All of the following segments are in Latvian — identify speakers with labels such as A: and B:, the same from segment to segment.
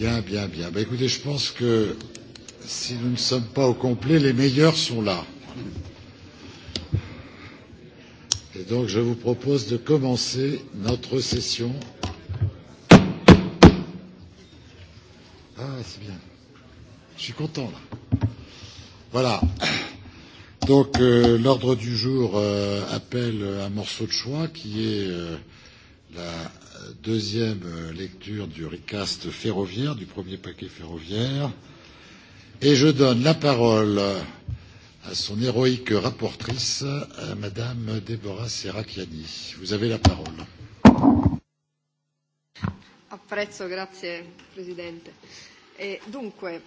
A: Bien, bien, bien. Bah, écoutez, je pense que si nous ne sommes pas au complet, les meilleurs sont là. Et donc, je vous propose de commencer notre session. Ah, c'est bien. Je suis content, là. Voilà. Donc, euh, l'ordre du jour euh, appelle un morceau de choix qui est. Euh, deuxième euh, lecture du recast ferroviaire, du premier paquet ferroviaire. Et je donne la parole à son héroïque rapportrice, à Madame Deborah Serracchiani. Vous avez la parole.
B: Apprezzo, grazie Presidente. E, dunque,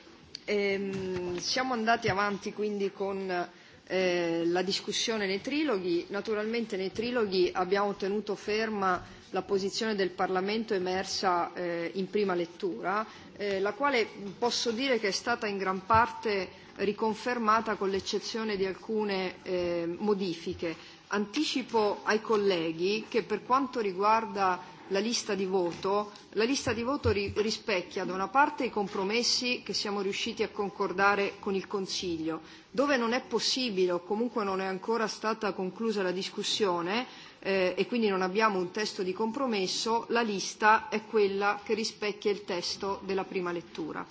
B: ehm, siamo andati avanti quindi con eh, la discussione nei triloghi. Naturalmente nei triloghi abbiamo tenuto ferma la posizione del Parlamento emersa eh, in prima lettura, eh, la quale posso dire che è stata in gran parte riconfermata con l'eccezione di alcune eh, modifiche. Anticipo ai colleghi che per quanto riguarda la lista di voto, la lista di voto ri- rispecchia da una parte i compromessi che siamo riusciti a concordare con il Consiglio, dove non è possibile o comunque non è ancora stata conclusa la discussione, eh, e quindi non abbiamo un testo di compromesso, la lista è quella che rispecchia il testo della prima lettura.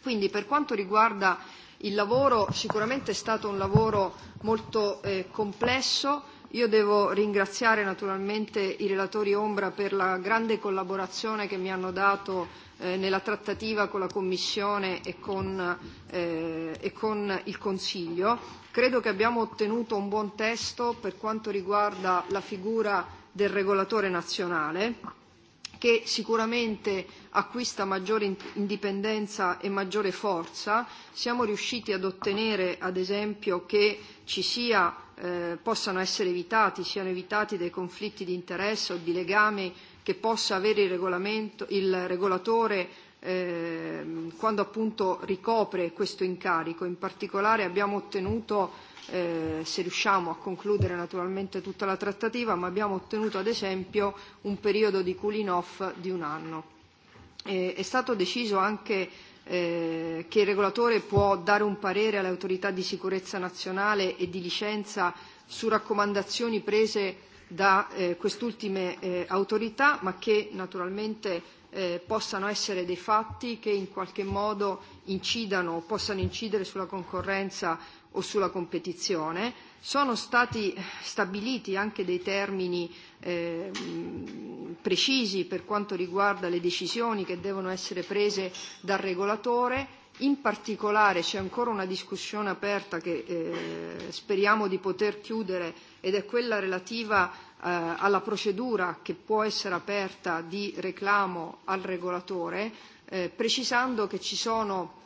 B: Quindi per quanto riguarda il lavoro, sicuramente è stato un lavoro molto eh, complesso. Io devo ringraziare naturalmente i relatori Ombra per la grande collaborazione che mi hanno dato eh, nella trattativa con la Commissione e con, eh, e con il Consiglio. Credo che abbiamo ottenuto un buon testo per quanto riguarda la figura del regolatore nazionale che sicuramente acquista maggiore indipendenza e maggiore forza. Siamo riusciti ad ottenere, ad esempio, che ci sia, eh, possano essere evitati, siano evitati dei conflitti di interesse o di legami che possa avere il, regolamento, il regolatore eh, quando appunto ricopre questo incarico. In particolare abbiamo ottenuto, eh, se riusciamo a concludere naturalmente tutta la trattativa, ma abbiamo ottenuto ad esempio un periodo di cooling off di un anno. Eh, è stato deciso anche eh, che il regolatore può dare un parere alle autorità di sicurezza nazionale e di licenza su raccomandazioni prese da eh, quest'ultime eh, autorità, ma che naturalmente eh, possano essere dei fatti che in qualche modo incidano o possano incidere sulla concorrenza o sulla competizione. Sono stati stabiliti anche dei termini eh, precisi per quanto riguarda le decisioni che devono essere prese dal regolatore. In particolare c'è ancora una discussione aperta che eh, speriamo di poter chiudere ed è quella relativa eh, alla procedura che può essere aperta di reclamo al regolatore, eh, precisando che ci sono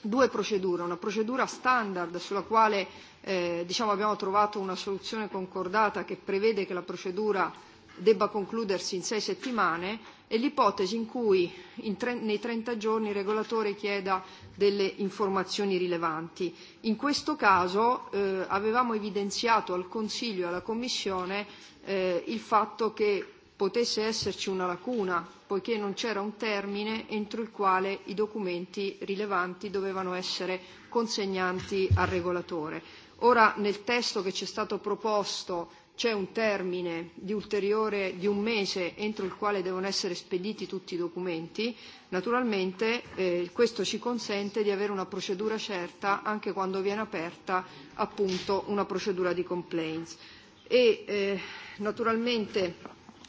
B: due procedure, una procedura standard sulla quale eh, diciamo abbiamo trovato una soluzione concordata che prevede che la procedura debba concludersi in sei settimane è l'ipotesi in cui in tre, nei 30 giorni il regolatore chieda delle informazioni rilevanti. In questo caso eh, avevamo evidenziato al Consiglio e alla Commissione eh, il fatto che potesse esserci una lacuna, poiché non c'era un termine entro il quale i documenti rilevanti dovevano essere consegnanti al regolatore. Ora nel testo che ci è stato proposto c'è un termine di ulteriore di un mese entro il quale devono essere spediti tutti i documenti, naturalmente eh, questo ci consente di avere una procedura certa anche quando viene aperta appunto una procedura di complaints. E eh, naturalmente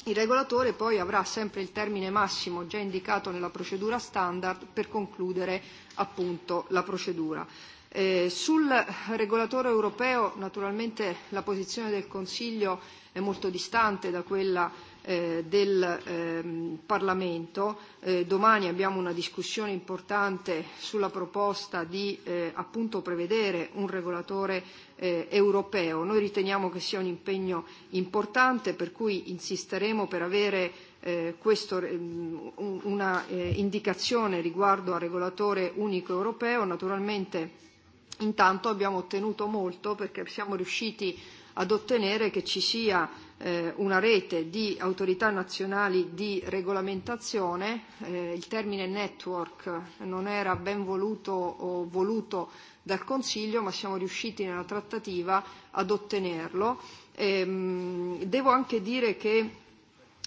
B: il regolatore poi avrà sempre il termine massimo già indicato nella procedura standard per concludere appunto la procedura. Eh, sul regolatore europeo naturalmente la posizione del Consiglio è molto distante da quella eh, del ehm, Parlamento. Eh, domani abbiamo una discussione importante sulla proposta di eh, appunto prevedere un regolatore eh, europeo. Noi riteniamo che sia un impegno importante per cui insisteremo per avere eh, questo, ehm, una eh, indicazione riguardo al regolatore unico europeo. Naturalmente Intanto abbiamo ottenuto molto perché siamo riusciti ad ottenere che ci sia eh, una rete di autorità nazionali di regolamentazione. Eh, il termine network non era ben voluto o voluto dal Consiglio, ma siamo riusciti nella trattativa ad ottenerlo. Ehm, devo anche dire che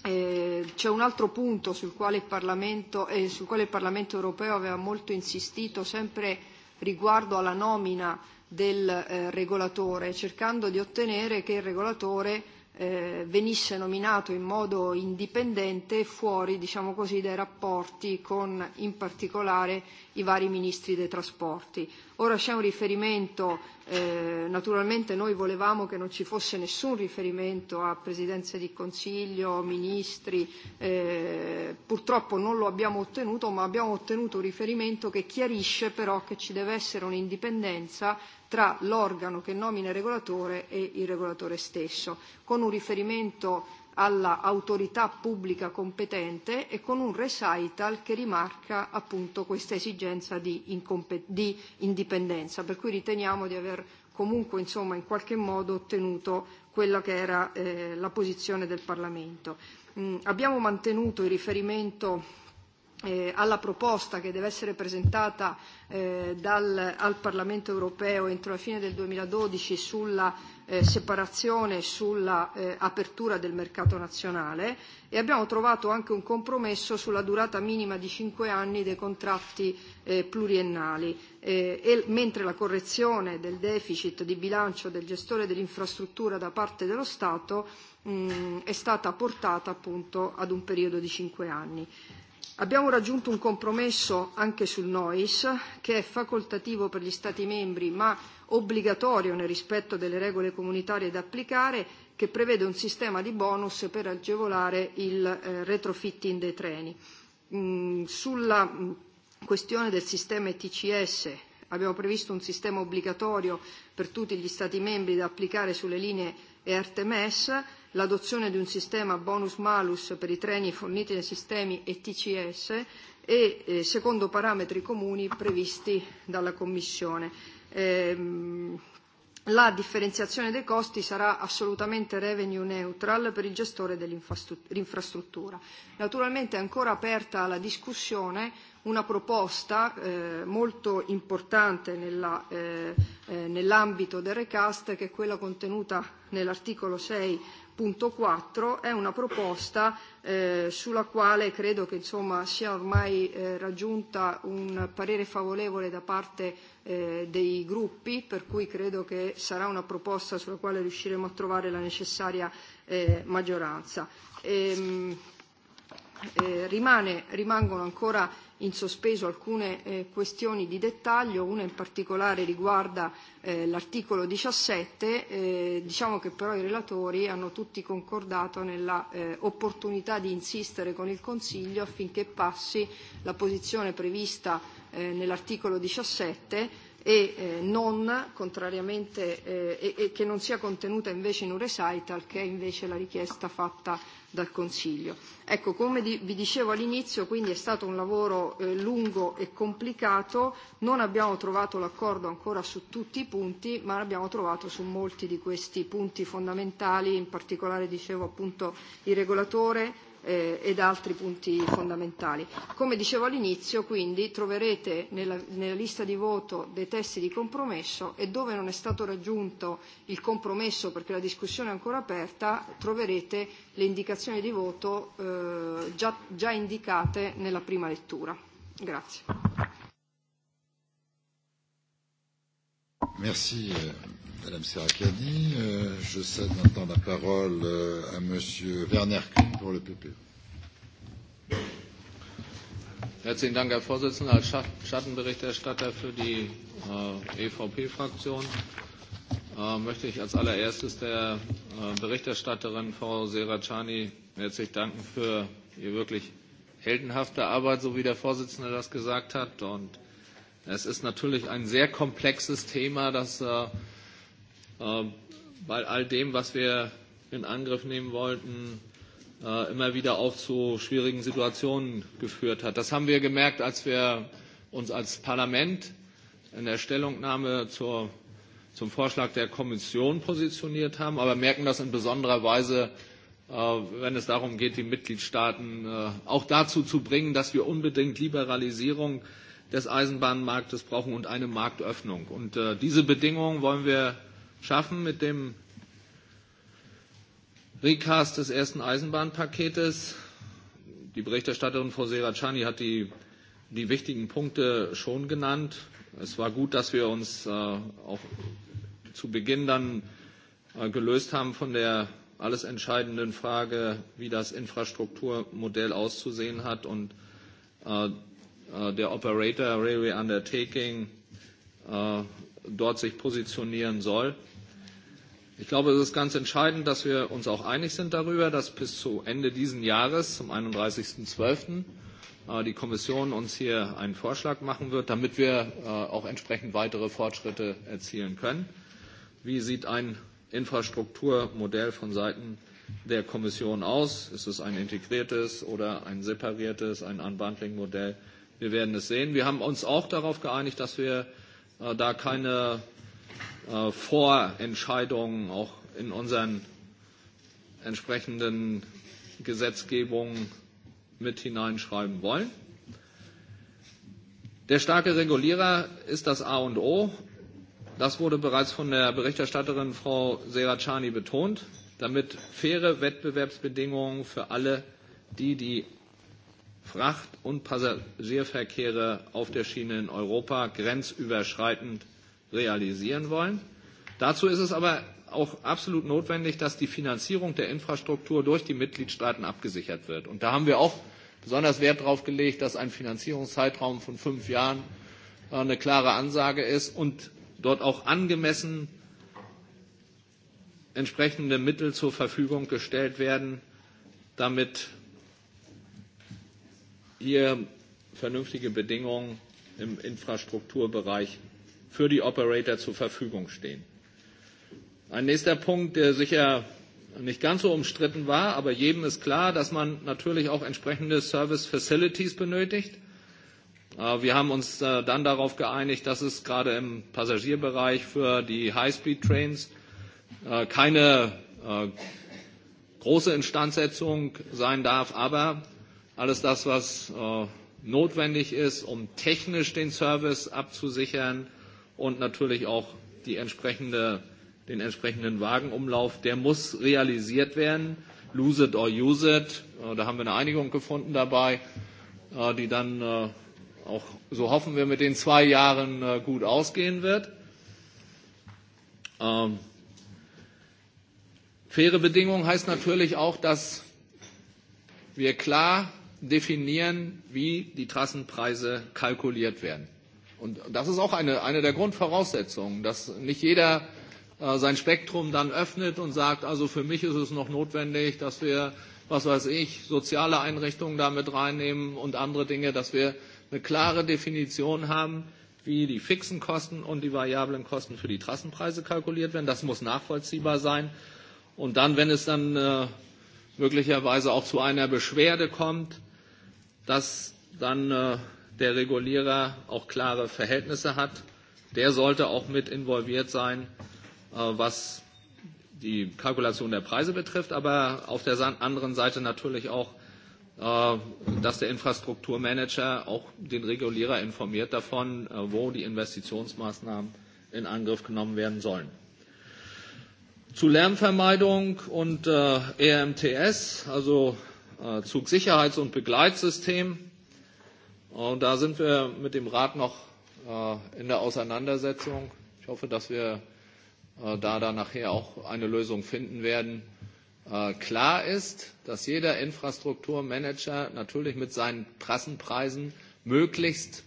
B: eh, c'è un altro punto sul quale, il Parlamento, eh, sul quale il Parlamento europeo aveva molto insistito, sempre riguardo alla nomina del eh, regolatore, cercando di ottenere che il regolatore eh, venisse nominato in modo indipendente e fuori, diciamo così, dai rapporti con in particolare i vari ministri dei trasporti. Ora c'è un riferimento, eh, naturalmente noi volevamo che non ci fosse nessun riferimento a presidenze di consiglio, ministri, eh, purtroppo non lo abbiamo ottenuto, ma abbiamo ottenuto un riferimento che chiarisce però che ci deve essere un'indipendenza tra l'organo che nomina il regolatore e il regolatore stesso, con un riferimento all'autorità pubblica competente e con un recital che rimarca appunto questa esigenza di, incompe- di indipendenza, per cui riteniamo di aver comunque insomma in qualche modo ottenuto quella che era eh, la posizione del Parlamento. Mm, abbiamo mantenuto il riferimento eh, alla proposta che deve essere presentata eh, dal, al Parlamento europeo entro la fine del 2012 sulla eh, separazione sulla eh, apertura del mercato nazionale e abbiamo trovato anche un compromesso sulla durata minima di 5 anni dei contratti eh, pluriennali, eh, e, mentre la correzione del deficit di bilancio del gestore dell'infrastruttura da parte dello Stato mh, mm, è stata portata appunto ad un periodo di 5 anni. Abbiamo raggiunto un compromesso anche sul NOIS, che è facoltativo per gli Stati membri ma obbligatorio nel rispetto delle regole comunitarie da applicare, che prevede un sistema di bonus per agevolare il eh, retrofitting dei treni. Mm, sulla mh, mm, questione del sistema ETCS abbiamo previsto un sistema obbligatorio per tutti gli Stati membri da applicare sulle linee e Artemes, l'adozione di un sistema bonus-malus per i treni forniti dai sistemi ETCS e eh, secondo parametri comuni previsti dalla Commissione. Ehm, la differenziazione dei costi sarà assolutamente revenue neutral per il gestore dell'infrastruttura. Naturalmente è ancora aperta la discussione una proposta eh, molto importante nella, eh, eh, nell'ambito del recast che è quella contenuta nell'articolo 6 punto 4 è una proposta eh, sulla quale credo che insomma, sia ormai eh, raggiunta un parere favorevole da parte eh, dei gruppi, per cui credo che sarà una proposta sulla quale riusciremo a trovare la necessaria eh, maggioranza. Ehm, eh, rimane, rimangono ancora in sospeso alcune eh, questioni di dettaglio, una in particolare riguarda eh, l'articolo 17, eh, diciamo che però i relatori hanno tutti concordato nella eh, opportunità di insistere con il Consiglio affinché passi la posizione prevista eh, nell'articolo 17 e eh, non, contrariamente, eh, e, e che non sia contenuta invece in un recital, che è invece la richiesta fatta dal Consiglio. Ecco, come di, vi dicevo all'inizio, quindi è stato un lavoro eh, lungo e complicato, non abbiamo trovato l'accordo ancora su tutti i punti, ma l'abbiamo trovato su molti di questi punti fondamentali, in particolare dicevo appunto il regolatore, eh, ed altri punti fondamentali. Come dicevo all'inizio, quindi troverete nella, nella lista di voto dei testi di compromesso e dove non è stato raggiunto il compromesso perché la discussione è ancora aperta, troverete le indicazioni di voto eh, eh, già, già indicate nella prima lettura. Grazie.
A: Merci, euh, Madame Serracani. Euh, je cède maintenant la parole euh, à Monsieur Werner Kuhn pour le PP. E.
C: Herzlichen Dank, Herr Vorsitzender. Als Schattenberichterstatter für die äh, EVP-Fraktion äh, möchte ich als allererstes der äh, Berichterstatterin Frau Serracani herzlich danken für Ihre wirklich heldenhafte Arbeit, so wie der Vorsitzende das gesagt hat. Und es ist natürlich ein sehr komplexes Thema, das äh, äh, bei all dem, was wir in Angriff nehmen wollten, äh, immer wieder auch zu schwierigen Situationen geführt hat. Das haben wir gemerkt, als wir uns als Parlament in der Stellungnahme zur, zum Vorschlag der Kommission positioniert haben, aber merken das in besonderer Weise Äh, wenn es darum geht, die Mitgliedstaaten äh, auch dazu zu bringen, dass wir unbedingt Liberalisierung des Eisenbahnmarktes brauchen und eine Marktöffnung. Und äh, diese Bedingungen wollen wir schaffen mit dem Recast des ersten Eisenbahnpaketes. Die Berichterstatterin Frau Serracani hat die, die wichtigen Punkte schon genannt. Es war gut, dass wir uns äh, auch zu Beginn dann äh, gelöst haben von der alles entscheidenden Frage, wie das Infrastrukturmodell auszusehen hat. Und äh, äh, der Operator Railway Undertaking äh, dort sich positionieren soll. Ich glaube, es ist ganz entscheidend, dass wir uns auch einig sind darüber, dass bis zu Ende dieses Jahres, zum 31.12., äh, die Kommission uns hier einen Vorschlag machen wird, damit wir äh, auch entsprechend weitere Fortschritte erzielen können. Wie sieht ein Infrastrukturmodell von Seiten der Kommission aus? Ist es ein integriertes oder ein separiertes, ein Unbundling-Modell? Wir werden es sehen. Wir haben uns auch darauf geeinigt, dass wir äh, da keine äh, Vorentscheidungen auch in unseren entsprechenden Gesetzgebungen mit hineinschreiben wollen. Der starke Regulierer ist das A und O das wurde bereits von der Berichterstatterin Frau Serracani betont, damit faire Wettbewerbsbedingungen für alle, die die Fracht- und Passagierverkehre auf der Schiene in Europa grenzüberschreitend realisieren wollen. Dazu ist es aber auch absolut notwendig, dass die Finanzierung der Infrastruktur durch die Mitgliedstaaten abgesichert wird. Und da haben wir auch besonders Wert darauf gelegt, dass ein Finanzierungszeitraum von fünf Jahren eine klare Ansage ist und dort auch angemessen entsprechende Mittel zur Verfügung gestellt werden, damit hier vernünftige Bedingungen im Infrastrukturbereich für die Operator zur Verfügung stehen. Ein nächster Punkt, der sicher nicht ganz so umstritten war, aber jedem ist klar, dass man natürlich auch entsprechende Service Facilities benötigt – Äh, wir haben uns äh, dann darauf geeinigt, dass es gerade im Passagierbereich für die High-Speed-Trains äh, keine große Instandsetzung sein darf, aber alles das, was notwendig ist, um technisch den Service abzusichern und natürlich auch die entsprechende, den entsprechenden Wagenumlauf, der muss realisiert werden. Lose it or use it. Da haben wir eine Einigung gefunden dabei, die dann auch so hoffen wir mit den zwei Jahren äh, gut ausgehen wird. Ähm, faire Bedingungen heißt natürlich auch, dass wir klar definieren, wie die Trassenpreise kalkuliert werden. Und das ist auch eine, eine der Grundvoraussetzungen, dass nicht jeder äh, sein Spektrum dann öffnet und sagt, also für mich ist es noch notwendig, dass wir, was weiß ich, soziale Einrichtungen damit reinnehmen und andere Dinge, dass wir eine klare Definition haben, wie die fixen Kosten und die variablen Kosten für die Trassenpreise kalkuliert werden. Das muss nachvollziehbar sein. Und dann, wenn es dann äh, möglicherweise auch zu einer Beschwerde kommt, dass dann äh, der Regulierer auch klare Verhältnisse hat. Der sollte auch mit involviert sein, äh, was die Kalkulation der Preise betrifft, aber auf der anderen Seite natürlich auch Äh, dass der Infrastrukturmanager auch den Regulierer informiert davon, äh, wo die Investitionsmaßnahmen in Angriff genommen werden sollen. Zu Lärmvermeidung und äh, EMTS, also äh, Zugsicherheits- und Begleitsystem. Und da sind wir mit dem Rat noch äh, in der Auseinandersetzung. Ich hoffe, dass wir äh, da dann nachher auch eine Lösung finden werden. Äh, Äh, klar ist, dass jeder Infrastrukturmanager natürlich mit seinen Trassenpreisen möglichst,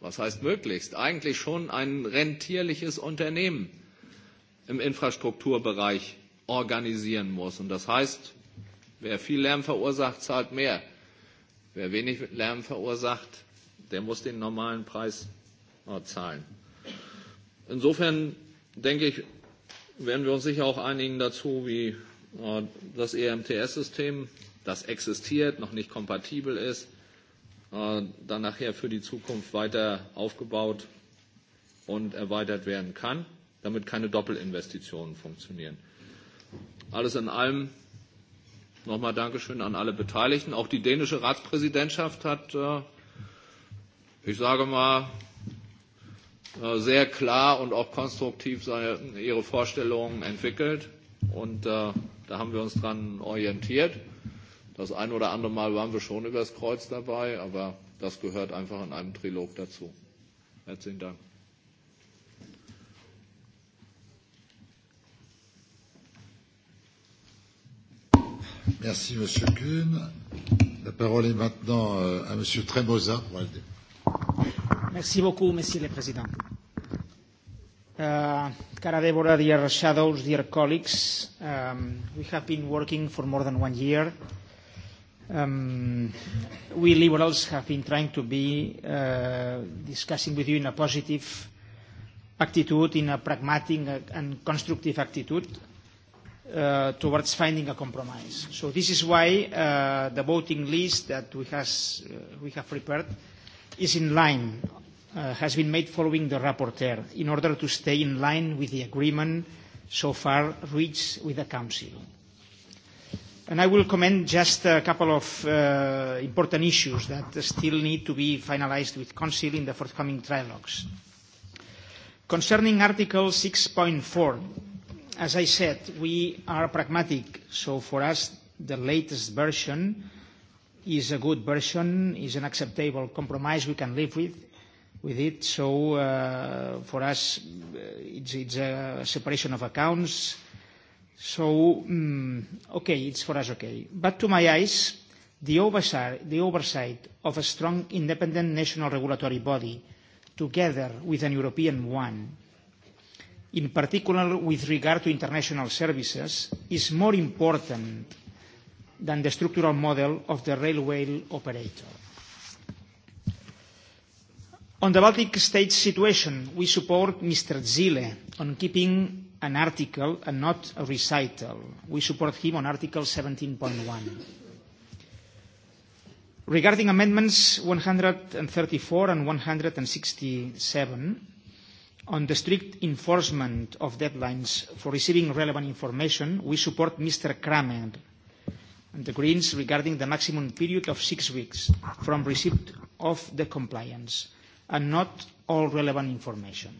C: was heißt möglichst, eigentlich schon ein rentierliches Unternehmen im Infrastrukturbereich organisieren muss. Und das heißt, wer viel Lärm verursacht, zahlt mehr. Wer wenig Lärm verursacht, der muss den normalen Preis äh, zahlen. Insofern denke ich, werden wir uns sicher auch einigen dazu, wie Und äh, das EMTS-System, das existiert, noch nicht kompatibel ist, äh, dann nachher für die Zukunft weiter aufgebaut und erweitert werden kann, damit keine Doppelinvestitionen funktionieren. Alles in allem nochmal Dankeschön an alle Beteiligten. Auch die dänische Ratspräsidentschaft hat, äh, ich sage mal, sehr klar und auch konstruktiv seine, ihre Vorstellungen entwickelt. Und äh, Da haben wir uns dran orientiert. Das ein oder andere Mal waren wir schon übers Kreuz dabei, aber das gehört einfach in einem Trilog dazu. Herzlichen Dank.
A: Merci, Monsieur Kuhn. La parole est maintenant euh, à Monsieur Tremosa.
D: Merci beaucoup, Monsieur le Président. Uh, Cara Deborah, dear shadows, dear colleagues, um, we have been working for more than one year. Um, we liberals have been trying to be uh, discussing with you in a positive attitude, in a pragmatic and constructive attitude uh, towards finding a compromise. So this is why uh, the voting list that we, has, uh, we have prepared is in line uh, has been made following the rapporteur in order to stay in line with the agreement so far reached with the Council. And I will comment just a couple of uh, important issues that still need to be finalized with Council in the forthcoming trilogues. Concerning Article 6.4, as I said, we are pragmatic, so for us the latest version is a good version, is an acceptable compromise we can live with, with it. So uh, for us, uh, it's, it's a separation of accounts. So, um, okay, it's for us okay. But to my eyes, the oversight, the oversight of a strong independent national regulatory body together with an European one, in particular with regard to international services, is more important than the structural model of the railway operator. On the Baltic state situation, we support Mr. Zile on keeping an article and not a recital. We support him on Article 17.1. Regarding amendments 134 and 167, on the strict enforcement of deadlines for receiving relevant information, we support Mr. Kramer and the Greens regarding the maximum period of six weeks from receipt of the compliance and not all relevant information.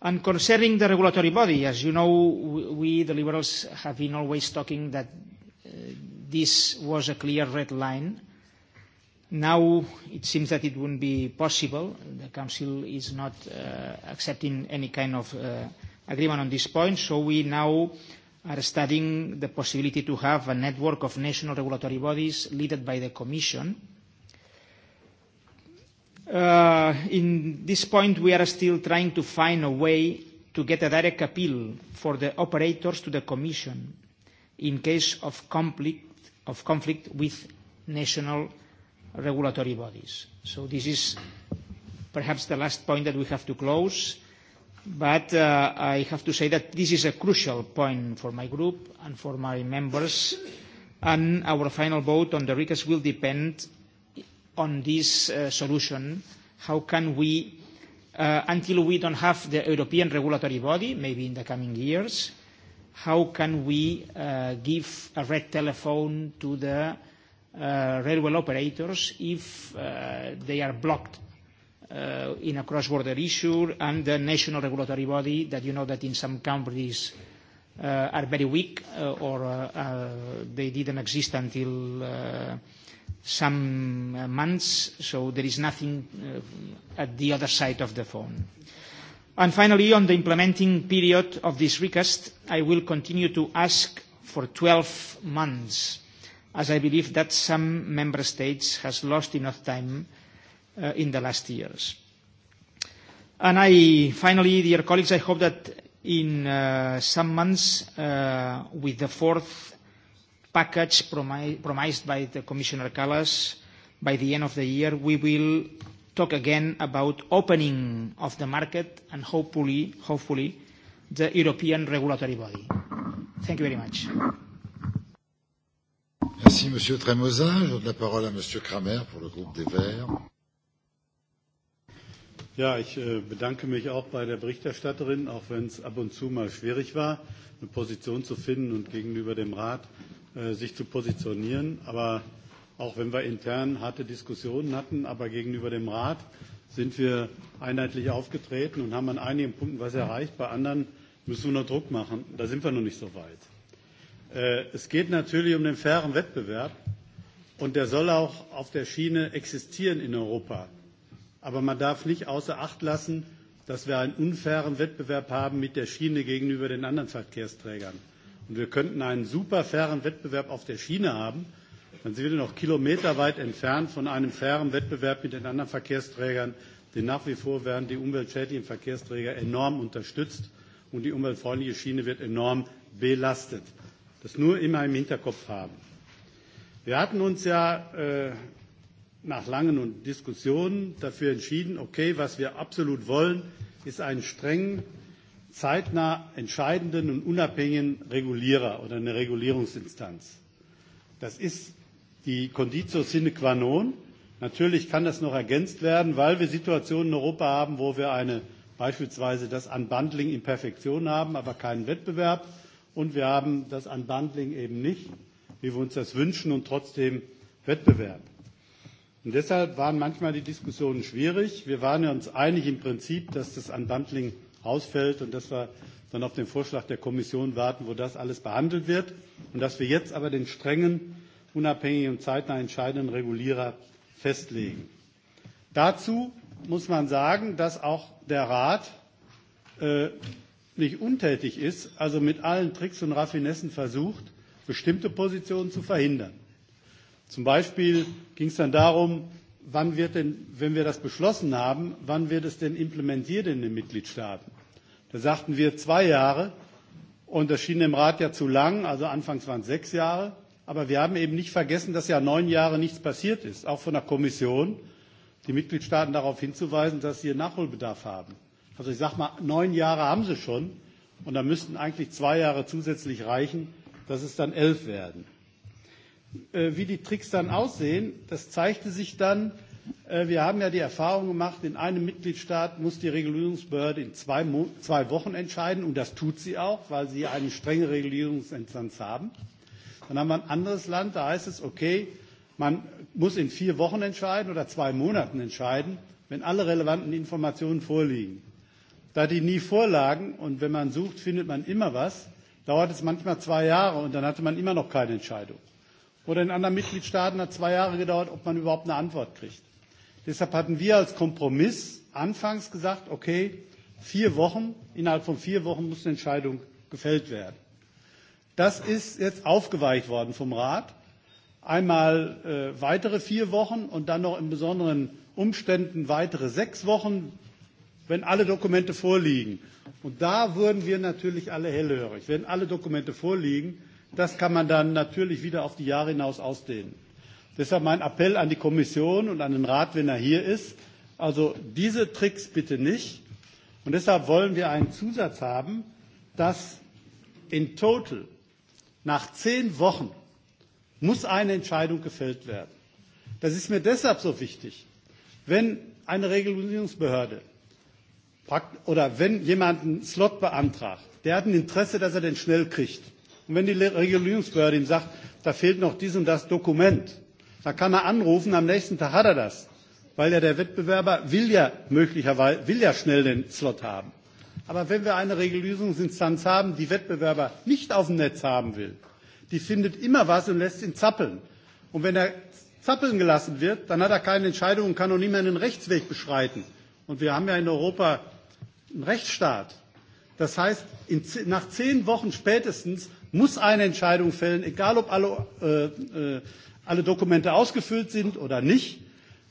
D: And concerning the regulatory body, as you know, we, the Liberals, have been always talking that uh, this was a clear red line. Now it seems that it wouldn't be possible. The Council is not uh, accepting any kind of uh, agreement on this point, so we now are studying the possibility to have a network of national regulatory bodies led by the Commission uh, Uh, in this point, we are still trying to find a way to get a direct appeal for the operators to the Commission in case of conflict, of conflict with national regulatory bodies. So this is perhaps the last point that we have to close. But uh, I have to say that this is a crucial point for my group and for my members, and our final vote on the request will depend on this uh, solution? How can we, uh, until we don't have the European regulatory body, maybe in the coming years, how can we uh, give a red telephone to the uh, railway operators if uh, they are blocked uh, in a cross-border issue and the national regulatory body that you know that in some countries uh, are very weak uh, or uh, uh, they didn't exist until uh, some uh, months, so there is nothing uh, at the other side of the phone. And finally, on the implementing period of this recast, I will continue to ask for 12 months, as I believe that some member states has lost enough time uh, in the last years. And I, finally, dear colleagues, I hope that in uh, some months, uh, with the fourth package promi promised by the Commissioner Callas by the end of the year, we will talk again about opening of the market and hopefully, hopefully, the European regulatory body. Thank you very much.
A: Merci, Monsieur Tremosa. Je donne la parole à Monsieur Kramer pour le groupe des Verts.
E: Ja, ich äh, bedanke mich auch bei der Berichterstatterin, auch wenn es ab und zu mal schwierig war, eine Position zu finden und gegenüber dem Rat Äh, sich zu positionieren. Aber auch wenn wir intern harte Diskussionen hatten, aber gegenüber dem Rat sind wir einheitlich aufgetreten und haben an einigen Punkten was erreicht, bei anderen müssen wir noch Druck machen. Da sind wir noch nicht so weit. Äh, es geht natürlich um den fairen Wettbewerb und der soll auch auf der Schiene existieren in Europa. Aber man darf nicht außer Acht lassen, dass wir einen unfairen Wettbewerb haben mit der Schiene gegenüber den anderen Verkehrsträgern und wir könnten einen super fairen Wettbewerb auf der Schiene haben, dann sind wir noch kilometerweit entfernt von einem fairen Wettbewerb mit den anderen Verkehrsträgern, denn nach wie vor werden die umweltschädlichen Verkehrsträger enorm unterstützt und die umweltfreundliche Schiene wird enorm belastet. Das nur immer im Hinterkopf haben. Wir hatten uns ja äh, nach langen Diskussionen dafür entschieden, okay, was wir absolut wollen, ist einen strengen zeitnah entscheidenden und unabhängigen Regulierer oder eine Regulierungsinstanz. Das ist die Conditio sine qua non. Natürlich kann das noch ergänzt werden, weil wir Situationen in Europa haben, wo wir eine, beispielsweise das Unbundling in Perfektion haben, aber keinen Wettbewerb. Und wir haben das Unbundling eben nicht, wie wir uns das wünschen, und trotzdem Wettbewerb. Und deshalb waren manchmal die Diskussionen schwierig. Wir waren uns einig im Prinzip, dass das Unbundling ausfällt und dass wir dann auf den Vorschlag der Kommission warten, wo das alles behandelt wird und dass wir jetzt aber den strengen, unabhängigen und zeitnah entscheidenden Regulierer festlegen. Dazu muss man sagen, dass auch der Rat äh, nicht untätig ist, also mit allen Tricks und Raffinessen versucht, bestimmte Positionen zu verhindern. Zum Beispiel ging es dann darum, wann wird denn, wenn wir das beschlossen haben, wann wird es denn implementiert in den Mitgliedstaaten? Da sagten wir zwei Jahre und das schien dem Rat ja zu lang, also anfangs waren es sechs Jahre. Aber wir haben eben nicht vergessen, dass ja neun Jahre nichts passiert ist, auch von der Kommission, die Mitgliedstaaten darauf hinzuweisen, dass sie Nachholbedarf haben. Also ich sage mal, neun Jahre haben sie schon und da müssten eigentlich zwei Jahre zusätzlich reichen, dass es dann elf werden äh, wie die Tricks dann aussehen. Das zeigte sich dann, äh, wir haben ja die Erfahrung gemacht, in einem Mitgliedstaat muss die Regulierungsbehörde in zwei, Mo zwei Wochen entscheiden und das tut sie auch, weil sie eine strenge Regulierungsinstanz haben. Dann haben wir ein anderes Land, da heißt es, okay, man muss in vier Wochen entscheiden oder zwei Monaten entscheiden, wenn alle relevanten Informationen vorliegen. Da die nie vorlagen und wenn man sucht, findet man immer was, dauert es manchmal zwei Jahre und dann hatte man immer noch keine Entscheidung oder in anderen Mitgliedstaaten hat zwei Jahre gedauert, ob man überhaupt eine Antwort kriegt. Deshalb hatten wir als Kompromiss anfangs gesagt, okay, vier Wochen, innerhalb von vier Wochen muss eine Entscheidung gefällt werden. Das ist jetzt aufgeweicht worden vom Rat. Einmal äh, weitere vier Wochen und dann noch in besonderen Umständen weitere sechs Wochen, wenn alle Dokumente vorliegen. Und da wurden wir natürlich alle hellhörig. Wenn alle Dokumente vorliegen, Das kann man dann natürlich wieder auf die Jahre hinaus ausdehnen. Deshalb mein Appell an die Kommission und an den Rat, wenn er hier ist, also diese Tricks bitte nicht. Und deshalb wollen wir einen Zusatz haben, dass in total nach zehn Wochen muss eine Entscheidung gefällt werden. Das ist mir deshalb so wichtig. Wenn eine Regulierungsbehörde oder wenn jemand einen Slot beantragt, der hat ein Interesse, dass er den schnell kriegt. Und wenn die Regulierungsbehörde ihm sagt, da fehlt noch dies und das Dokument, dann kann er anrufen, am nächsten Tag hat er das, weil ja der Wettbewerber will ja möglicherweise, will ja schnell den Slot haben. Aber wenn wir eine Regulierungsinstanz haben, die Wettbewerber nicht auf dem Netz haben will, die findet immer was und lässt ihn zappeln. Und wenn er zappeln gelassen wird, dann hat er keine Entscheidung und kann auch nicht mehr einen Rechtsweg beschreiten. Und wir haben ja in Europa einen Rechtsstaat. Das heißt, in, nach zehn Wochen spätestens muss eine Entscheidung fällen, egal ob alle, äh, äh, alle Dokumente ausgefüllt sind oder nicht.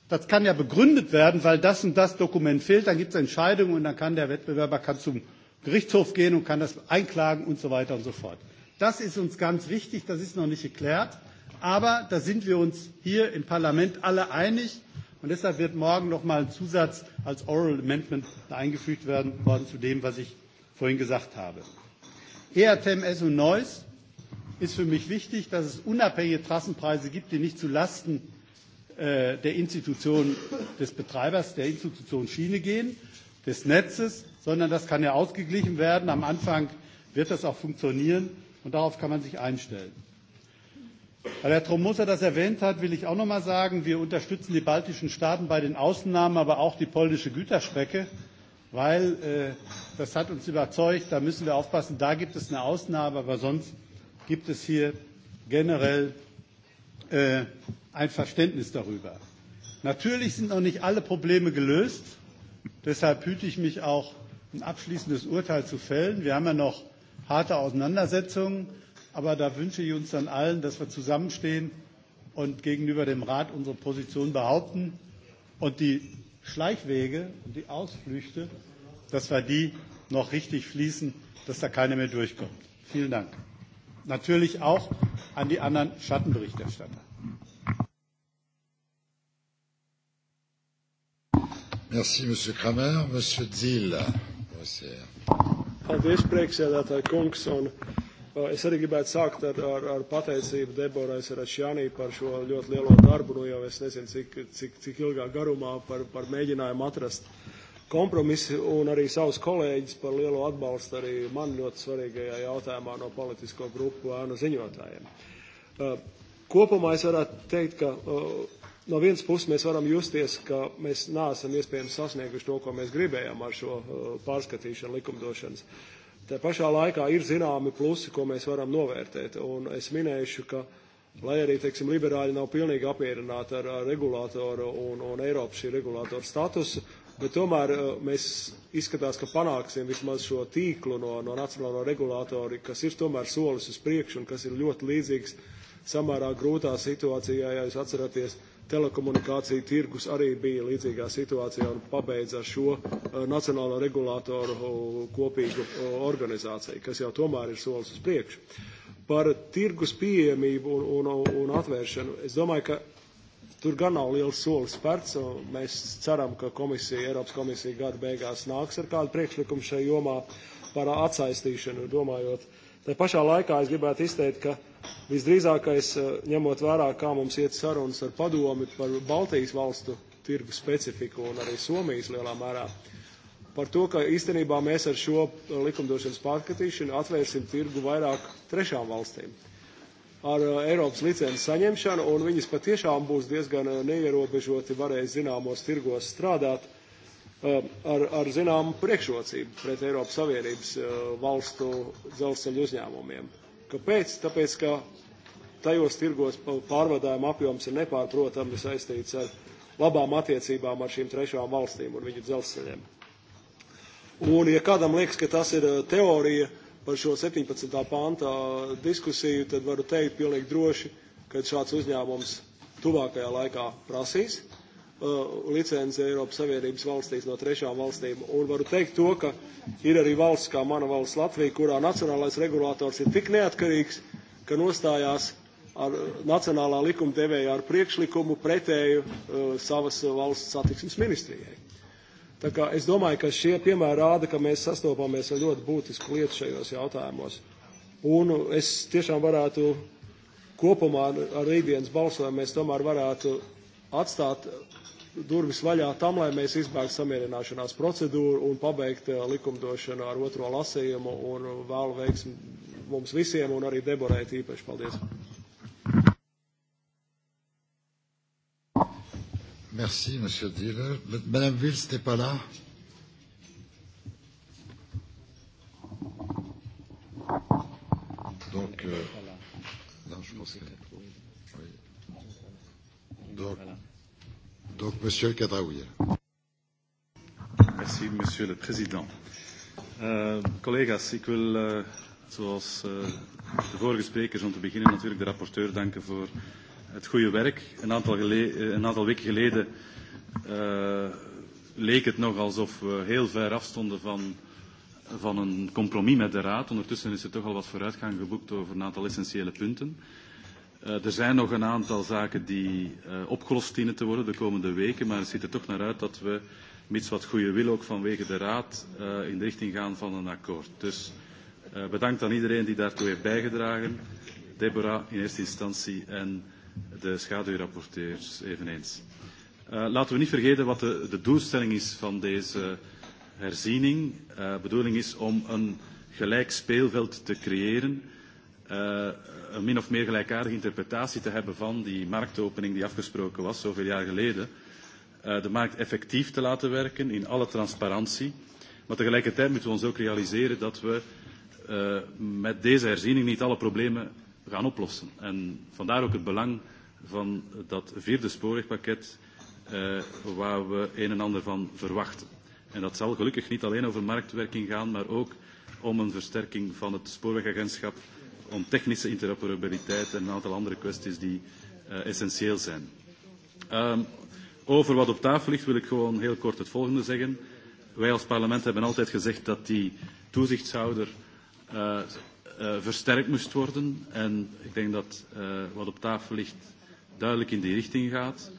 E: Das kann ja begründet werden, weil das und das Dokument fehlt, dann gibt es Entscheidungen und dann kann der Wettbewerber kann zum Gerichtshof gehen und kann das einklagen und so weiter und so fort. Das ist uns ganz wichtig, das ist noch nicht geklärt, aber da sind wir uns hier im Parlament alle einig und deshalb wird morgen noch mal ein Zusatz als Oral Amendment eingefügt werden worden zu dem, was ich vorhin gesagt habe. ERTMS und Neuss ist für mich wichtig, dass es unabhängige Trassenpreise gibt, die nicht zulasten äh, der Institution des Betreibers, der Institution Schiene gehen, des Netzes, sondern das kann ja ausgeglichen werden. Am Anfang wird das auch funktionieren und darauf kann man sich einstellen. Weil Herr Tromosa das erwähnt hat, will ich auch noch mal sagen, wir unterstützen die baltischen Staaten bei den Außennahmen, aber auch die polnische Güterstrecke weil äh, das hat uns überzeugt, da müssen wir aufpassen, da gibt es eine Ausnahme, aber sonst gibt es hier generell äh, ein Verständnis darüber. Natürlich sind noch nicht alle Probleme gelöst, deshalb hüte ich mich auch, ein abschließendes Urteil zu fällen. Wir haben ja noch harte Auseinandersetzungen, aber da wünsche ich uns dann allen, dass wir zusammenstehen und gegenüber dem Rat unsere Position behaupten und die Schleichwege und die Ausflüchte, dass wir die noch richtig fließen, dass da keiner mehr durchkommt. Vielen Dank. Natürlich auch an die anderen Schattenberichterstatter.
A: Merci, Monsieur Kramer. Monsieur Zil,
F: OCR. Paldies, priekšsēdētāji kungs, un Uh, es arī gribētu sākt ar, ar, ar pateicību Deborai Saračjanī par šo ļoti lielo darbu, nu jau es nezinu, cik, cik, cik ilgā garumā par, par mēģinājumu atrast kompromisu un arī savus kolēģis par lielo atbalstu arī man ļoti svarīgajā jautājumā no politisko grupu ēnu ziņotājiem. Uh, kopumā es varētu teikt, ka uh, no vienas puses mēs varam justies, ka mēs neesam iespējams sasnieguši to, ko mēs gribējām ar šo pārskatīšanu likumdošanas. Tā pašā laikā ir zināmi plusi, ko mēs varam novērtēt. Un es minēšu, ka, lai arī, teiksim, liberāļi nav pilnīgi apmierināti ar, ar regulātoru un, un Eiropas šī regulātora statusu, bet tomēr eh, mēs izskatās, ka panāksim vismaz šo tīklu no, no nacionālo regulātoru, kas ir tomēr solis uz priekšu un kas ir ļoti līdzīgs samērā grūtā situācijā, ja jūs atceraties, uh, telekomunikāciju tirgus arī bija līdzīgā situācijā un pabeidza ar šo eh, nacionālo regulātoru eh, kopīgu eh, organizāciju, kas jau tomēr ir solis uz priekšu. Par tirgus pieejamību un, un, un atvēršanu. Es domāju, ka tur gan nav liels solis spērts. Mēs ceram, ka komisija, Eiropas komisija gada beigās nāks ar kādu priekšlikumu šajā jomā par atsaistīšanu, domājot uh, Tā pašā laikā es gribētu izteikt, ka visdrīzākais, eh, ņemot vērā, kā mums iet sarunas ar padomi par Baltijas valstu tirgu specifiku un arī Somijas lielā mērā, par to, ka īstenībā mēs ar šo eh, likumdošanas pārskatīšanu atvērsim tirgu vairāk trešām valstīm ar eh, Eiropas licences saņemšanu, un viņas patiešām būs diezgan neierobežoti varēs zināmos tirgos strādāt Eh, ar, ar zināmu priekšrocību pret Eiropas Savienības eh, valstu dzelzceļu uzņēmumiem. Kāpēc? Tāpēc, ka tajos tirgos pārvadājuma apjoms ir nepārprotami saistīts ar labām attiecībām ar šīm trešām valstīm un viņu dzelzceļiem. Un, ja kādam liekas, ka tas ir eh, teorija par šo 17. pāntā diskusiju, tad varu teikt pilnīgi droši, ka šāds uzņēmums tuvākajā laikā prasīs. Uh, Uh, licenci Eiropas Savienības valstīs no trešām valstīm. Un varu teikt to, ka ir arī valsts, kā mana valsts Latvija, kurā nacionālais regulators ir tik neatkarīgs, ka nostājās ar uh, nacionālā likuma devēja ar priekšlikumu pretēju uh, savas valsts satiksmes ministrijai. Tā kā es domāju, ka šie piemēri rāda, ka mēs sastopamies ar ļoti būtisku lietu šajos jautājumos. Un es tiešām varētu kopumā ar, ar rītdienas balsojumu mēs tomēr varētu atstāt durvis vaļā tam, lai mēs izbēgtu samierināšanās procedūru un pabeigtu eh, likumdošanu ar otro lasījumu un vēlu veiksmi mums visiem un arī Deborēt īpaši paldies.
A: Merci, Monsieur Diller. Madame Ville, ce n'était pas là. Donc, euh, non, je pense que... Oui.
G: Donc, voilà. Donc, Monsieur Kadraoui. Merci, Monsieur le Président. Uh, collega's, ik wil uh, zoals uh, de vorige sprekers om te beginnen natuurlijk de rapporteur danken voor het goede werk. Een aantal, gele uh, een aantal weken geleden uh, leek het nog alsof we heel ver afstonden van, van een compromis met de Raad. Ondertussen is er toch al wat vooruitgang geboekt over een aantal essentiële punten. Uh, Uh, er zijn nog een aantal zaken die uh, opgelost dienen te worden de komende weken, maar het ziet er toch naar uit dat we, mits wat goede wil ook vanwege de Raad, uh, in de richting gaan van een akkoord. Dus uh, bedankt aan iedereen die daartoe heeft bijgedragen. Deborah in eerste instantie en de schaduwrapporteurs eveneens. Uh, laten we niet vergeten wat de, de doelstelling is van deze herziening. De uh, bedoeling is om een gelijk speelveld te creëren. Uh, een eh, min of meer gelijkaardige interpretatie te hebben van die marktopening die afgesproken was zoveel jaar geleden. Uh, de markt effectief te laten werken in alle transparantie. Maar tegelijkertijd moeten we ons ook realiseren dat we uh, met deze herziening niet alle problemen gaan oplossen. En vandaar ook het belang van dat vierde spoorwegpakket uh, waar we een en ander van verwachten. En dat zal gelukkig niet alleen over marktwerking gaan, maar ook om een versterking van het spoorwegagentschap om technische interoperabiliteit en een aantal andere kwesties die uh, essentieel zijn. Um, over wat op tafel ligt wil ik gewoon heel kort het volgende zeggen. Wij als parlement hebben altijd gezegd dat die toezichtshouder uh, uh, versterkt moest worden. En ik denk dat uh, wat op tafel ligt duidelijk in die richting gaat.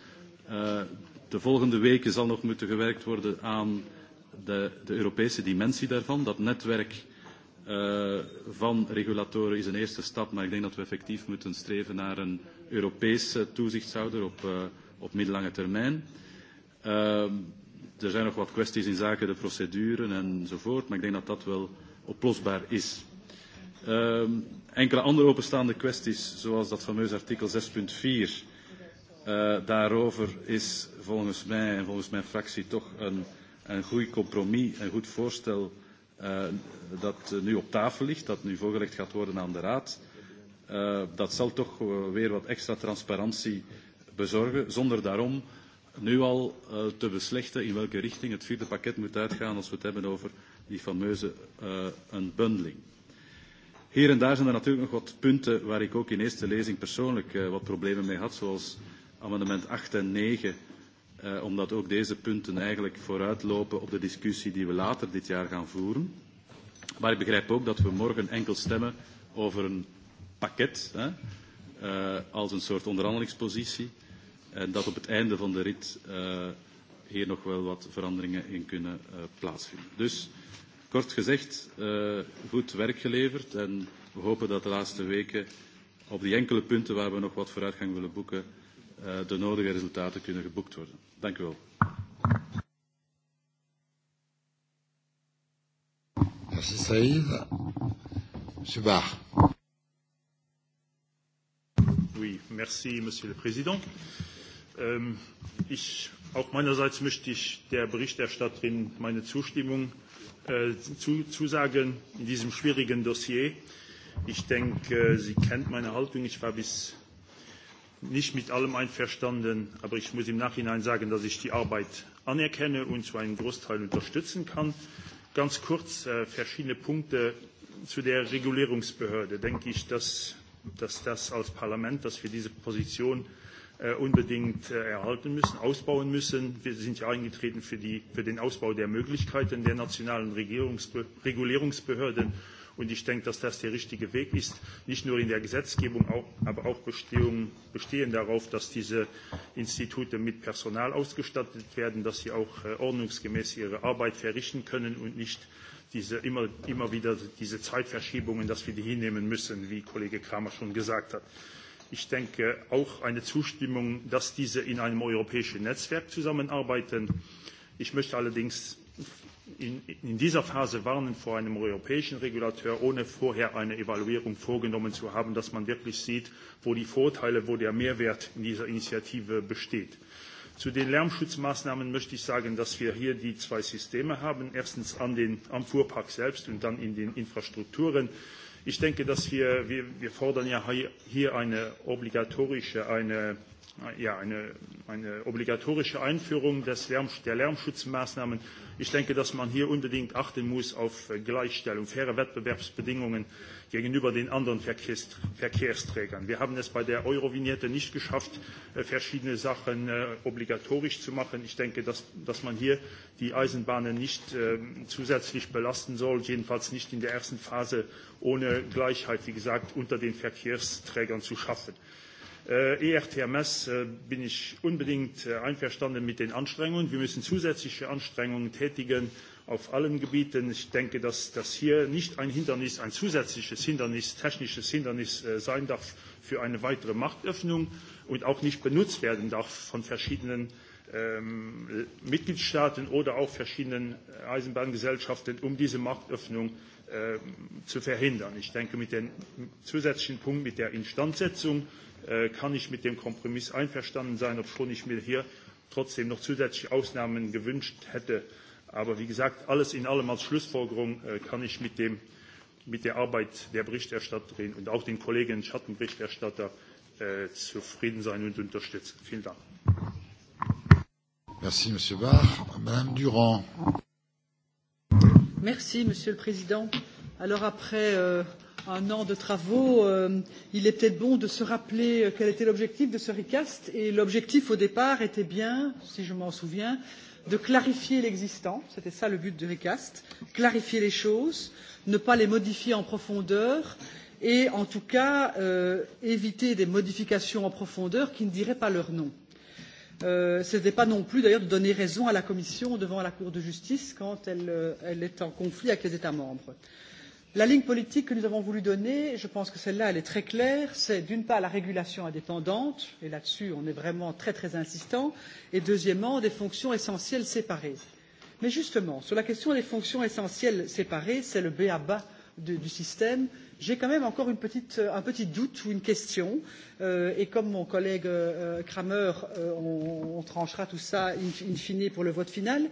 G: Uh, de volgende weken zal nog moeten gewerkt worden aan de, de Europese dimensie daarvan. Dat netwerk uh, van regulatoren is een eerste stap, maar ik denk dat we effectief moeten streven naar een Europese toezichtshouder op, uh, op middellange termijn. Uh, er zijn nog wat kwesties in zaken de procedure enzovoort, maar ik denk dat dat wel oplosbaar is. Uh, enkele andere openstaande kwesties, zoals dat fameuze artikel 6.4, Uh, daarover is volgens mij en volgens mijn fractie toch een, een goed compromis, een goed voorstel uh, dat eh, nu op tafel ligt, dat nu voorgelegd gaat worden aan de Raad, uh, dat zal toch uh, weer wat extra transparantie bezorgen, zonder daarom nu al uh, te beslechten in welke richting het vierde pakket moet uitgaan als we het hebben over die fameuze uh, unbundling. Hier en daar zijn er natuurlijk nog wat punten waar ik ook in eerste lezing persoonlijk uh, wat problemen mee had, zoals amendement 8 en 9 uh, omdat ook deze punten eigenlijk vooruitlopen op de discussie die we later dit jaar gaan voeren. Maar ik begrijp ook dat we morgen enkel stemmen over een pakket, hè, uh, als een soort onderhandelingspositie, en dat op het einde van de rit uh, hier nog wel wat veranderingen in kunnen uh, plaatsvinden. Dus kort gezegd, uh, goed werk geleverd en we hopen dat de laatste weken op die enkele punten waar we nog wat vooruitgang willen boeken, uh, uh, de nodige resultaten kunnen geboekt worden. Dank u wel. Merci Saïd. Monsieur Barr.
H: Oui, merci Monsieur le Président. Ähm, ich, auch meinerseits möchte ich der Berichterstatterin meine Zustimmung äh, zu, zusagen in diesem schwierigen Dossier. Ich denke, äh, sie kennt meine Haltung. Ich war bis nicht mit allem einverstanden, aber ich muss im Nachhinein sagen, dass ich die Arbeit anerkenne und zu einem Großteil unterstützen kann. Ganz kurz äh, verschiedene Punkte zu der Regulierungsbehörde. Denke ich, dass, dass das als Parlament, dass wir diese Position äh, unbedingt äh, erhalten müssen, ausbauen müssen. Wir sind ja eingetreten für, die, für den Ausbau der Möglichkeiten der nationalen Regierungsbe Regulierungsbehörden Und ich denke, dass das der richtige Weg ist, nicht nur in der Gesetzgebung, auch, aber auch Bestehung, bestehen darauf, dass diese Institute mit Personal ausgestattet werden, dass sie auch äh, ordnungsgemäß ihre Arbeit verrichten können und nicht diese, immer, immer wieder diese Zeitverschiebungen, dass wir die hinnehmen müssen, wie Kollege Kramer schon gesagt hat. Ich denke auch eine Zustimmung, dass diese in einem europäischen Netzwerk zusammenarbeiten. Ich möchte allerdings in, in dieser Phase warnen vor einem europäischen Regulateur, ohne vorher eine Evaluierung vorgenommen zu haben, dass man wirklich sieht, wo die Vorteile, wo der Mehrwert in dieser Initiative besteht. Zu den Lärmschutzmaßnahmen möchte ich sagen, dass wir hier die zwei Systeme haben. Erstens an den, am Fuhrpark selbst und dann in den Infrastrukturen. Ich denke, dass wir, wir, wir fordern ja hier eine obligatorische, eine ja, eine, eine obligatorische Einführung des Lärm, der Lärmschutzmaßnahmen. Ich denke, dass man hier unbedingt achten muss auf Gleichstellung, faire Wettbewerbsbedingungen gegenüber den anderen Verkehrs, Verkehrsträgern. Wir haben es bei der Eurovignette nicht geschafft, äh, verschiedene Sachen äh, obligatorisch zu machen. Ich denke, dass, dass man hier die Eisenbahnen nicht ähm, zusätzlich belasten soll, jedenfalls nicht in der ersten Phase, ohne Gleichheit, wie gesagt, unter den Verkehrsträgern zu schaffen. Äh, ERTMS äh, bin ich unbedingt äh, einverstanden mit den Anstrengungen. Wir müssen zusätzliche Anstrengungen tätigen auf allen Gebieten. Ich denke, dass das hier nicht ein Hindernis, ein zusätzliches Hindernis, technisches Hindernis äh, sein darf für eine weitere Marktöffnung und auch nicht benutzt werden darf von verschiedenen ähm, Mitgliedstaaten oder auch verschiedenen Eisenbahngesellschaften, um diese Marktöffnung äh, zu verhindern. Ich denke, mit dem zusätzlichen Punkt mit der Instandsetzung äh, kann ich mit dem Kompromiss einverstanden sein, obwohl ich mir hier trotzdem noch zusätzliche Ausnahmen gewünscht hätte. Aber wie gesagt, alles in allem als Schlussfolgerung äh, kann ich mit, dem, mit der Arbeit der Berichterstatterin und auch den Kolleginnen Schattenberichterstatter äh, zufrieden sein und unterstützen. Vielen Dank.
A: Merci, Monsieur Barr. Madame Durand.
I: Merci, Monsieur le Président. Alors après euh, un an de travaux, euh, il est peut-être bon de se rappeler euh, quel était l'objectif de ce recast. Et l'objectif au départ était bien, si je m'en souviens, de clarifier l'existant. C'était ça le but du recast. Clarifier les choses, ne pas les modifier en profondeur et en tout cas euh, éviter des modifications en profondeur qui ne diraient pas leur nom. Euh, ce n'était pas non plus d'ailleurs de donner raison à la Commission devant la Cour de justice quand elle, euh, elle est en conflit avec les États membres. Euh, la ligne politique que nous avons voulu donner je pense que celle là elle est très claire c'est d'une part la régulation indépendante et là dessus on est vraiment très très insistant et deuxièmement des fonctions essentielles séparées. mais justement sur la question des fonctions essentielles séparées c'est le b. à bas du système j'ai quand même encore une petite, un petit doute ou une question euh, et comme mon collègue euh, Kramer euh, on, on tranchera tout ça in, in fine pour le vote final euh,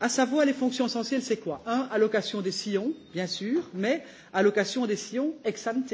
I: à savoir les fonctions essentielles, c'est quoi Un, allocation des sillons, bien sûr, mais allocation des sillons ex ante.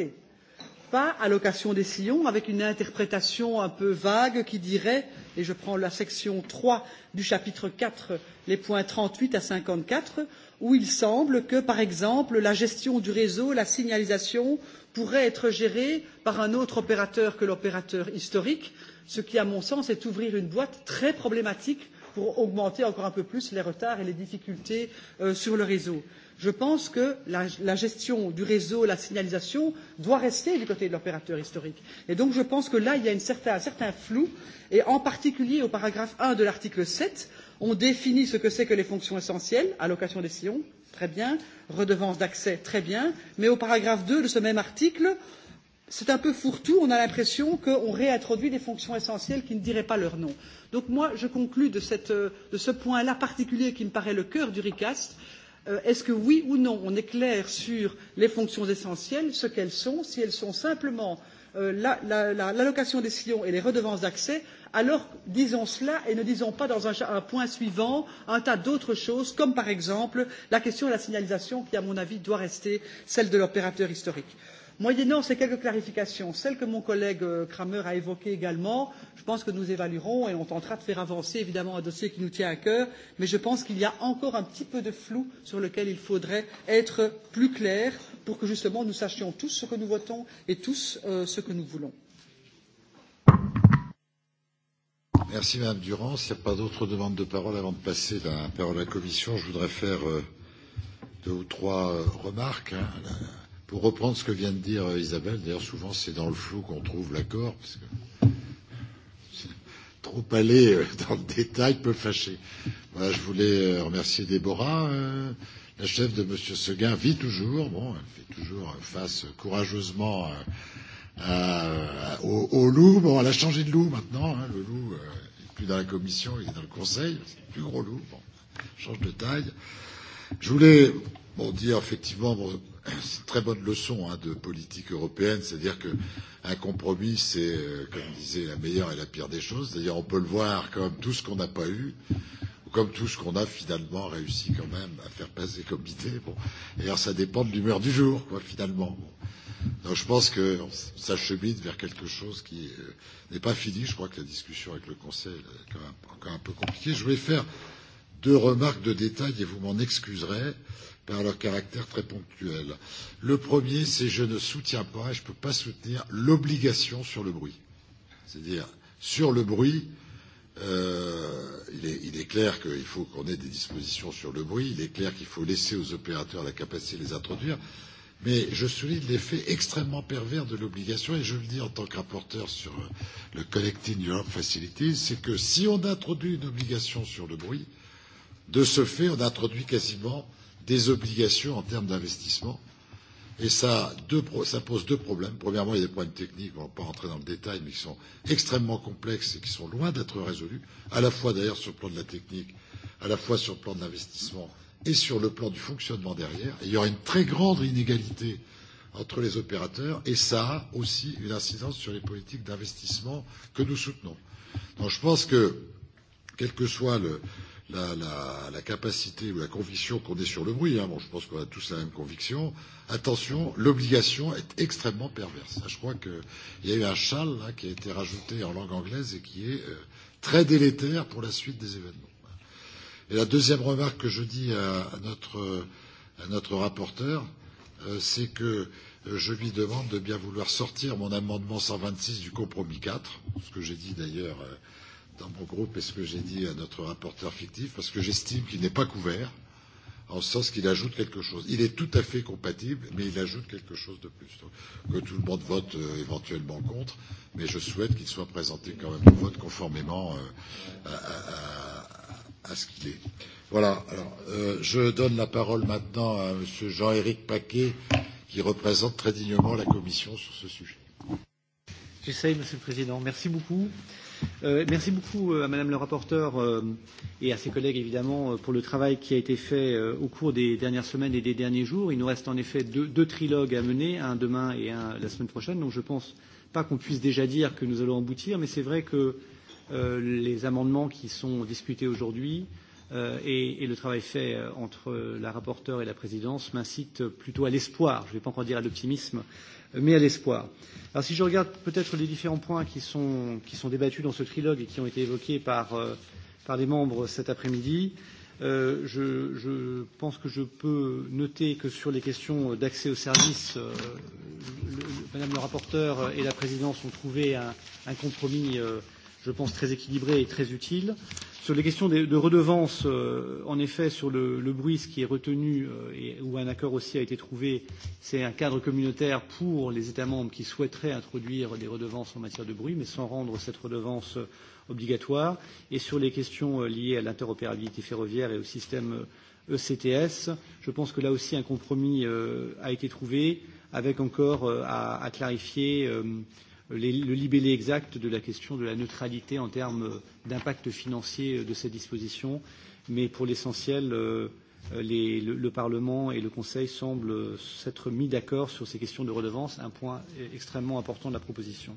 I: Pas allocation des sillons avec une interprétation un peu vague qui dirait, et je prends la section 3 du chapitre 4, les points 38 à 54, où il semble que, par exemple, la gestion du réseau, la signalisation pourrait être gérée par un autre opérateur que l'opérateur historique, ce qui, à mon sens, est ouvrir une boîte très problématique pour augmenter encore un peu plus les retards et les difficultés euh, sur le réseau. Je pense que la, la gestion du réseau, la signalisation doit rester du côté de l'opérateur historique. Et donc je pense que là, il y a une certain, un certain flou, et en particulier au paragraphe 1 de l'article 7, on définit ce que c'est que les fonctions essentielles, allocation des sillons, très bien, redevance d'accès, très bien, mais au paragraphe 2 de ce même article, c'est un peu fourre-tout. On a l'impression qu'on réintroduit des fonctions essentielles qui ne diraient pas leur nom. Donc moi, je conclus de, cette, euh, de ce point-là particulier qui me paraît le cœur du RICAST. Euh, Est-ce que oui ou non, on est clair sur les fonctions essentielles, ce qu'elles sont, si elles sont simplement euh, l'allocation la, la, la, des sillons et les redevances d'accès, alors disons cela et ne disons pas dans un, un point suivant un tas d'autres choses, comme par exemple la question de la signalisation qui, à mon avis, doit rester celle de l'opérateur historique. Euh, Moyennant ces quelques clarifications, celles que mon collègue euh, Kramer a évoquées également, je pense que nous évaluerons et on tentera de faire avancer évidemment un dossier qui nous tient à cœur, mais je pense qu'il y a encore un petit peu de flou sur lequel il faudrait être plus clair pour que justement nous sachions tous ce que nous votons et tous euh, ce que nous voulons.
A: Merci Madame Durand. S'il n'y a pas d'autres demandes de parole avant de passer la parole à la Commission, je voudrais faire euh, deux ou trois euh, remarques. Hein. La, Pour reprendre ce que vient de dire euh, Isabelle, d'ailleurs souvent c'est dans le flou qu'on trouve l'accord, parce que trop aller euh, dans le détail peut fâcher. Voilà, je voulais euh, remercier Déborah, euh, la chef de M. Seguin vit toujours, bon, elle fait toujours face courageusement à, à, au, au loup. Bon, elle a changé de loup maintenant, hein, le loup euh, n'est plus dans la commission, il est dans le conseil, c'est le plus gros loup, bon, change de taille. Je voulais bon, dire effectivement, bon, c'est une très bonne leçon hein, de politique européenne, c'est-à-dire qu'un compromis, c'est, euh, comme disait, la meilleure et la pire des choses. D'ailleurs, on peut le voir comme tout ce qu'on n'a pas eu, ou comme tout ce qu'on a finalement réussi quand même à faire passer comme idée. Bon. D'ailleurs, ça dépend de l'humeur du jour, quoi, finalement. Bon. Donc, je pense que ça chemine vers quelque chose qui euh, n'est pas fini. Je crois que la discussion avec le Conseil est quand même encore un peu compliquée. Je voulais faire deux remarques de détail et vous m'en excuserez. Euh, par leur caractère très ponctuel. Le premier, c'est je ne soutiens pas et je ne peux pas soutenir l'obligation sur le bruit. C'est-à-dire, sur le bruit, euh, il, est, il est clair qu'il faut qu'on ait des dispositions sur le bruit, il est clair qu'il faut laisser aux opérateurs la capacité de les introduire, mais je souligne l'effet extrêmement pervers de l'obligation, et je le dis en tant que rapporteur sur euh, le Collecting Europe Facility, c'est que si on introduit une obligation sur le bruit, de ce fait, on introduit quasiment euh, des obligations en termes d'investissement. Et ça, deux, ça pose deux problèmes. Premièrement, il y a des problèmes techniques, on ne va pas rentrer dans le détail, mais qui sont extrêmement complexes et qui sont loin d'être résolus, à la fois d'ailleurs sur le plan de la technique, à la fois sur le plan de l'investissement et sur le plan du fonctionnement derrière. Et il y aura une très grande inégalité entre les opérateurs et ça a aussi une incidence sur les politiques d'investissement que nous soutenons. Donc je pense que, quel que soit le, euh, la, la, la capacité ou la conviction qu'on est sur le bruit. Hein. Bon, je pense qu'on a tous la même conviction. Attention, l'obligation est extrêmement perverse. Ah, je crois qu'il y a eu un châle là, qui a été rajouté en langue anglaise et qui est euh, très délétère pour la suite des événements. Et la deuxième remarque que je dis à, à, notre, à notre rapporteur, euh, c'est que euh, je lui demande de bien vouloir sortir mon amendement 126 du compromis 4, ce que j'ai dit d'ailleurs euh, dans mon groupe et ce que j'ai dit à notre rapporteur fictif, parce que j'estime qu'il n'est pas couvert, en ce sens qu'il ajoute quelque chose. Il est tout à fait compatible, mais il ajoute quelque chose de plus. Donc, que tout le monde vote euh, éventuellement contre, mais je souhaite qu'il soit présenté quand même au vote conformément euh, à, à, à ce qu'il est. Voilà. Alors, euh, je donne la parole maintenant à Monsieur Jean-Éric Paquet, qui représente très dignement la Commission sur
J: ce sujet. J'essaye, Monsieur le Président. Merci beaucoup. Euh, Euh, merci beaucoup euh, à Madame le rapporteur euh, et à ses collègues évidemment euh, pour le travail qui a été fait euh, au cours des dernières semaines et des derniers jours. Il nous reste en effet deux, deux trilogues à mener, un demain et un la semaine prochaine. Donc je pense pas qu'on puisse déjà dire que nous allons aboutir, mais c'est vrai que euh, les amendements qui sont discutés aujourd'hui euh, et, et le travail fait euh, entre la rapporteure et la présidence m'incitent plutôt à l'espoir. Je ne vais pas encore dire à l'optimisme. Euh, mais à l'espoir. Alors si je regarde peut-être les différents points qui sont, qui sont débattus dans ce trilogue et qui ont été évoqués par, euh, par les membres cet après-midi, euh, je, je pense que je peux noter que sur les questions d'accès aux services, euh, le, le, Madame le rapporteur et la présidence ont trouvé un, un compromis euh, je pense, très équilibré et très utile. Sur les questions de, de redevances, euh, en effet, sur le, le bruit, ce qui est retenu euh, et où un accord aussi a été trouvé, c'est un cadre communautaire pour les États membres qui souhaiteraient introduire des redevances en matière de bruit, mais sans rendre cette redevance euh, obligatoire. Et sur les questions euh, liées à l'interopérabilité ferroviaire et au système ECTS, euh, e je pense que là aussi un compromis euh, a été trouvé, avec encore euh, à, à clarifier. Euh, les, le libellé exact de la question de la neutralité en termes d'impact financier de ces dispositions, mais pour l'essentiel, euh, les, le, le Parlement et le Conseil semblent s'être mis d'accord sur ces questions de redevance, un point extrêmement important de la proposition.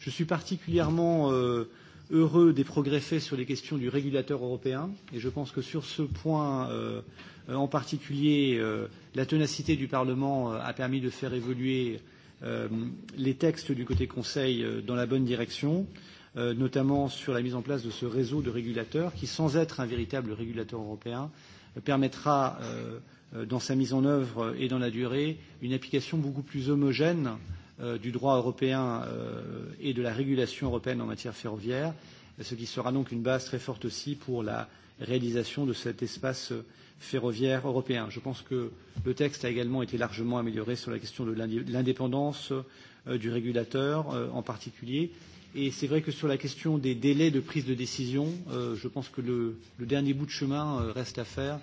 J: Je suis particulièrement euh, heureux des progrès faits sur les questions du régulateur européen et je pense que sur ce point euh, en particulier, euh, la tenacité du Parlement euh, a permis de faire évoluer euh, euh, les textes du côté Conseil euh, dans la bonne direction, euh, notamment sur la mise en place de ce réseau de régulateurs qui, sans être un véritable régulateur européen, euh, permettra, euh, euh, dans sa mise en œuvre et dans la durée, une application beaucoup plus homogène euh, du droit européen euh, et de la régulation européenne en matière ferroviaire, ce qui sera donc une base très forte aussi pour la réalisation de cet espace euh, ferroviaire européen. Je pense que le texte a également été largement amélioré sur la question de l'indépendance euh, du régulateur euh, en particulier. Et c'est vrai que sur la question des délais de prise de décision, euh, je pense que le, le dernier bout de chemin euh, reste à faire,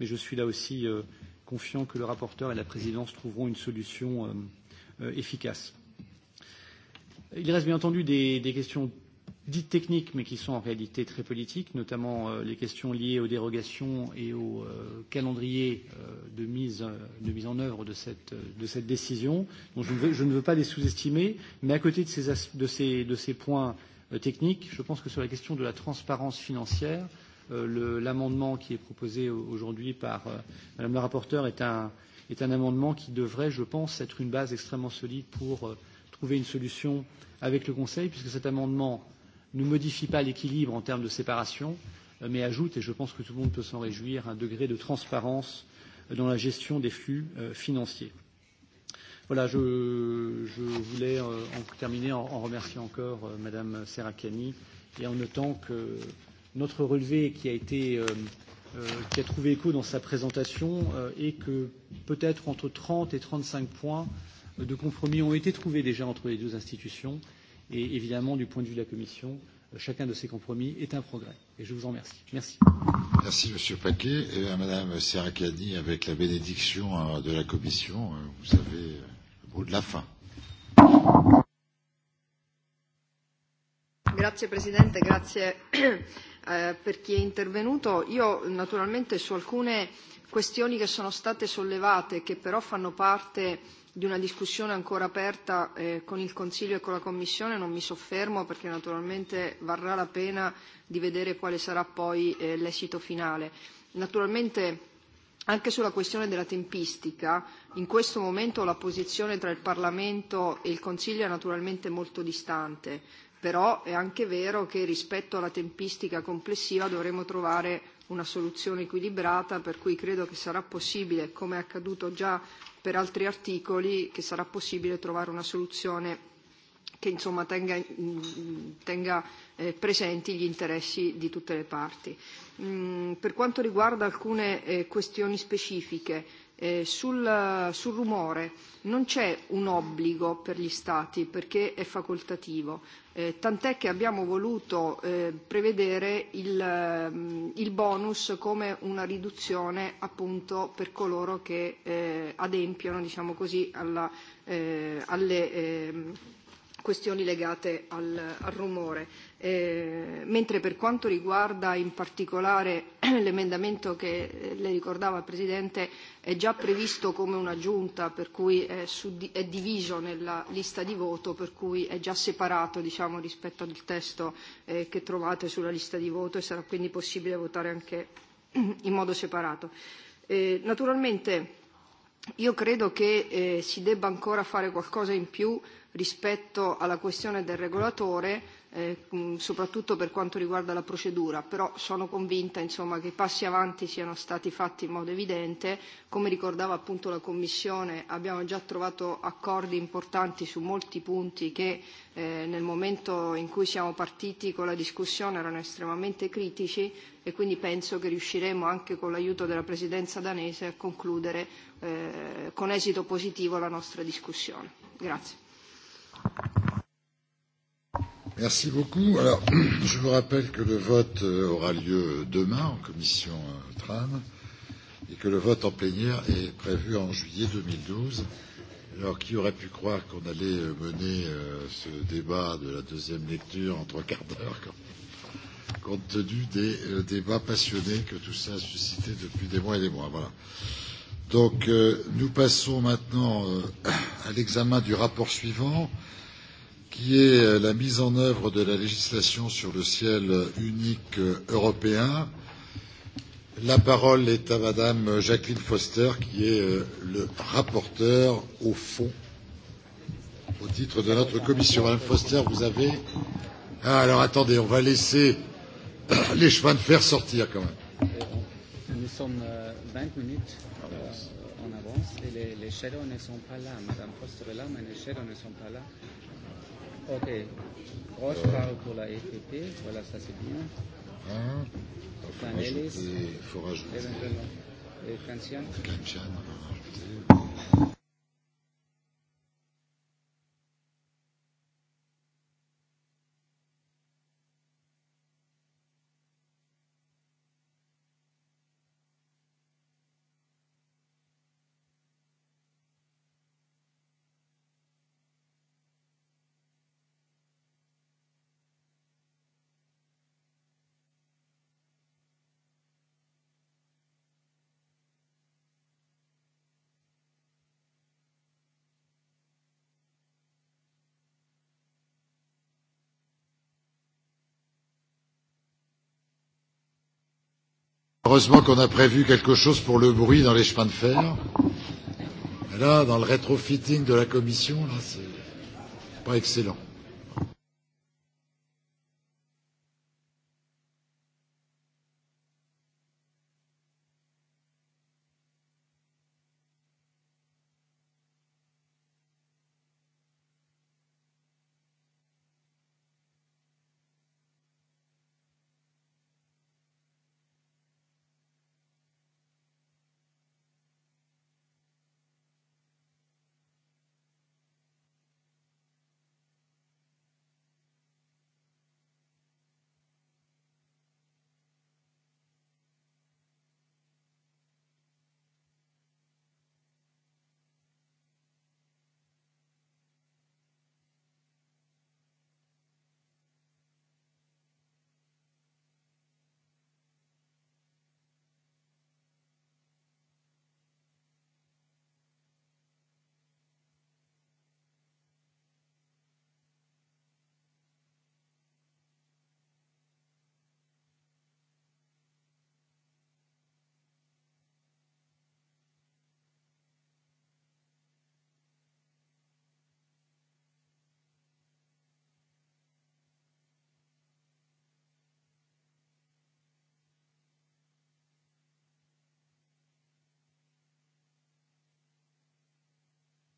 J: mais je suis là aussi euh, confiant que le rapporteur et la présidence trouveront une solution euh, euh, efficace. Il reste bien entendu des, des questions dites techniques, mais qui sont en réalité très politiques, notamment euh, les questions liées aux dérogations et au euh, calendrier euh, de, mise, euh, de mise en œuvre de cette, euh, de cette décision. Donc je ne veux, je ne veux pas les sous-estimer, mais à côté de ces, as, de ces, de ces points euh, techniques, je pense que sur la question de la transparence financière, euh, l'amendement qui est proposé aujourd'hui par euh, Madame la rapporteure est un, est un amendement qui devrait, je pense, être une base extrêmement solide pour euh, trouver une solution avec le Conseil, puisque cet amendement euh, ne modifie pas l'équilibre en termes de séparation, euh, mais ajoute, et je pense que tout le monde peut s'en réjouir, un degré de transparence euh, dans la gestion des flux euh, financiers. Voilà, je, je voulais en terminer en, en remerciant encore Madame Serracani et en notant que notre relevé qui a été euh, euh, qui a trouvé écho dans sa présentation euh, et que peut-être entre 30 et 35 points de compromis ont été trouvés déjà entre les deux institutions Et évidemment, du point de vue de la Commission, chacun de ces compromis est un progrès. Et je vous en remercie. Merci.
A: Merci, Monsieur Paquet. Et à Madame Serracani, avec la bénédiction euh, de la Commission, euh, vous avez euh, le mot de la fin.
B: Grazie Presidente, grazie eh, per chi è intervenuto. Io naturalmente su alcune questioni che sono state sollevate, che però fanno parte eh, di una discussione ancora aperta eh, con il Consiglio e con la Commissione non mi soffermo perché naturalmente varrà la pena di vedere quale sarà poi eh, l'esito finale. Naturalmente anche sulla questione della tempistica, in questo momento la posizione tra il Parlamento e il Consiglio è naturalmente molto distante, però è anche vero che rispetto alla tempistica complessiva dovremo trovare una soluzione equilibrata per cui credo che sarà possibile, come è accaduto già per altri articoli che sarà possibile trovare una soluzione che insomma tenga, tenga eh, presenti gli interessi di tutte le parti. Mm, per quanto riguarda alcune eh, questioni specifiche, eh, sul, eh, sul rumore non c'è un obbligo per gli Stati perché è facoltativo, eh, tant'è che abbiamo voluto eh, prevedere il, ehm, il bonus come una riduzione appunto per coloro che eh, adempiono diciamo così, alla, eh, alle eh, questioni legate al, al rumore. Eh, mentre per quanto riguarda in particolare l'emendamento che eh, le ricordava Presidente è già previsto come un'aggiunta per cui è, suddi- è diviso nella lista di voto per cui è già separato diciamo, rispetto al testo eh, che trovate sulla lista di voto e sarà quindi possibile votare anche in modo separato. Eh, naturalmente io credo che eh, si debba ancora fare qualcosa in più rispetto alla questione del regolatore, eh, mm, soprattutto per quanto riguarda la procedura, però sono convinta insomma, che i passi avanti siano stati fatti in modo evidente. Come ricordava appunto la Commissione, abbiamo già trovato accordi importanti su molti punti che eh, nel momento in cui siamo partiti con la discussione erano estremamente critici e quindi penso che riusciremo anche con l'aiuto della Presidenza danese a concludere eh, con esito positivo la nostra discussione. Grazie.
A: Merci beaucoup. Alors, je vous rappelle que le vote euh, aura lieu demain en commission euh, TRAM et que le vote en plénière est prévu en juillet 2012. Alors, qui aurait pu croire qu'on allait euh, mener euh, ce débat de la deuxième lecture en trois quarts d'heure, compte tenu des euh, débats passionnés que tout ça a suscité depuis des mois et des mois. Voilà. Euh, Donc, euh, nous passons maintenant euh, à l'examen du rapport suivant, qui est euh, la mise en œuvre de la législation sur le ciel unique euh, européen. La parole est à Madame Jacqueline Foster, qui est euh, le rapporteur au fond au titre de notre commission. Madame Foster, vous avez. Ah, alors attendez, on va laisser les chemins de fer sortir quand même
J: nous sommes euh, 20 minutes ah, euh, en avance et les, les shadows ne sont pas là. Madame Foster est là, mais les shadows ne sont pas là. Ok. Roche euh. parle pour la FPP. Voilà, ça c'est bien.
A: Hein il faut Planelis, rajouter. Il faut rajouter. Et Kantian. Kantian, on va rajouter. Heureusement qu'on a prévu quelque chose pour le bruit dans les chemins de fer. Là, dans le rétrofitting de la commission, là, c'est pas excellent.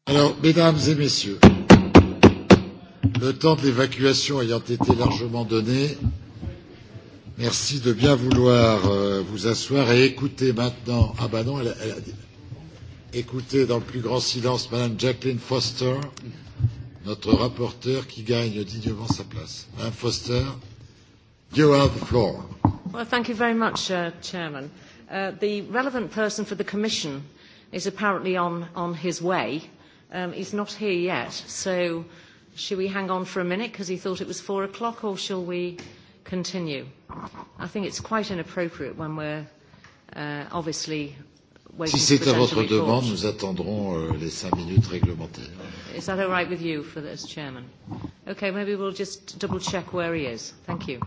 A: Alors, mesdames et messieurs, le temps de l'évacuation ayant été largement donné, merci de bien vouloir euh, vous asseoir et écouter maintenant. Ah ben non, elle, elle a dit. Écoutez dans le plus grand silence Madame Jacqueline Foster, notre rapporteure qui gagne dignement sa place. Madame Foster, you have the floor.
K: Well, thank you very much, uh, Chairman. Uh, the relevant person for the Commission is apparently on, on his way Um, he's not here yet, so should we hang on for a minute because he thought it was four o'clock, or shall we continue? I think it's quite inappropriate when we're uh, obviously waiting. Si c'est à votre demande, nous
A: attendrons euh, les cinq minutes réglementaires.
K: Is that all right with you, for this, Chairman? Okay, maybe we'll just double check where he is. Thank you.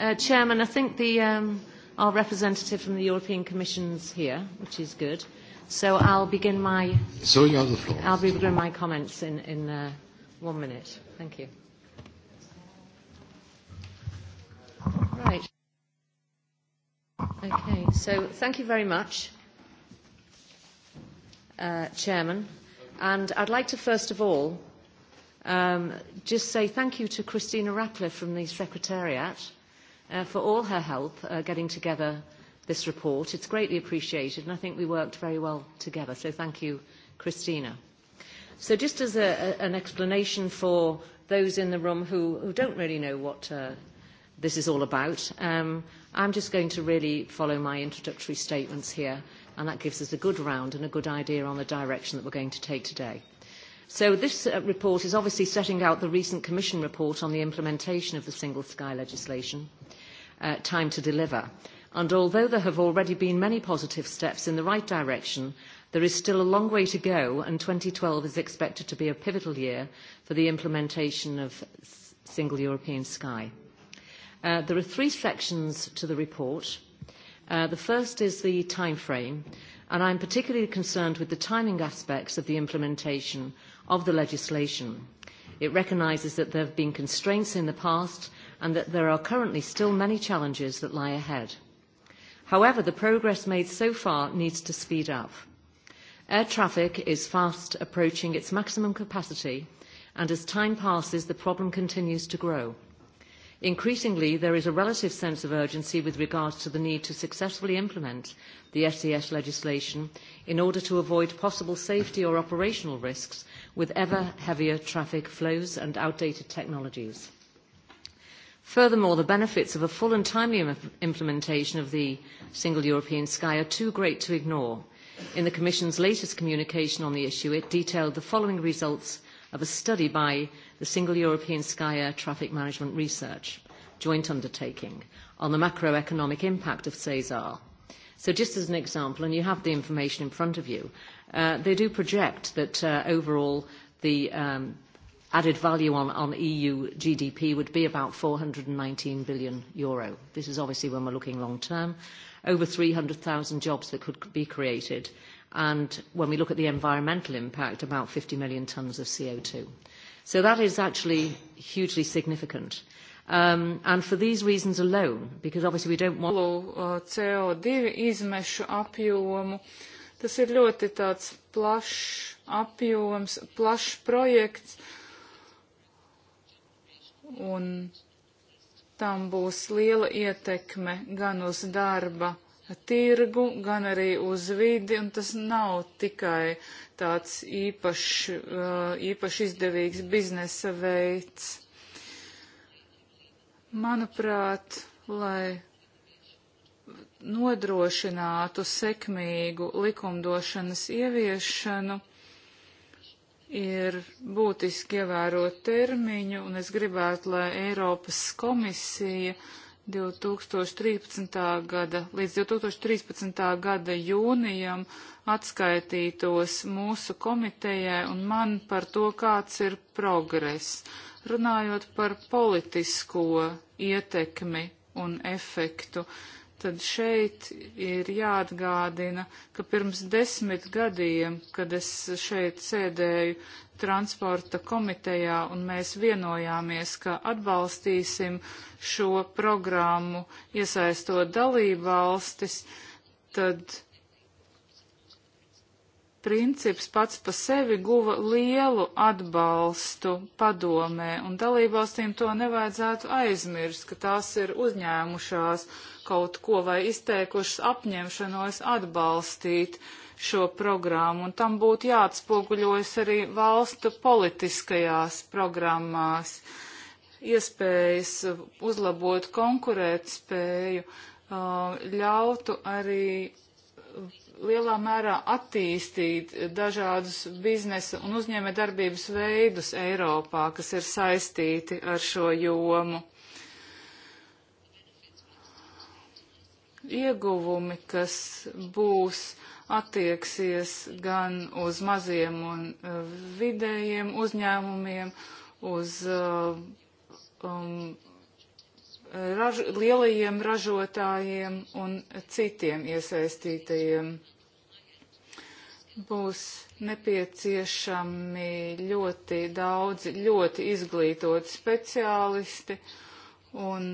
K: Uh, Chairman, I think the, um, our representative from the European Commission's here, which is good. So I'll begin my...
A: So you have the floor. I'll begin my
K: comments in, in uh, one minute. Thank you. Right. Okay, so thank you very much, uh, Chairman. And I'd like to first of all um, just say thank you to Christina Rattler from the Secretariat uh, for all her help uh, getting together this report. It's greatly appreciated, and I think we worked very well together. So thank you, Christina. So just as a, a, an explanation for those in the room who, who don't really know what uh, this is all about, um, I'm just going to really follow my introductory statements here, and that gives us a good round and a good idea on the direction that we're going to take today. So this uh, report is obviously setting out the recent Commission report on the implementation of the Single Sky legislation. Uh, uh, time to deliver. And although there have already been many positive steps in the right direction, there is still a long way to go, and 2012 is expected to be a pivotal year for the implementation of Single European Sky. Uh, there are three sections to the report. Uh, the first is the timeframe, and I'm particularly concerned with the timing aspects of the implementation of the legislation. It recognises that there have been constraints in the past and that there are currently still many challenges that lie ahead. However, the progress made so far needs to speed up. Air traffic is fast approaching its maximum capacity, and as time passes, the problem continues to grow. Increasingly, there is a relative sense of urgency with regards to the need to successfully implement the SES e legislation in order to avoid possible safety or operational risks with ever heavier traffic flows and outdated technologies. Furthermore, the benefits of a full and timely Im implementation of the Single European Sky are too great to ignore. In the Commission's latest communication on the issue, it detailed the following results of a study by the Single European Sky Air Traffic Management Research joint undertaking on the macroeconomic impact of CESAR. So just as an example, and you have the information in front of you, uh, they do project that uh, overall the um, added value on, on EU GDP would be about 419 billion euro. This is obviously when we're looking long term. Over 300,000 jobs that could be created. And when we look at the environmental impact, about 50 million tonnes of CO2. So that is actually hugely significant. Um, and for these reasons alone, because obviously we don't want... Uh,
L: CO2 izmešu apjomu. Tas ir ļoti tāds plašs apjoms, plašs projekts un tam būs liela ietekme gan uz darba tirgu, gan arī uz vidi, un tas nav tikai tāds īpaši, uh, īpaši izdevīgs biznesa veids. Manuprāt, lai nodrošinātu sekmīgu likumdošanas ieviešanu, ir būtiski ievērot termiņu, un es gribētu, lai Eiropas komisija 2013. gada līdz 2013. gada jūnijam atskaitītos mūsu komitejai un man par to, kāds ir progress, runājot par politisko ietekmi un efektu. Uh, tad šeit ir jāatgādina, ka pirms desmit gadiem, kad es šeit sēdēju transporta komitejā un mēs vienojāmies, ka atbalstīsim šo programmu, iesaistot dalību valstis, tad princips pats pa sevi guva lielu atbalstu padomē, un dalībvalstīm to nevajadzētu aizmirst, ka tās ir uzņēmušās kaut ko vai izteikušas apņemšanos atbalstīt šo programmu, un tam būtu jāatspoguļojas arī valstu politiskajās programmās. Iespējas uzlabot konkurētspēju uh, ļautu arī lielā mērā attīstīt dažādus biznesa un uzņēmē darbības veidus Eiropā, kas ir saistīti ar šo jomu. Ieguvumi, kas būs, attieksies gan uz maziem un eh, vidējiem uzņēmumiem, uz eh, um, raž lielajiem ražotājiem un citiem iesaistītajiem būs nepieciešami ļoti daudzi, ļoti izglītoti speciālisti, un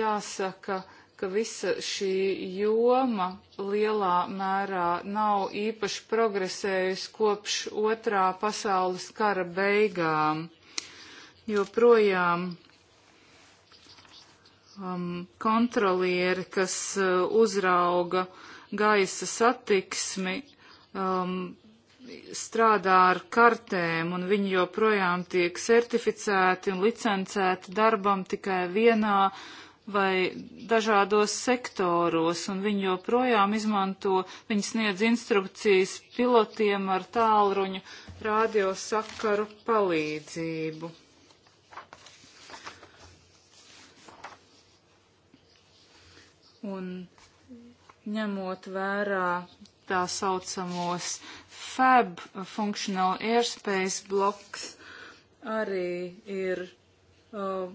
L: jāsaka, ka visa šī joma lielā mērā nav īpaši progresējusi kopš otrā pasaules kara beigām. Joprojām um, kontrolieri, kas uh, uzrauga gaisa satiksmi, um, strādā ar kartēm, un viņi joprojām tiek certificēti un licencēti darbam tikai vienā vai dažādos sektoros, un viņi joprojām izmanto, viņi sniedz instrukcijas pilotiem ar tālruņu radiosakaru palīdzību. Un ņemot vērā tā saucamos FAB, Functional Airspace bloks, arī ir uh,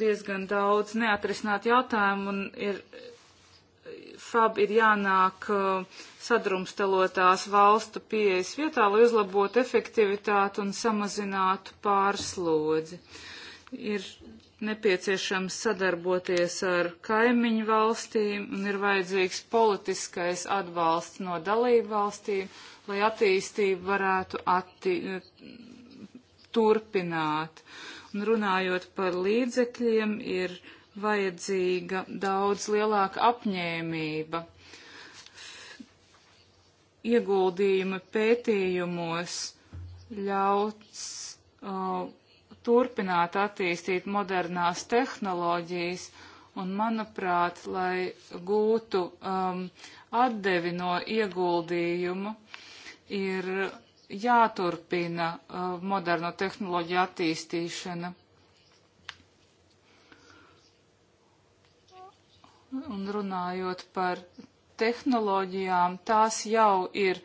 L: diezgan daudz neatrisināt jautājumu un ir, FAB ir jānāk uh, sadrumstalotās valstu pieejas vietā, lai uzlabotu efektivitāti un samazinātu pārslodzi. Ir nepieciešams sadarboties ar kaimiņu valstīm un ir vajadzīgs politiskais atbalsts no dalību valstīm, lai attīstību varētu atti turpināt. Uh, Un runājot par līdzekļiem, ir vajadzīga daudz lielāka apņēmība. Ieguldījumi pētījumos ļauts uh, turpināt attīstīt modernās tehnoloģijas, un manuprāt, lai gūtu um, atdevi no ieguldījumu, ir jāturpina uh, moderno tehnoloģiju attīstīšana. Un runājot par tehnoloģijām, tās jau ir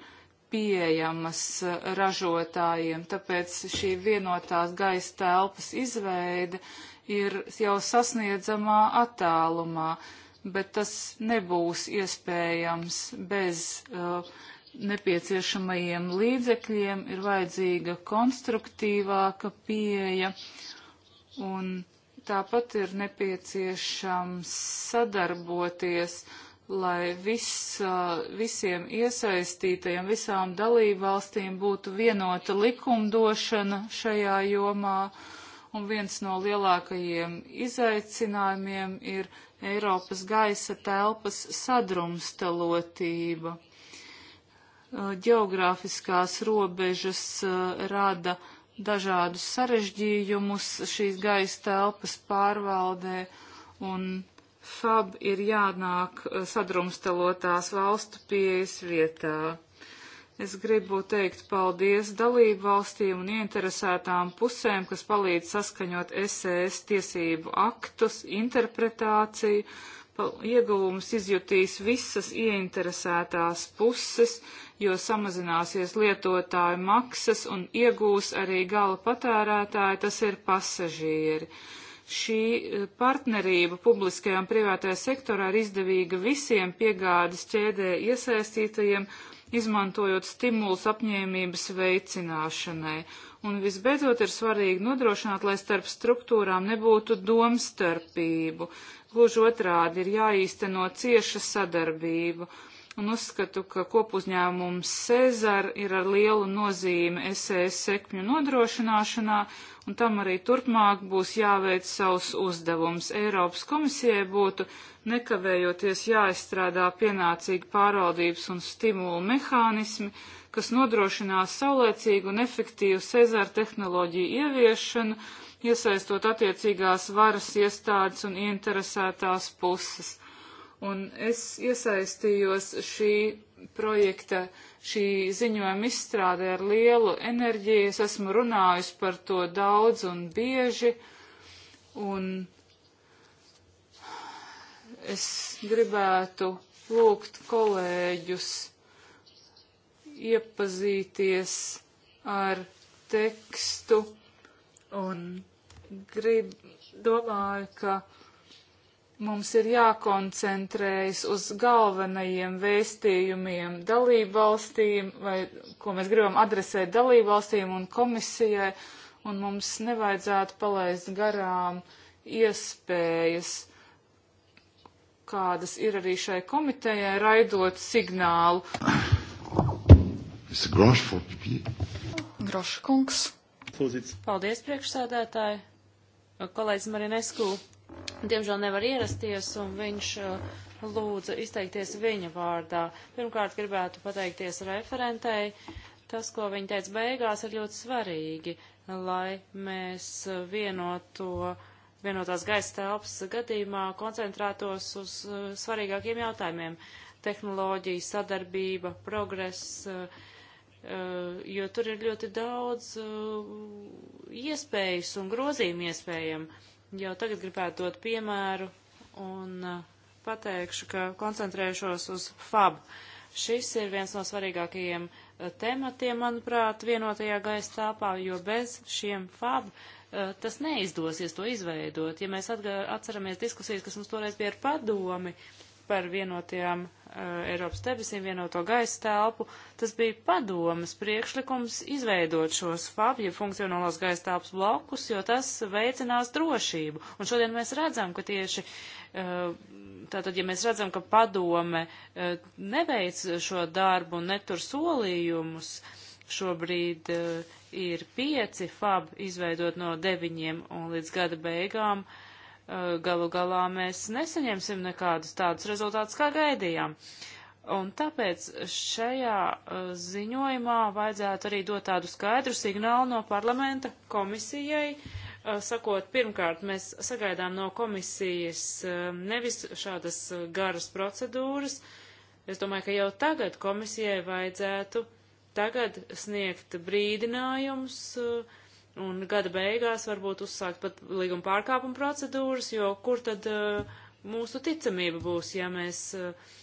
L: pieejamas uh, ražotājiem, tāpēc šī vienotās gaisa telpas izveide ir jau sasniedzamā attālumā, bet tas nebūs iespējams bez uh, nepieciešamajiem līdzekļiem ir vajadzīga konstruktīvāka pieeja un tāpat ir nepieciešams sadarboties, lai vis, visiem iesaistītajiem, visām dalībvalstīm būtu vienota likumdošana šajā jomā. Un viens no lielākajiem izaicinājumiem ir Eiropas gaisa telpas sadrumstalotība ģeogrāfiskās robežas rada dažādus sarežģījumus šīs gaisa telpas pārvaldē, un FAB ir jānāk sadrumstalotās valstu pieejas vietā. Es gribu teikt paldies dalību valstīm un interesētām pusēm, kas palīdz saskaņot SES e tiesību aktus, interpretāciju, uh, Ieguvumus izjutīs visas ieinteresētās puses, jo samazināsies lietotāju maksas un iegūs arī gala patērētāji, tas ir pasažieri šī eh, partnerība publiskajā un privātajā sektorā ir izdevīga visiem piegādes ķēdē iesaistītajiem, izmantojot stimulus apņēmības veicināšanai. Un visbeidzot ir svarīgi nodrošināt, lai starp struktūrām nebūtu domstarpību. Gluži otrādi ir jāīsteno cieša sadarbība. Un uzskatu, ka kopuzņēmums Cezar ir ar lielu nozīmi SES e sekmju nodrošināšanā, un tam arī turpmāk būs jāveic savs uzdevums. Eiropas komisijai būtu nekavējoties jāizstrādā pienācīgi pārvaldības un stimulu mehānismi, kas nodrošinās saulēcīgu un efektīvu Cezara tehnoloģiju ieviešanu iesaistot attiecīgās varas iestādes un interesētās puses. Un es iesaistījos šī projekta, šī ziņojuma izstrādē ar lielu enerģiju. Es esmu runājusi par to daudz un bieži. Un es gribētu lūgt kolēģus iepazīties ar tekstu, un grib, domāju, ka mums ir jākoncentrējas uz galvenajiem vēstījumiem dalībvalstīm, vai ko mēs gribam adresēt dalībvalstīm un komisijai, un mums nevajadzētu palaist garām iespējas, kādas ir arī šai komitejai, raidot signālu. Groškungs. Fūzits. Paldies, priekšsēdētāji.
M: Kolēģis Marinesku diemžēl nevar ierasties, un viņš uh, lūdza izteikties viņa vārdā. Pirmkārt, gribētu pateikties referentei. Tas, ko viņa teica beigās, ir ļoti svarīgi, lai mēs vienoto, vienotās gaisa telpas gadījumā koncentrētos uz uh, svarīgākiem jautājumiem - tehnoloģija, sadarbība, progress, uh, Eh, jo tur ir ļoti daudz eh, iespējas un grozījumu iespējami. Jau tagad gribētu dot piemēru un eh, pateikšu, ka koncentrēšos uz FAB. Šis ir viens no svarīgākajiem tematiem, manuprāt, vienotajā gaisa tāpā, jo bez šiem FAB tas neizdosies to izveidot. Ja mēs atgā, atceramies diskusijas, kas mums toreiz bija ar padomi par vienotajām Eh, Eiropas debesīm vienoto gaisa telpu, tas bija padomas priekšlikums izveidot šos FAB, ja funkcionālos gaisa telpas blokus, jo tas veicinās drošību. Un šodien mēs redzam, ka tieši, eh, tātad, ja mēs redzam, ka padome eh, neveic šo darbu un netur solījumus, šobrīd ir pieci FAB izveidot no deviņiem un līdz gada beigām. Uh, Eh, galu galā mēs nesaņemsim nekādus tādus rezultātus, kā gaidījām. Un tāpēc šajā eh, ziņojumā vajadzētu arī dot tādu skaidru signālu no parlamenta komisijai, eh, sakot, pirmkārt, mēs sagaidām no komisijas nevis šādas garas procedūras. Es domāju, ka jau tagad komisijai vajadzētu tagad sniegt brīdinājumus uh, un gada beigās varbūt uzsākt pat līguma pārkāpuma procedūras, jo kur tad uh, mūsu ticamība būs, ja mēs uh,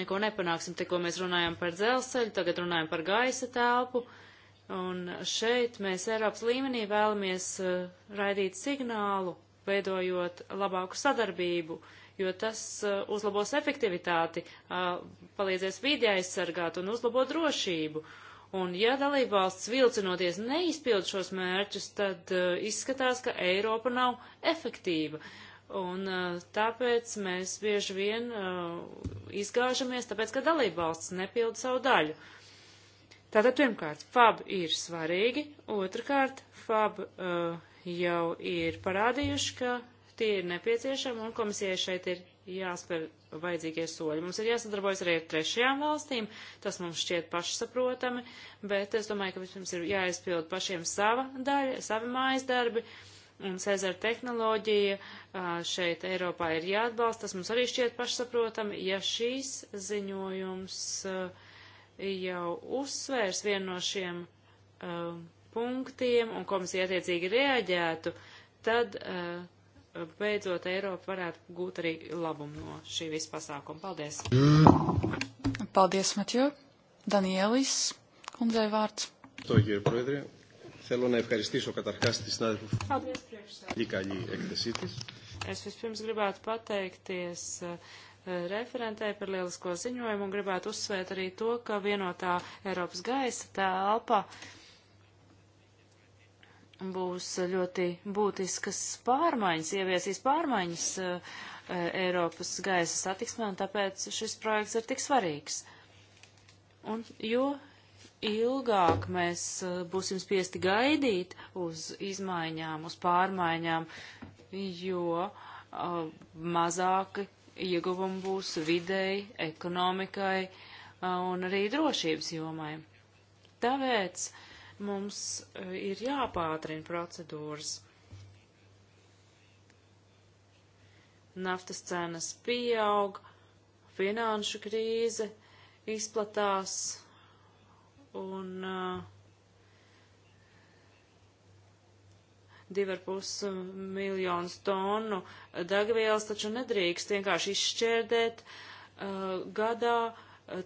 M: neko nepanāksim, tikko mēs runājam par dzelzceļu, tagad runājam par gaisa telpu, un šeit mēs Eiropas līmenī vēlamies uh, raidīt signālu, veidojot labāku sadarbību, jo tas uzlabos efektivitāti, palīdzēs vīdi aizsargāt un uzlabot drošību. Uh, Un ja dalībvalsts vilcinoties neizpild šos mērķus, tad uh, izskatās, ka Eiropa nav efektīva. Un uh, tāpēc mēs bieži vien uh, izgāžamies, tāpēc, ka dalībvalsts nepild savu daļu. Tātad pirmkārt, FAB ir svarīgi, otrkārt, FAB uh, jau ir parādījuši, ka tie ir nepieciešami un komisijai šeit ir jāspēr vajadzīgie soļi. Mums ir jāsadarbojas arī ar trešajām valstīm, tas mums šķiet pašsaprotami, bet es domāju, ka vispirms ir jāizpild pašiem sava daļa, savi mājas darbi, un Cezara tehnoloģija šeit Eiropā ir jāatbalsta, tas mums arī šķiet pašsaprotami, ja šīs ziņojums jau uzsvērs vienu no šiem punktiem un komisija attiecīgi reaģētu, tad uh, beidzot Eiropa varētu gūt arī labumu no šī visa pasākuma. Paldies!
N: Paldies, Matjo! Danielis, kundzei
M: vārds.
F: To ir, Prodrie. Θέλω να ευχαριστήσω καταρχάς τη συνάδελφο πολύ καλή έκθεσή της.
M: Es vispirms gribētu pateikties eh, referentē par lielisko ziņojumu un gribētu uzsvērt arī to, ka vienotā Eiropas gaisa telpa tā būs ļoti būtiskas pārmaiņas, ieviesīs pārmaiņas uh, Eiropas gaisa satiksmē, un tāpēc šis projekts ir tik svarīgs. Un jo ilgāk mēs uh, būsim spiesti gaidīt uz izmaiņām, uz pārmaiņām, jo uh, mazāki ieguvumi būs videi, ekonomikai un arī drošības jomai. Tāpēc uh, Mums eh, ir jāpātrina procedūras. Naftas cenas pieaug, finanšu krīze izplatās un uh, divi ar pus miljonus tonu dagvielas taču nedrīkst vienkārši izšķērdēt uh, gadā,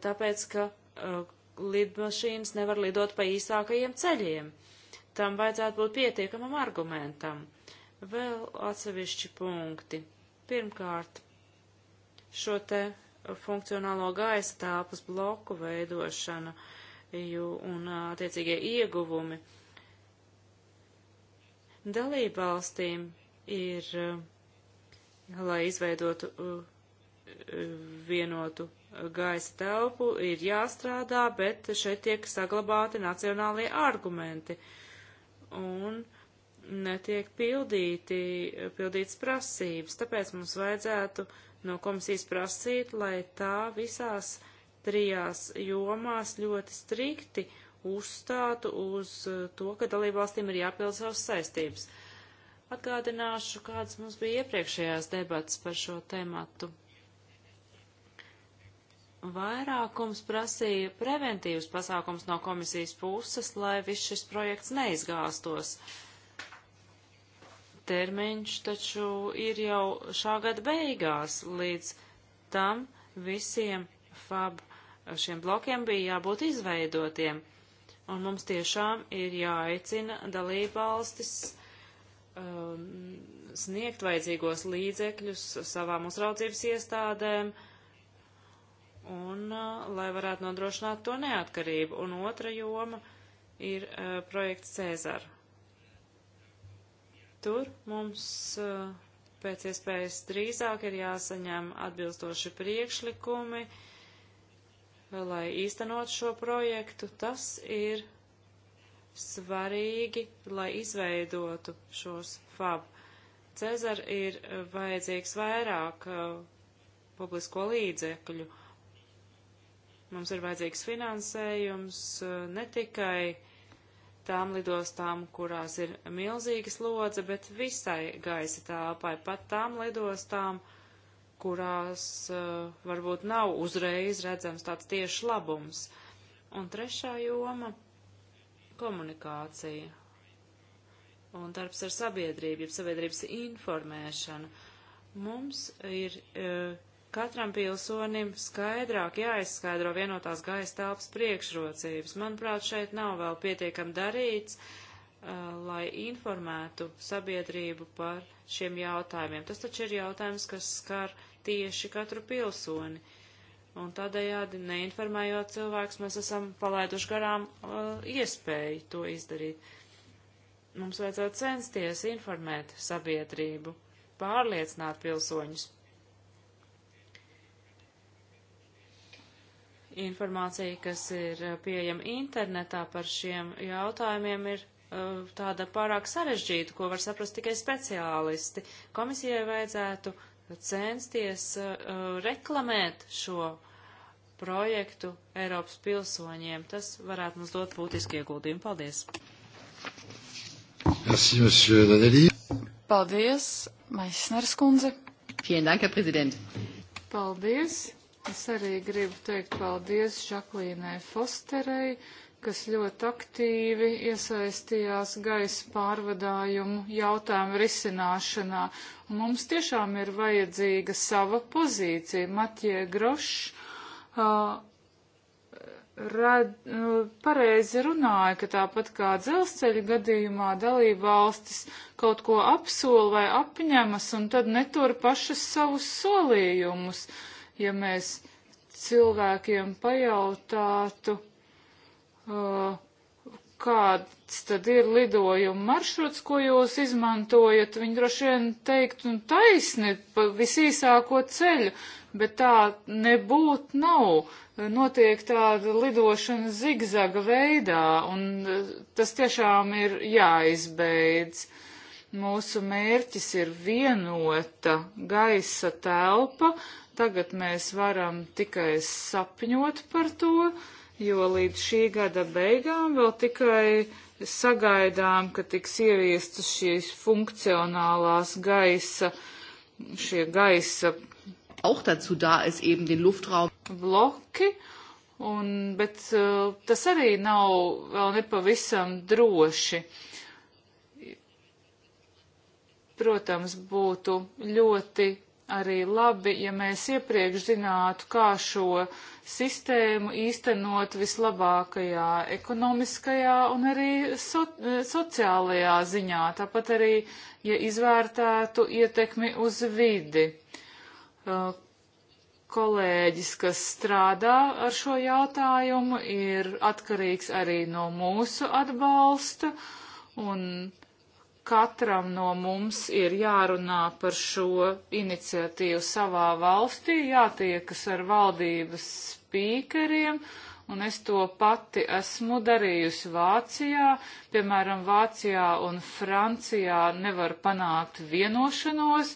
M: tāpēc, ka uh, lidmašīnas nevar lidot pa īsākajiem ceļiem. Tam vajadzētu būt pietiekamam argumentam. Vēl atsevišķi punkti. Pirmkārt, šo te funkcionālo gaisa tāpas bloku veidošana jū, un attiecīgie ieguvumi. Dalībvalstīm ir, lai izveidotu vienotu gaisa telpu, ir jāstrādā, bet šeit tiek saglabāti nacionālie argumenti un netiek pildīti, pildīts prasības. Tāpēc mums vajadzētu no komisijas prasīt, lai tā visās trijās jomās ļoti strikti uzstātu uz to, ka dalībvalstīm ir jāpild savas saistības. Atgādināšu, kādas mums bija iepriekšējās debats par šo tēmatu vairākums prasīja preventīvus pasākums no komisijas puses, lai viss šis projekts neizgāstos. Termiņš taču ir jau šā gada beigās, līdz tam visiem fab šiem blokiem bija jābūt izveidotiem. Un mums tiešām ir jāaicina dalībvalstis um, sniegt vajadzīgos līdzekļus savām uzraudzības iestādēm, uh, un lai varētu nodrošināt to neatkarību. Un otra joma ir uh, projekts Cēzar. Tur mums uh, pēc iespējas drīzāk ir jāsaņem atbilstoši priekšlikumi, lai īstenot šo projektu. Tas ir svarīgi, lai izveidotu šos fab. Cezar ir vajadzīgs vairāk uh, publisko līdzekļu. Uh, Mums ir vajadzīgs finansējums eh, ne tikai tām lidostām, kurās ir milzīgas lodze, bet visai gaisa tālpai, pat tām lidostām, kurās uh, varbūt nav uzreiz redzams tāds tieši labums. Un trešā joma - komunikācija un darbs ar sabiedrību, jeb sabiedrības informēšanu. Mums ir uh, Katram pilsonim skaidrāk jāizskaidro vienotās gaisa telpas priekšrocības. Manuprāt, šeit nav vēl pietiekam darīts, uh, lai informētu sabiedrību par šiem jautājumiem. Tas taču ir jautājums, kas skar tieši katru pilsoni. Un tādējādi, neinformējot cilvēks, mēs esam palaiduši garām uh, iespēju to izdarīt. Mums vajadzētu censties informēt sabiedrību, pārliecināt pilsoņus informācija, kas ir uh, pieejama internetā par šiem jautājumiem, ir uh, tāda pārāk sarežģīta, ko var saprast tikai speciālisti. Komisijai vajadzētu censties uh, uh reklamēt šo projektu Eiropas pilsoņiem. Tas varētu mums dot būtiski ieguldījumu. Paldies!
A: Merci, monsieur Danelli.
N: Paldies, Maisners kundze. Vielen Dank, Herr Präsident.
L: Paldies. Es arī gribu teikt paldies Žaklīnai Fosterei, kas ļoti aktīvi iesaistījās gaisa pārvadājumu jautājumu risināšanā. Un mums tiešām ir vajadzīga sava pozīcija. Matie Grošs uh, rad, uh, pareizi runāja, ka tāpat kā dzelzceļa gadījumā dalība valstis kaut ko apsola vai apņemas un tad netur pašas savus solījumus. Uh, ja mēs cilvēkiem pajautātu, uh, kāds tad ir lidojuma maršruts, ko jūs izmantojat, viņi droši vien teikt un taisni pa visīsāko ceļu, bet tā nebūt nav. Notiek tāda lidošana zigzaga veidā, un uh, tas tiešām ir jāizbeidz. Mūsu mērķis ir vienota gaisa telpa, Tagad mēs varam tikai sapņot par to, jo līdz šī gada beigām vēl tikai sagaidām, ka tiks ieviestas šīs funkcionālās gaisa, šie gaisa. Auch dazu da ist eben den Luftraum. Bloki. Un, bet uh, tas arī nav vēl nepavisam droši. Protams, būtu ļoti arī labi, ja mēs iepriekš zinātu, kā šo sistēmu īstenot vislabākajā ekonomiskajā un arī so, eh, sociālajā ziņā, tāpat arī, ja izvērtētu ietekmi uz vidi. Uh, kolēģis, kas strādā ar šo jautājumu, ir atkarīgs arī no mūsu atbalsta un uh, katram no mums ir jārunā par šo iniciatīvu savā valstī, jātiekas ar valdības spīkeriem, un es to pati esmu darījusi Vācijā. Piemēram, Vācijā un Francijā nevar panākt vienošanos.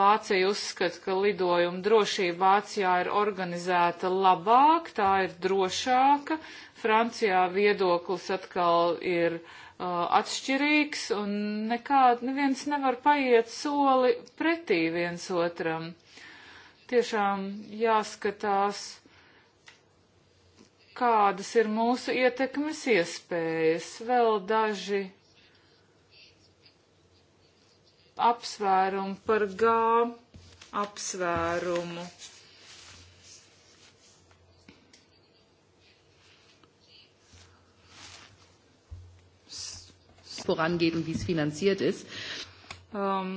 L: Vācija uzskata, ka lidojuma drošība Vācijā ir organizēta labāk, tā ir drošāka. Francijā viedoklis atkal ir uh, Uh, atšķirīgs un nekād, neviens nevar paiet soli pretī viens otram. Tiešām jāskatās, kādas ir mūsu ietekmes iespējas. Vēl daži apsvērumi par gā apsvērumu. vorangeht und wie es finanziert ist. Um,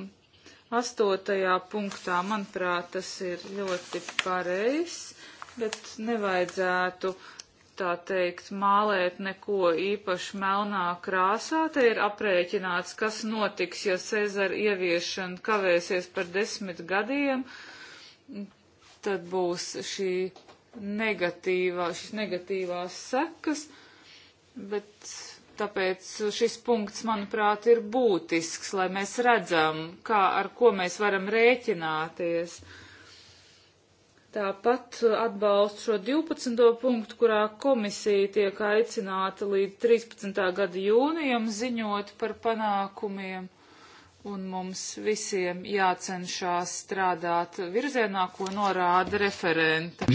L: astotajā punktā, manuprāt, tas ir ļoti pareizs, bet nevajadzētu tā teikt, mālēt neko īpaši melnā krāsā. Te ir aprēķināts, kas notiks, ja Cezara ieviešana kavēsies par desmit gadiem. Tad būs šī negatīvā, šis negatīvās sekas, bet Tāpēc šis punkts, manuprāt, ir būtisks, lai mēs redzam, kā, ar ko mēs varam rēķināties. Tāpat atbalstu šo 12. punktu, kurā komisija tiek aicināta līdz 13. gada jūnijam ziņot par panākumiem, un mums visiem jācenšās strādāt virzienā, ko norāda referente.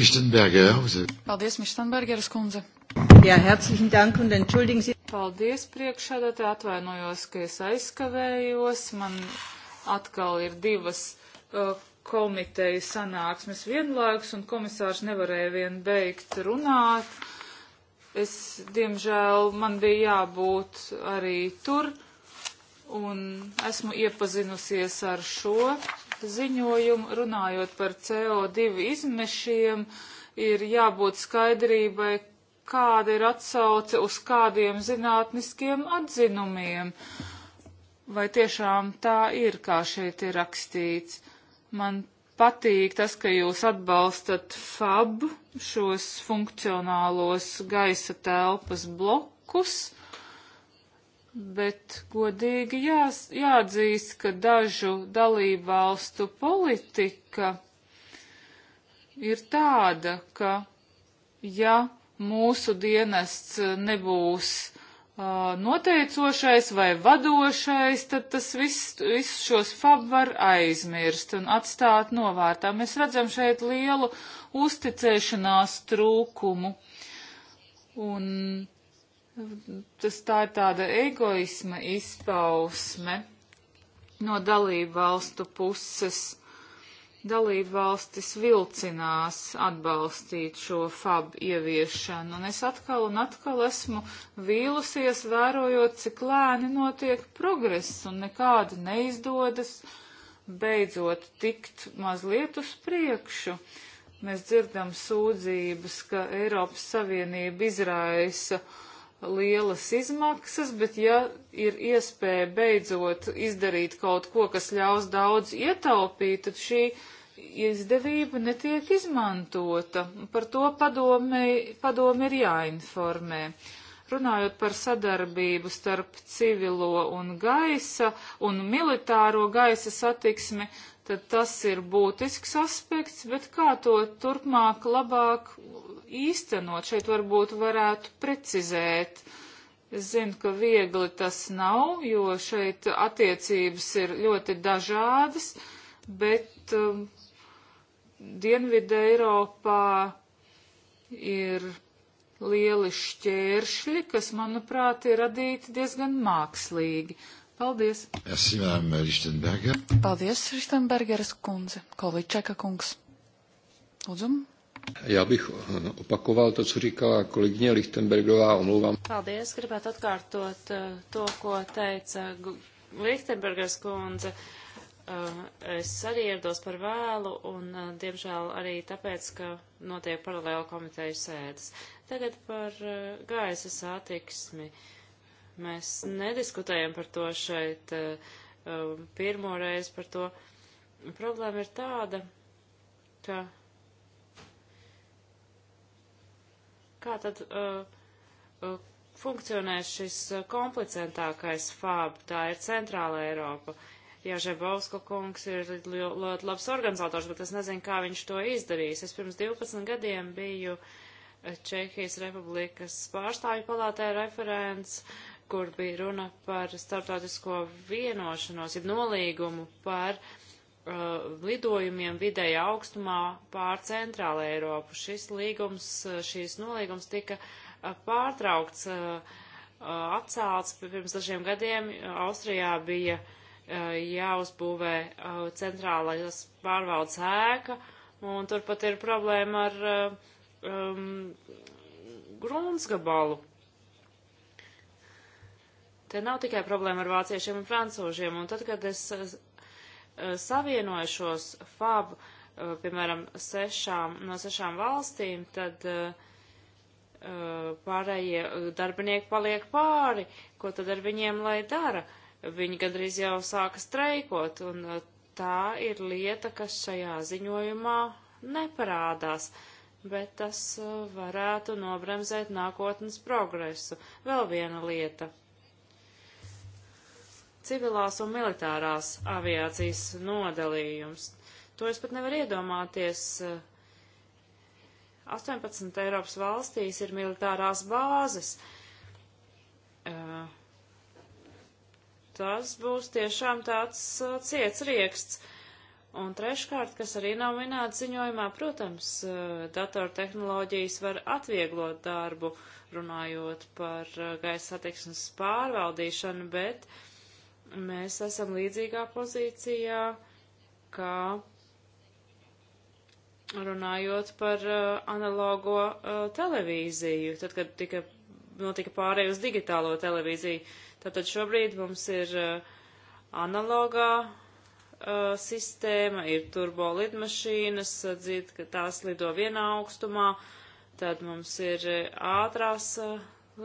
L: Paldies, Mištenbergeras kundze. Jā, ja, herzlichen dank un entschuldigen Sie. Paldies priekšādātē, atvainojos, ka es aizskavējos. Man atkal ir divas uh, komitejas sanāksmes vienlaikus, un komisārs nevarēja vien beigt runāt. Es, diemžēl, man bija jābūt arī tur, un esmu iepazinusies ar šo ziņojumu, runājot par CO2 izmešiem, ir jābūt skaidrībai, kāda ir atsauce uz kādiem zinātniskiem atzinumiem. Vai tiešām tā ir, kā šeit ir rakstīts? Man patīk tas, ka jūs atbalstat FAB, šos funkcionālos gaisa telpas blokus, bet godīgi jā, jāatzīst, ka dažu dalību valstu politika ir tāda, ka ja mūsu dienests nebūs uh, noteicošais vai vadošais, tad tas viss, viss šos fab var aizmirst un atstāt novārtā. Mēs redzam šeit lielu uzticēšanās trūkumu. Un tas tā ir tāda egoisma izpausme no dalību valstu puses dalībvalstis vilcinās atbalstīt šo fab ieviešanu, un es atkal un atkal esmu vīlusies, vērojot, cik lēni notiek progress un nekādi neizdodas beidzot tikt mazliet uz priekšu. Mēs dzirdam sūdzības, ka Eiropas Savienība izraisa uh, lielas izmaksas, bet ja ir iespēja beidzot izdarīt kaut ko, kas ļaus daudz ietaupīt, tad šī izdevība netiek izmantota. Par to padomē, padomē ir jāinformē. Runājot par sadarbību starp civilo un gaisa un militāro gaisa satiksmi, tad tas ir būtisks aspekts, bet kā to turpmāk labāk īstenot, šeit varbūt varētu precizēt. Es zinu, ka viegli tas nav, jo šeit attiecības ir ļoti dažādas, bet um, Dienvidē Eiropā ir lieli šķēršļi, kas, manuprāt, ir radīti diezgan mākslīgi. Paldies!
A: Merci, Madame Lichtenberger.
N: Paldies, Lichtenbergeras kundze. Količeka kungs. Lūdzu.
C: Já bych eh, opakoval to, co říkala kolegyně Lichtenbergová, omlouvám.
M: Paldies, gribētu atkārtot eh, to, ko teica Lichtenbergers kundze. Eh, es arī ierados par vēlu un, diemžēl, arī tāpēc, ka notiek paralēla komiteju sēdes. Tagad par gaisa satiksmi. Uh, Mēs nediskutējam par to šeit eh, um, pirmo reizi par to. Problēma ir tāda, ka kā tad uh, eh, eh, funkcionē šis komplicentākais fāb, tā ir centrāla Eiropa. Jā, Žebovska kungs ir ļoti labs organizators, bet es nezinu, kā viņš to izdarīs. Es pirms 12 gadiem biju Čehijas Republikas pārstāvju palātē referents kur bija runa par starptautisko vienošanos, ir nolīgumu par uh, lidojumiem vidēja augstumā pār centrālu Eiropu. Šis līgums, uh, šīs nolīgums tika uh, pārtraukts, uh, uh atcēlts pirms dažiem gadiem. Austrijā bija uh, jāuzbūvē centrālais pārvaldes ēka, un turpat ir problēma ar um, grūns gabalu Te nav tikai problēma ar vāciešiem un francūžiem. Un tad, kad es savienoju šos FAB, eh, piemēram, sešām, no sešām valstīm, tad eh, eh, pārējie darbinieki paliek pāri. Ko tad ar viņiem lai dara? Viņi gandrīz jau sāka streikot, un tā ir lieta, kas šajā ziņojumā neparādās, bet tas varētu nobremzēt nākotnes progresu. Vēl viena lieta civilās un militārās aviācijas nodalījums. To es pat nevaru iedomāties. 18 Eiropas valstīs ir militārās bāzes. Tas būs tiešām tāds ciets rieksts. Un treškārt, kas arī nav minēts ziņojumā, protams, datortehnoloģijas var atvieglot darbu, runājot par gaisa satiksmes pārvaldīšanu, bet uh, mēs esam līdzīgā pozīcijā, kā runājot par uh, analogo uh, televīziju, tad, kad tika, notika pārēj uz digitālo televīziju. Tātad šobrīd mums ir uh, analogā uh, sistēma, ir turbo lidmašīnas, uh, dzird, ka tās lido vienā augstumā, tad mums ir uh, ātrās uh,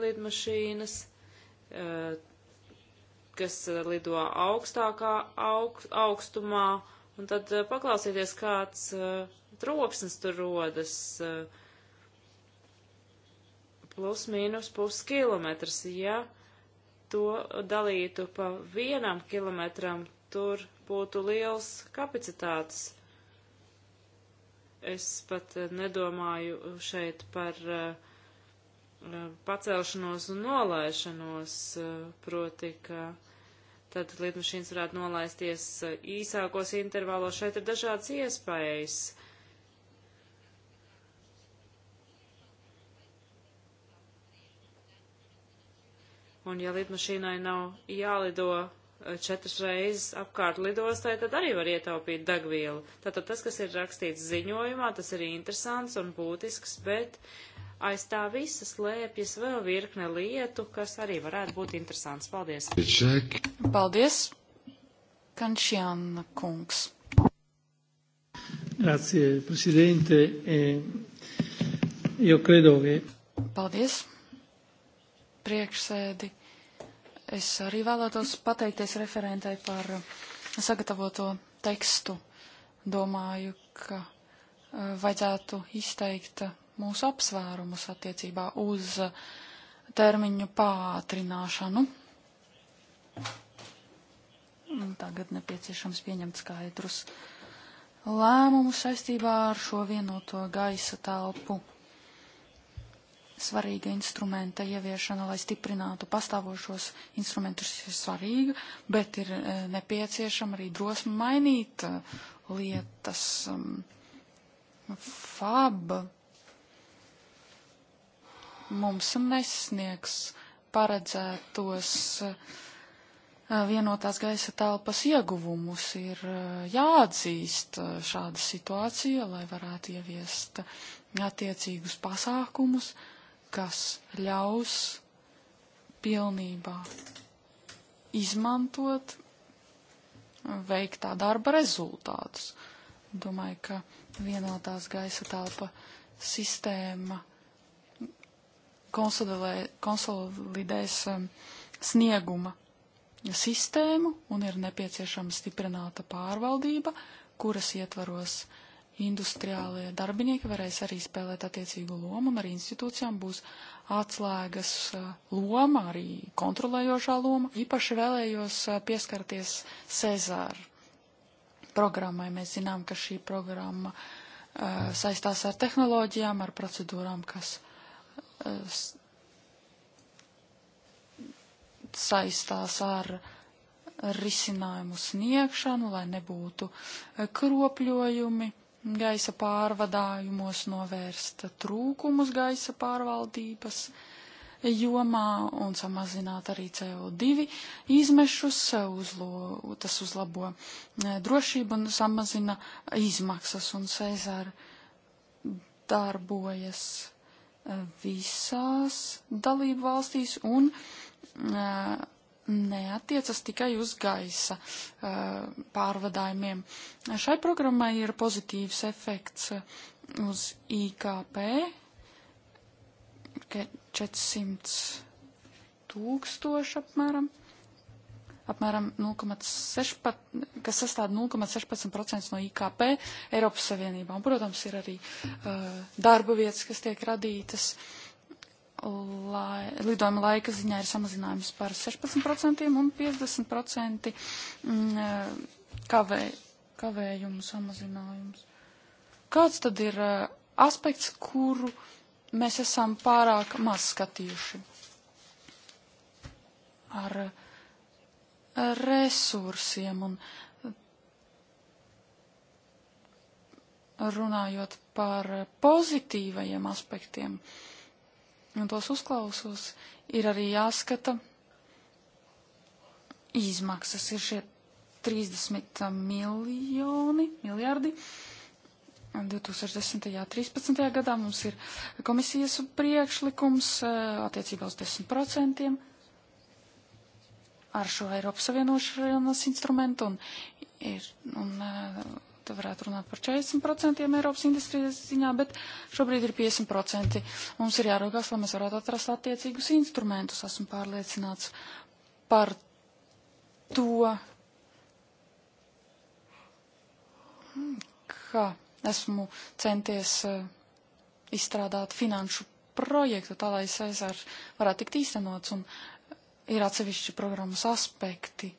M: lidmašīnas, uh, kas eh, lido augstākā aug, augstumā, un tad eh, paklausieties, kāds eh, troksnis tur rodas plus mīnus puskilometrs. Ja to dalītu pa vienam kilometram, tur būtu liels kapacitātes. Es pat nedomāju šeit par uh, Eh, pacelšanos un nolaišanos, eh, proti, ka tad lidmašīnas varētu nolaisties eh, īsākos intervālos. Šeit ir dažādas iespējas. Un ja lidmašīnai nav jālido četras reizes apkārt lidostai, tad arī var ietaupīt degvielu. Tātad tas, kas ir rakstīts ziņojumā, tas ir interesants un būtisks, bet uh, aiz tā visa slēpjas vēl virkne lietu, kas arī varētu būt interesants. Paldies!
N: Ček. Paldies! Kančiāna kungs.
J: Grazie, prezidente. Jo e credo che...
N: Paldies! Priekšsēdi. Es arī vēlētos pateikties referentai par sagatavoto tekstu. Domāju, ka eh, vajadzētu izteikt mūsu apsvērumus attiecībā uz termiņu pātrināšanu. Tagad nepieciešams pieņemt skaidrus lēmumu saistībā ar šo vienoto gaisa telpu. Svarīga instrumenta ieviešana, lai stiprinātu pastāvošos instrumentus, ir svarīga, bet ir e, nepieciešama arī drosme mainīt e, lietas. FAB mums nesniegs paredzētos eh, vienotās gaisa telpas ieguvumus. Ir eh, jāatzīst eh, šāda situācija, lai varētu ieviest attiecīgus pasākumus, kas ļaus pilnībā izmantot veiktā darba rezultātus. Domāju, ka vienotās gaisa telpa sistēma uh, konsolidēs um, snieguma sistēmu un ir nepieciešama stiprināta pārvaldība, kuras ietvaros industriālie darbinieki varēs arī spēlēt attiecīgu lomu, un arī institūcijām būs atslēgas uh, loma, arī kontrolējošā loma. Īpaši vēlējos uh, pieskarties Cezāra programmai. Mēs zinām, ka šī programma uh, saistās ar tehnoloģijām, ar procedūrām, kas saistās ar risinājumu sniegšanu, lai nebūtu e, kropļojumi gaisa pārvadājumos, novērst trūkumus gaisa pārvaldības jomā un samazināt arī CO2 izmešus, e, uzlo, tas uzlabo e, drošību un samazina izmaksas un Cezara darbojas visās dalību valstīs un eh, neatiecas tikai uz gaisa eh, pārvadājumiem. Šai programmai ir pozitīvs efekts uz IKP 400 tūkstoši apmēram apmēram 0,16, kas sastāv 0,16% no IKP Eiropas Savienībā. Un, protams, ir arī uh, darba vietas, kas tiek radītas. Lai, lidojuma laika ziņā ir samazinājums par 16% un 50% mm, uh, kavē, kavējumu samazinājums. Kāds tad ir uh, aspekts, kuru mēs esam pārāk maz skatījuši? Ar uh, resursiem un runājot par pozitīvajiem aspektiem, un tos uzklausos, ir arī jāskata izmaksas. Ir šie 30 miljoni, miljardi. 2010. un 13. gadā mums ir komisijas priekšlikums eh, attiecībā uz 10% ar šo Eiropas Savienošanas instrumentu, un, ir, un eh, te varētu runāt par 40% Eiropas industrijas ziņā, bet šobrīd ir 50%. Mums ir jāraugās, lai mēs varētu atrast attiecīgus instrumentus. Esmu pārliecināts par to, ka esmu centies eh, izstrādāt finanšu projektu, tā lai Cēzars varētu tikt īstenots. Un ir atsevišķi programmas aspekti,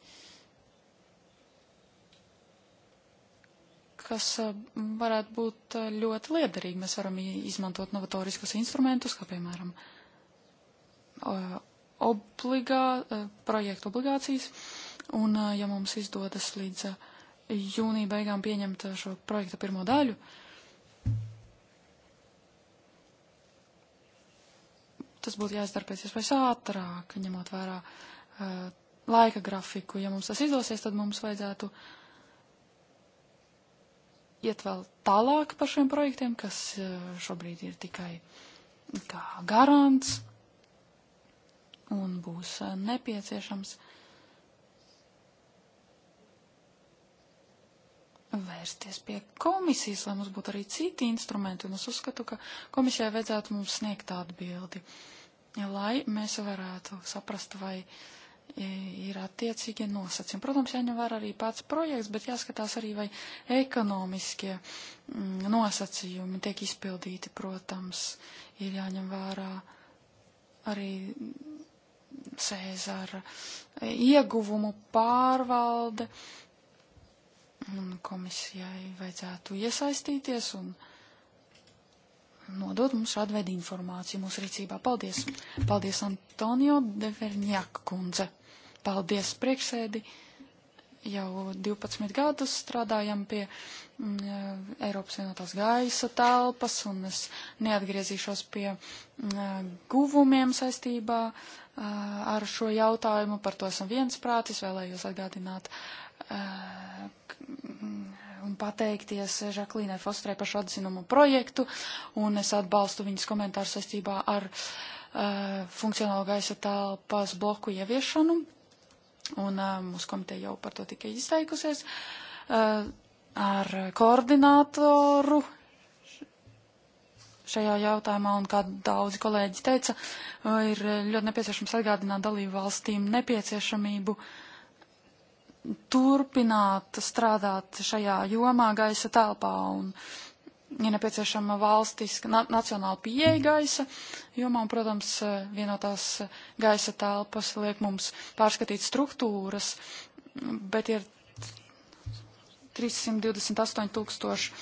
N: kas eh, varētu būt eh, ļoti liederīgi. Mēs varam izmantot novatoriskus instrumentus, kā piemēram eh, obligā, projektu obligācijas, un ja mums izdodas līdz jūnija beigām pieņemt šo projekta pirmo daļu, uh, tas būtu jāizdara pēc iespējas ātrāk, ņemot vērā uh, laika grafiku. Ja mums tas izdosies, tad mums vajadzētu iet vēl tālāk par šiem projektiem, kas uh, šobrīd ir tikai kā garants un būs uh, nepieciešams uh, vērsties pie komisijas, lai mums būtu arī citi instrumenti, un es uzskatu, ka komisijai vajadzētu mums sniegt atbildi, lai mēs varētu saprast, vai e, ir attiecīgie nosacījumi. Protams, jāņem vērā arī pats projekts, bet jāskatās arī, vai ekonomiskie mm, nosacījumi tiek izpildīti, protams, ir jāņem vērā arī Cēzara ieguvumu pārvalde Un komisijai vajadzētu iesaistīties un nodot mums šādu veidu informāciju mūsu rīcībā. Paldies! Paldies, Antonio Deverņāk kundze! Paldies, priekšsēdi! Jau 12 gadus strādājam pie mm, eh, Eiropas vienotās gaisa telpas, un es neatgriezīšos pie mm, eh, guvumiem saistībā eh, ar šo jautājumu. Par to esam viensprātis, vēlējos atgādināt. Uh, Mm, un pateikties Žaklīnai Fostrē par šo atzinumu projektu, un es atbalstu viņas komentāru saistībā ar uh, funkcionālo gaisa telpas bloku ieviešanu, un uh, mūsu komiteja jau par to tikai izteikusies, uh, ar koordinātoru šajā jautājumā, un kā daudzi kolēģi teica, ir ļoti nepieciešams atgādināt dalību valstīm nepieciešamību uh, turpināt strādāt šajā jomā gaisa telpā un ir ja nepieciešama valstiska na nacionāla pieeja gaisa jomā un, protams, vienotās gaisa telpas liek mums pārskatīt struktūras, bet ir 328 tūkstoši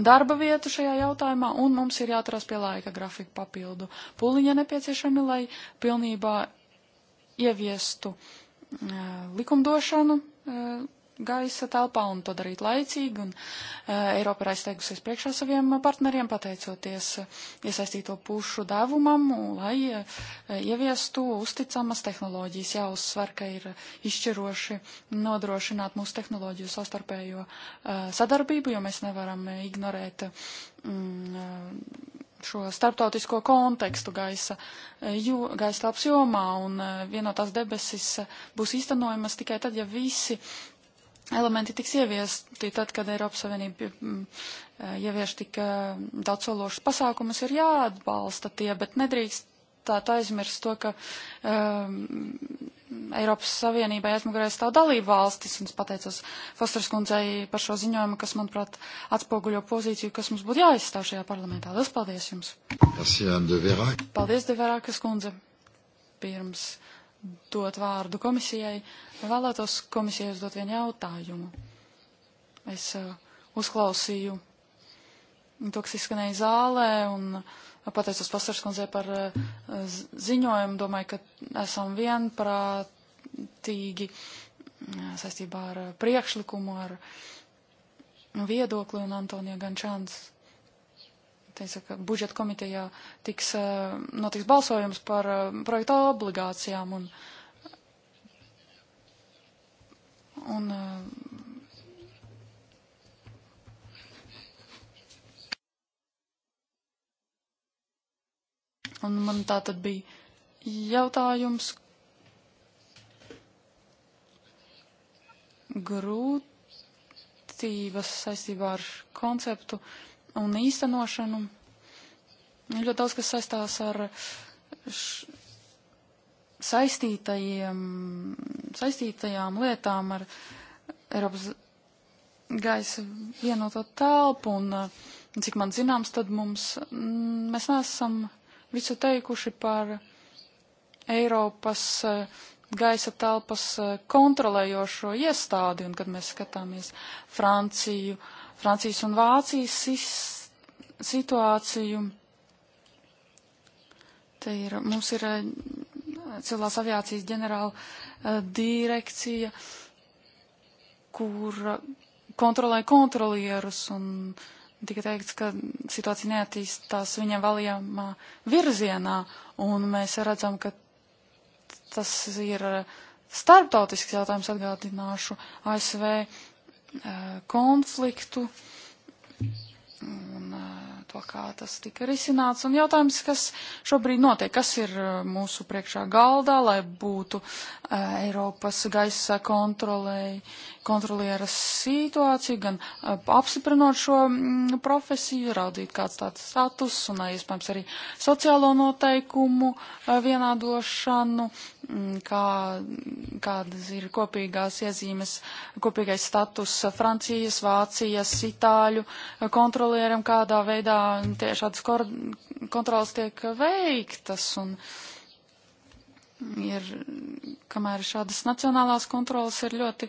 N: darba vietu šajā jautājumā, un mums ir jāturās pie laika grafika papildu puliņa nepieciešami, lai pilnībā ieviestu eh, likumdošanu gaisa telpā un to darīt laicīgi. Un Eiropa ir aizteigusies priekšā saviem partneriem, pateicoties iesaistīto pušu devumam, lai ieviestu uzticamas tehnoloģijas. Jāuzsver, ka ir izšķiroši nodrošināt mūsu tehnoloģiju savstarpējo sadarbību, jo mēs nevaram ignorēt. Mm, šo starptautisko kontekstu gaisa, eh, jū, gaisa labs jomā, un eh, vienotās debesis eh, būs īstenojamas tikai tad, ja visi elementi tiks ieviesti, tad, kad Eiropas Savienība mm, ievieš tik daudz sološas pasākumus, ir jāatbalsta tie, bet nedrīkst tā aizmirst to, ka um, Eiropas Savienībai aizmugurē stāv dalību valstis, un es pateicos Fosters kundzei par šo ziņojumu, kas, manuprāt, atspoguļo pozīciju, kas mums būtu jāizstāv šajā parlamentā. Lielas paldies jums! Paldies, Deverākas kundze! Pirms dot vārdu komisijai, vēlētos komisijai uzdot vienu jautājumu. Es uh, uzklausīju to, kas izskanēja zālē, un uh, pateicos Pastors kundzei par eh, ziņojumu. Domāju, ka esam vienprātīgi eh, saistībā ar eh, priekšlikumu, ar viedokli un Antonija Gančāns teica, ka budžeta komitejā tiks, notiks balsojums par projektu obligācijām un, un Un man tā tad bija jautājums grūtības saistībā ar konceptu un īstenošanu. Ļoti daudz, kas saistās ar š, saistītajiem, saistītajām lietām ar Eiropas gaisa vienoto telpu, un cik man zināms, tad mums, mēs neesam visu teikuši par Eiropas eh, gaisa telpas eh, kontrolējošo iestādi, un kad mēs skatāmies Franciju, Francijas un Vācijas situāciju, te ir, mums ir eh, civilās aviācijas ģenerāla direkcija, kur kontrolē kontrolierus un uh, tika teikts, ka situācija neattīstās viņa valjamā virzienā, un mēs redzam, ka tas ir starptautisks jautājums atgādināšu ASV eh, konfliktu. Un, uh, to, kā tas tika risināts. Un jautājums, kas šobrīd notiek, kas ir uh, mūsu priekšā galdā, lai būtu uh, Eiropas gaisa kontrolē, kontrolieras situācija, gan uh, apstiprinot šo mm, profesiju, raudīt kāds tāds status un, uh, iespējams, arī sociālo noteikumu uh, vienādošanu. Uh, Mm, kā, kādas ir kopīgās iezīmes, kopīgais status Francijas, Vācijas, Itāļu kontrolieram, kādā veidā šādas kontrolas tiek veiktas. Un ir, kamēr šādas nacionālās kontrolas ir ļoti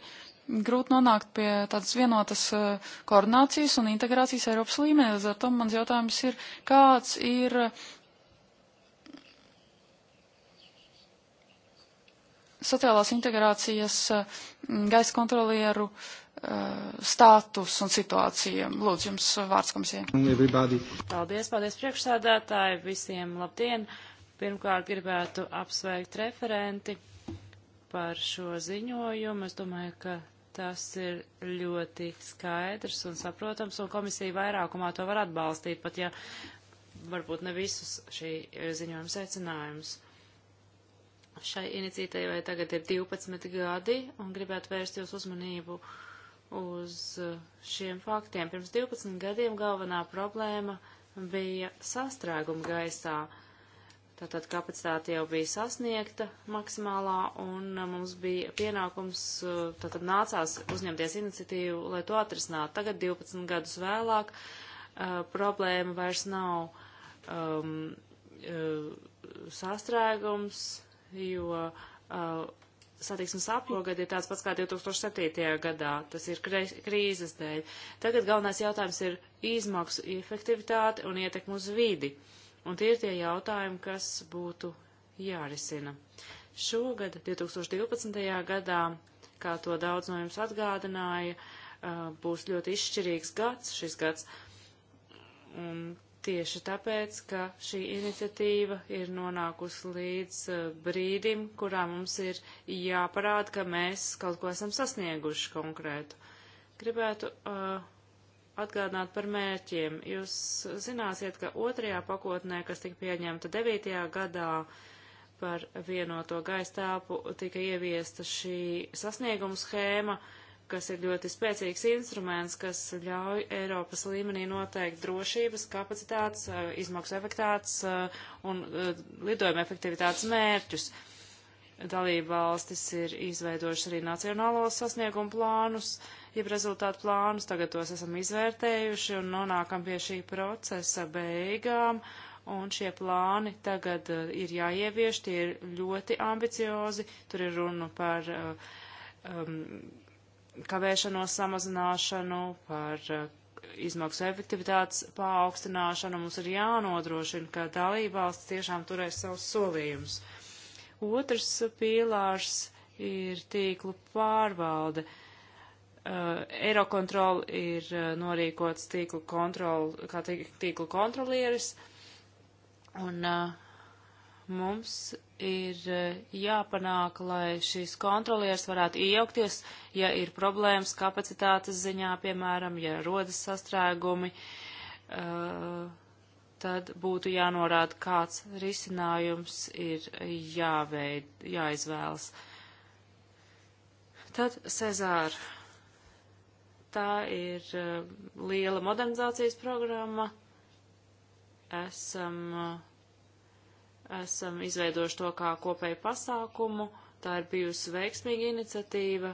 N: grūti nonākt pie tādas vienotas eh, koordinācijas un integrācijas Eiropas līmenī. Līdz ar to mans jautājums ir, kāds ir sociālās integrācijas mm, gaisa kontrolieru eh,
M: status un situāciju. Lūdzu, jums vārds komisija. Everybody. Paldies, paldies priekšsādātāji, visiem labdien. Pirmkārt, gribētu apsveikt referenti par šo ziņojumu. Es domāju, ka tas ir ļoti skaidrs un saprotams, un komisija vairākumā to var atbalstīt, pat ja varbūt ne visus šī ziņojuma secinājumus. Uh, Šai iniciatīvai tagad ir 12 gadi un gribētu vērst jūs uzmanību uz eh, šiem faktiem. Pirms 12 gadiem galvenā problēma bija sastrēguma gaisā. Tātad kapacitāte jau bija sasniegta maksimālā, un eh, mums bija pienākums, eh, tātad nācās uzņemties iniciatīvu, lai to atrisinātu. Tagad, 12 gadus vēlāk, problēma vairs nav um, sastrēgums, jo uh, satiksmes apjogad ir tāds pats kā 2007. gadā, tas ir krīzes dēļ. Tagad galvenais jautājums ir izmaksu efektivitāte un ietekmu uz vidi, un tie ir tie jautājumi, kas būtu jārisina. Šogad, 2012. gadā, kā to daudz no jums atgādināja, uh, būs ļoti izšķirīgs gads šis gads. Un tieši tāpēc, ka šī iniciatīva ir nonākusi līdz uh, brīdim, kurā mums ir jāparāda, ka mēs kaut ko esam sasnieguši konkrētu. Gribētu uh, atgādināt par mērķiem. Jūs zināsiet, ka otrajā pakotnē, kas tika pieņemta 9. gadā par vienoto gaistāpu, tika ieviesta šī sasnieguma schēma, uh, kas ir ļoti spēcīgs instruments, kas ļauj Eiropas līmenī noteikt drošības, kapacitātes, eh, izmaksu efektātes eh, un eh, lidojuma efektivitātes mērķus. Dalība valstis ir izveidojuši arī nacionālos sasniegumu plānus, jeb rezultātu plānus, tagad tos esam izvērtējuši un nonākam pie šī procesa beigām, un šie plāni tagad uh, ir jāievieš, tie ir ļoti ambiciozi, tur ir runa par uh, um, kavēšanos samazināšanu, par eh, izmaksu efektivitātes paaugstināšanu. Mums ir jānodrošina, ka dalībvalsts tiešām turēs savus solījumus. Otrs pīlārs ir tīklu pārvalde. Uh, eh, Eirokontrola ir uh, norīkots tīklu kontrol, kā tīklu kontrolieris, un uh, mums ir eh, jāpanāk, lai šīs kontrolieris varētu iejaukties, ja ir problēmas kapacitātes ziņā, piemēram, ja rodas sastrēgumi, eh, tad būtu jānorāda, kāds risinājums ir jāveid, jāizvēlas. Tad Cezāra. Tā ir eh, liela modernizācijas programma. Esam uh, esam izveidojuši to kā kopēju pasākumu. Tā ir bijusi veiksmīga iniciatīva,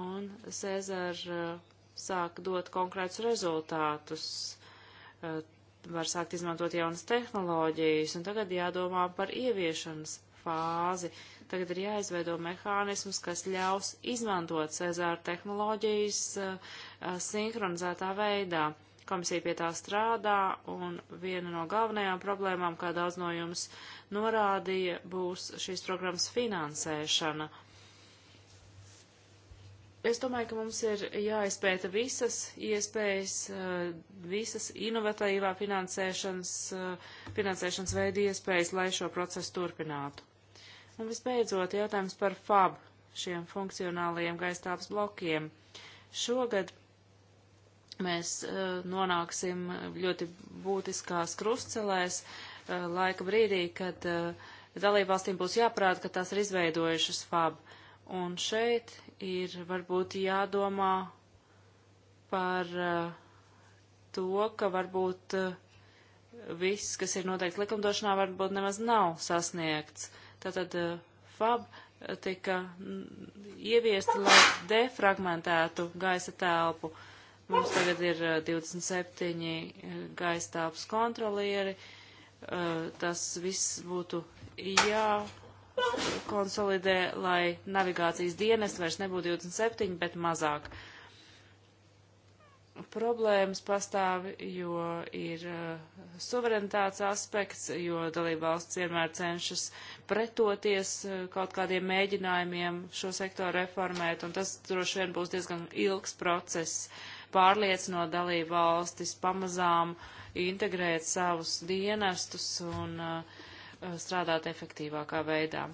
M: un Cēzara uh, sāk dot konkrētus rezultātus. Uh, var sākt izmantot jaunas tehnoloģijas, un tagad jādomā par ieviešanas fāzi. Tagad ir jāizveido mehānisms, kas ļaus izmantot Cēzara tehnoloģijas uh, sinhronizētā veidā. Komisija pie tā strādā, un viena no galvenajām problēmām, kā daudz no jums norādīja, būs šīs programmas finansēšana. Es domāju, ka mums ir jāizpēta visas iespējas, eh, visas inovatīvā finansēšanas, eh, finansēšanas veida iespējas, lai šo procesu turpinātu. Un visbeidzot, jautājums par FAB, šiem funkcionālajiem gaistāps blokiem. Šogad mēs eh, nonāksim ļoti būtiskās krustcelēs eh, laika brīdī, kad eh, dalībvalstīm būs jāprāt, ka tās ir izveidojušas FAB. Un šeit ir varbūt jādomā par to, ka varbūt viss, kas ir noteikts likumdošanā, varbūt nemaz nav sasniegts. Tātad FAB tika mm, ieviesti, lai defragmentētu gaisa telpu. Uh, Mums tagad ir 27 eh, eh, gaistāps kontrolieri. Eh, tas viss būtu jākonsolidē, lai navigācijas dienest vairs nebūtu 27, bet mazāk. Problēmas pastāv, jo ir suverenitātes aspekts, jo dalībvalsts vienmēr cenšas pretoties kaut kādiem mēģinājumiem šo sektoru reformēt, un tas droši vien būs diezgan ilgs process. Uh, pārliecino dalību valstis pamazām integrēt savus dienestus un uh, uh, strādāt efektīvākā veidā.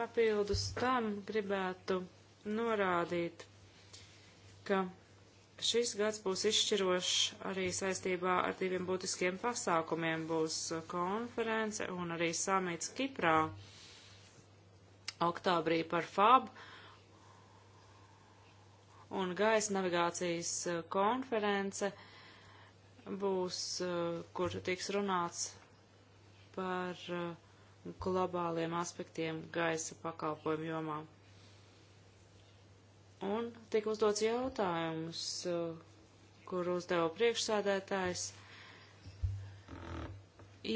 M: Papildus tam gribētu norādīt, ka šis gads būs izšķirošs arī saistībā ar diviem būtiskiem pasākumiem. Būs uh, konference un arī samits Kiprā oktobrī par FAB. Uh, un gaisa navigācijas eh, konference būs, eh, kur tiks runāts par eh, globāliem aspektiem gaisa pakalpojumu jomā. Un tika uzdots jautājums, kur uzdeva priekšsēdētājs.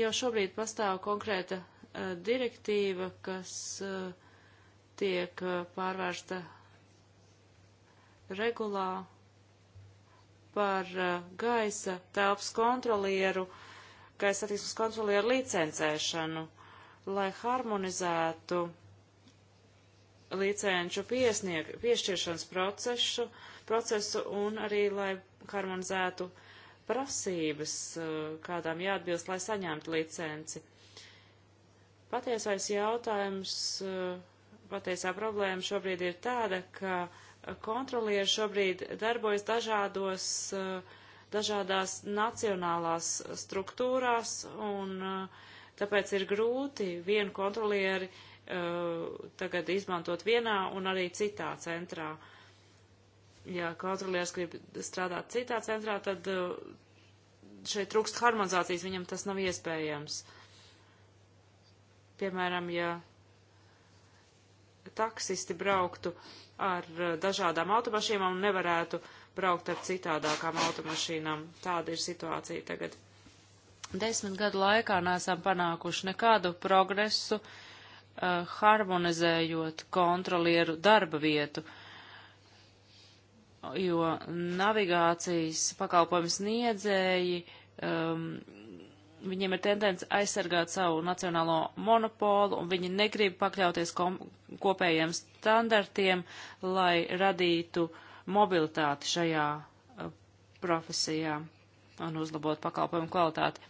M: Jau šobrīd pastāv konkrēta direktīva, kas tiek pārvērsta regulā par uh, gaisa telpas kontrolieru, gaisa attīstības kontrolieru licencēšanu, lai harmonizētu licenču piesnieg, piešķiršanas procesu, procesu un arī, lai harmonizētu prasības, uh, kādām jāatbilst, lai saņemtu licenci. Patiesais jautājums, uh, patiesā problēma šobrīd ir tāda, ka kontrolieri šobrīd darbojas dažādos, eh, dažādās nacionālās struktūrās, un eh, tāpēc ir grūti vienu kontrolieri eh, tagad izmantot vienā un arī citā centrā. Ja kontrolieris grib strādāt citā centrā, tad šeit trūkst harmonizācijas, viņam tas nav iespējams. Piemēram, ja taksisti brauktu ar eh, dažādām automašīnām un nevarētu braukt ar citādākām automašīnām. Tāda ir situācija tagad. Desmit gadu laikā nesam panākuši nekādu progresu, uh, harmonizējot kontrolieru darba vietu, jo navigācijas pakalpojums niedzēji um, ehm, viņiem ir tendence aizsargāt savu nacionālo monopolu, un viņi negrib pakļauties kom, kopējiem standartiem, lai radītu mobilitāti šajā uh, profesijā un uzlabot pakalpojumu kvalitāti.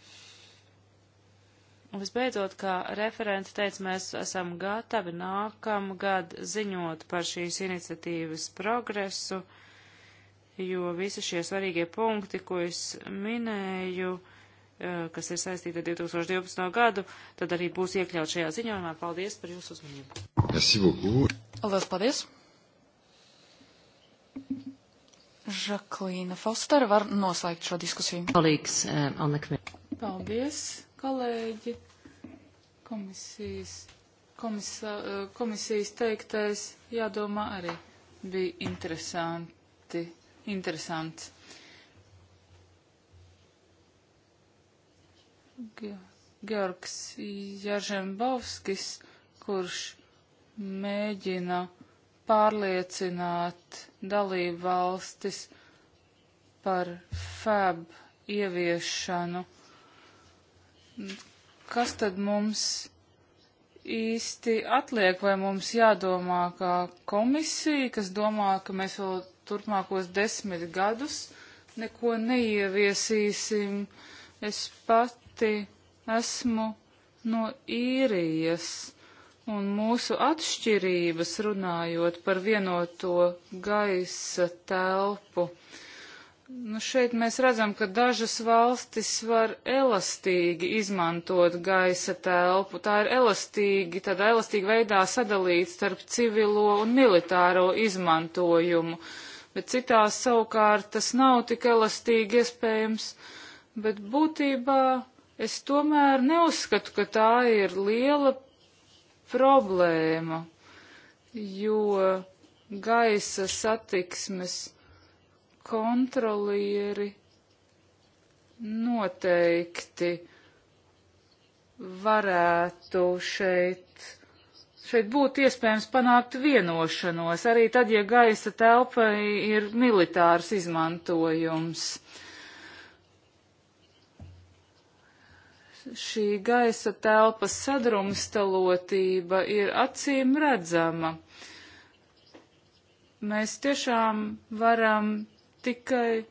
M: Un visbeidzot, kā referenti teica, mēs esam gatavi nākamgad ziņot par šīs iniciatīvas progresu, jo visi šie svarīgie punkti, ko es minēju, uh, Eh, kas ir saistīta ar 2012. gadu, tad arī būs iekļaut šajā ziņojumā. Paldies par jūsu uzmanību.
A: Merci beaucoup.
M: Lielas paldies.
N: Žaklīna Fostera var noslēgt šo diskusiju. Palīgs,
K: Annekmē. Eh,
L: paldies, kolēģi. Komisijas, komisa, eh, komisijas teiktais jādomā arī bija interesanti, interesants. Georgs Jaržembovskis, kurš mēģina pārliecināt dalību valstis par fab ieviešanu. Kas tad mums īsti atliek, vai mums jādomā kā komisija, kas domā, ka mēs vēl turpmākos desmit gadus neko neieviesīsim? Es pat pati esmu no īrijas, un mūsu atšķirības runājot par vienoto gaisa telpu. Nu, šeit mēs redzam, ka dažas valstis var elastīgi izmantot gaisa telpu. Tā ir elastīgi, tādā elastīgi veidā sadalīta starp civilo un militāro izmantojumu, bet citās savukārt tas nav tik elastīgi iespējams, bet būtībā es tomēr neuzskatu, ka tā ir liela problēma, jo gaisa satiksmes kontrolieri noteikti varētu šeit, šeit būtu iespējams panākt vienošanos, arī tad, ja gaisa telpai ir militārs izmantojums. Uh, šī gaisa telpas sadrumstalotība ir acīm redzama. Mēs tiešām varam tikai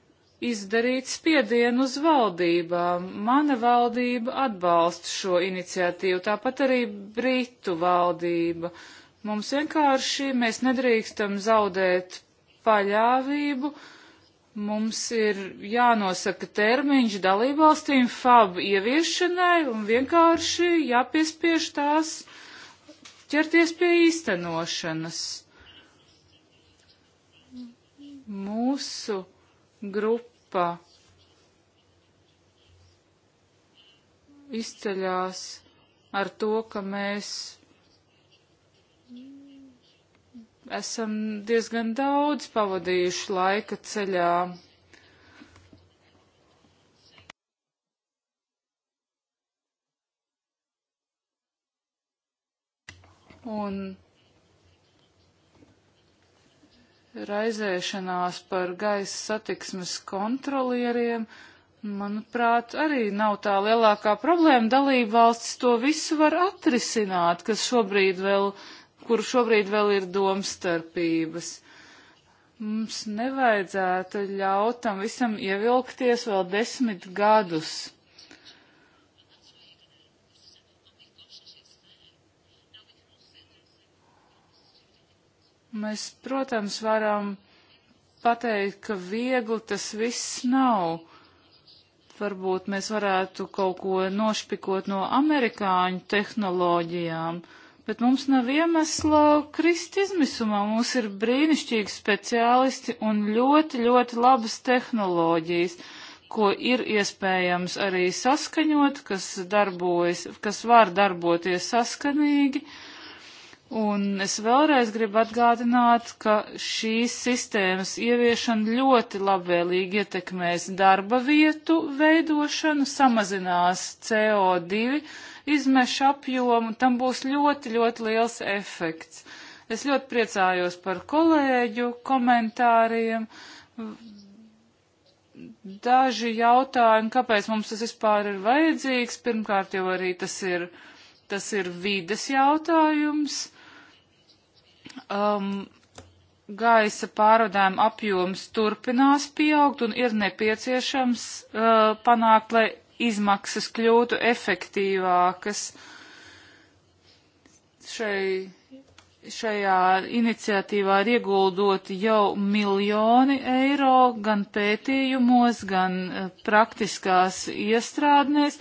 L: izdarīt spiedienu uz valdībām. Mana valdība atbalsta šo iniciatīvu, tāpat arī Britu valdība. Mums vienkārši mēs nedrīkstam zaudēt paļāvību, uh, Mums ir jānosaka termiņš dalībvalstīm FAB ieviešanai un vienkārši jāpiespiež tās ķerties pie īstenošanas. Mūsu grupa izceļās ar to, ka mēs esam diezgan daudz pavadījuši laika ceļā. Un raizēšanās par gaisa satiksmes kontrolieriem, manuprāt, arī nav tā lielākā problēma. Dalībvalstis to visu var atrisināt, kas šobrīd vēl kur šobrīd vēl ir domstarpības. Mums nevajadzētu ļaut tam visam ievilkties vēl desmit gadus. Mēs, protams, varam pateikt, ka viegli tas viss nav. Varbūt mēs varētu kaut ko nošpikot no amerikāņu tehnoloģijām. Uh, Bet mums nav iemesla krist izmisumā. Mums ir brīnišķīgi speciālisti un ļoti, ļoti labas tehnoloģijas, ko ir iespējams arī saskaņot, kas darbojas, kas var darboties saskaņīgi. Un es vēlreiz gribu atgādināt, ka šīs sistēmas ieviešana ļoti labvēlīgi ietekmēs darba vietu veidošanu, samazinās CO2 izmešu apjomu, tam būs ļoti, ļoti liels efekts. Es ļoti priecājos par kolēģu komentāriem. Daži jautājumi, kāpēc mums tas vispār ir vajadzīgs, pirmkārt jau arī tas ir, tas ir vides jautājums. Um, gaisa pārvadājuma apjoms turpinās pieaugt un ir nepieciešams uh, panākt, lai izmaksas kļūtu efektīvākas. Šai, šajā iniciatīvā ir ieguldoti jau miljoni eiro gan pētījumos, gan eh, praktiskās iestrādnēs.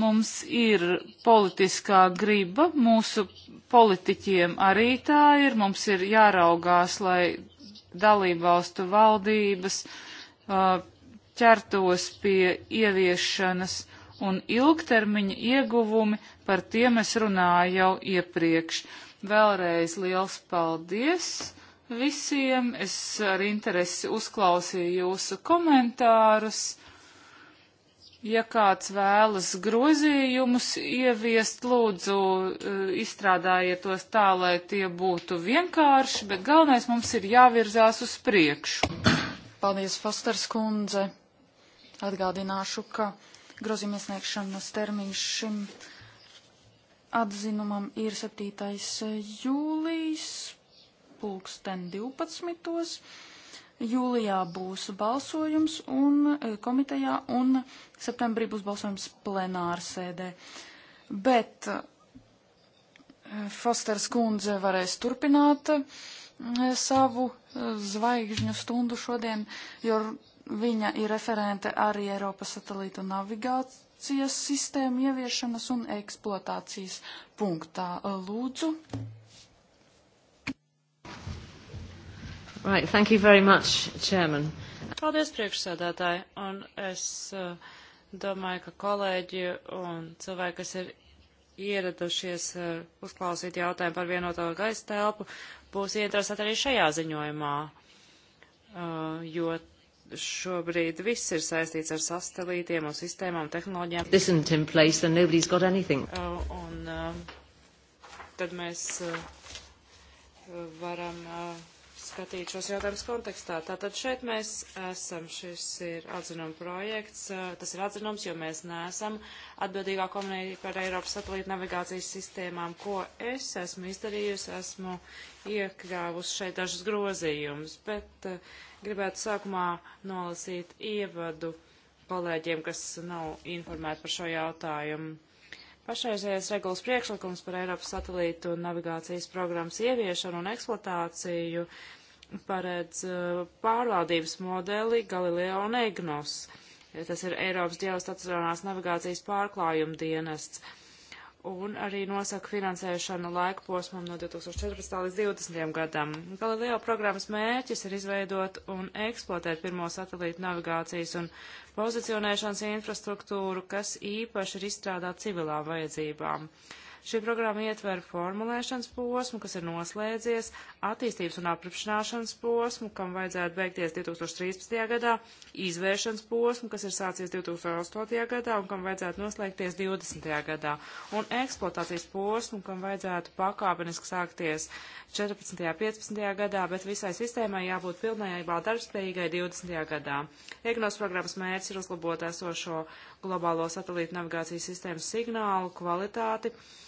L: Mums ir politiskā griba, mūsu politiķiem arī tā ir, mums ir jāraugās, lai dalībvalstu valdības uh, ķertos pie ieviešanas un ilgtermiņa ieguvumi, par tiem es runāju jau iepriekš. Vēlreiz liels paldies visiem, es ar interesi uzklausīju jūsu komentārus. Ja kāds vēlas grozījumus ieviest, lūdzu, eh, izstrādājiet tos tā, lai tie būtu vienkārši, bet galvenais mums ir jāvirzās uz priekšu. Paldies,
N: Fosters kundze! Atgādināšu, ka grozījuma iesniegšanas termiņš šim atzinumam ir 7. jūlijas pulksten 12. Jūlijā būs balsojums un e, komitejā un septembrī būs balsojums plenārsēdē. Bet e, Fosters kundze varēs turpināt e, savu zvaigžņu stundu šodien, jo Viņa ir referente arī Eiropas satelītu navigācijas sistēmu ieviešanas un eksploatācijas punktā. Lūdzu.
K: Right, thank you very much, Chairman.
M: Paldies, priekšsēdētāji, un es uh, domāju, ka kolēģi un cilvēki, kas ir ieradušies uh, uzklausīt jautājumu par vienoto gaisa telpu, būs ieinteresēti arī šajā ziņojumā, uh, jo šobrīd viss ir saistīts ar sastelītiem un sistēmām, tehnoloģijām. Place, uh, un uh, tad mēs uh, varam uh, skatīt šos jautājumus kontekstā. Tātad šeit mēs esam, šis ir atzinuma projekts, uh, tas ir atzinums, jo mēs neesam atbildīgā komunija par Eiropas satelīta navigācijas sistēmām, ko es esmu izdarījusi, esmu iekļāvusi šeit dažas grozījumus, bet uh, Gribētu sākumā nolasīt ievadu kolēģiem, kas nav informēti par šo jautājumu. Pašreizējais regulas priekšlikums par Eiropas satelītu navigācijas programmas ieviešanu un eksploatāciju paredz uh, pārvaldības modeli Galileo un Egnos. Tas ir Eiropas ģeostacionārās navigācijas pārklājuma dienests un arī nosaka finansēšanu laika posmam no 2014. līdz 2020. gadam. Galileo programmas mērķis ir izveidot un eksploatēt pirmo satelītu navigācijas un pozicionēšanas infrastruktūru, kas īpaši ir izstrādāta civilām vajadzībām. Uh, Šī programma ietver formulēšanas posmu, kas ir noslēdzies, attīstības un aprapšanāšanas posmu, kam vajadzētu beigties 2013. gadā, izvēršanas posmu, kas ir sācies 2008. gadā un kam vajadzētu noslēgties 20. gadā, un eksploatācijas posmu, kam vajadzētu pakāpeniski sākties 14. un 15. gadā, bet visai sistēmai jābūt pilnībā darbspējīgai 20. gadā. EGNOS programmas mērķis ir uzlabot esošo globālo satelītu navigācijas sistēmas signālu kvalitāti, uh,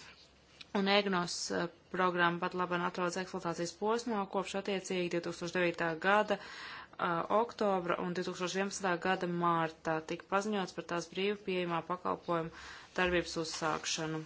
M: un EGNOS eh, programma pat labam atrodas eksploatācijas posmā, kopš attiecīgi 2009. gada uh, oktobra un 2011. gada mārtā tika paziņots par tās brīvu pieejamā pakalpojumu darbības uzsākšanu.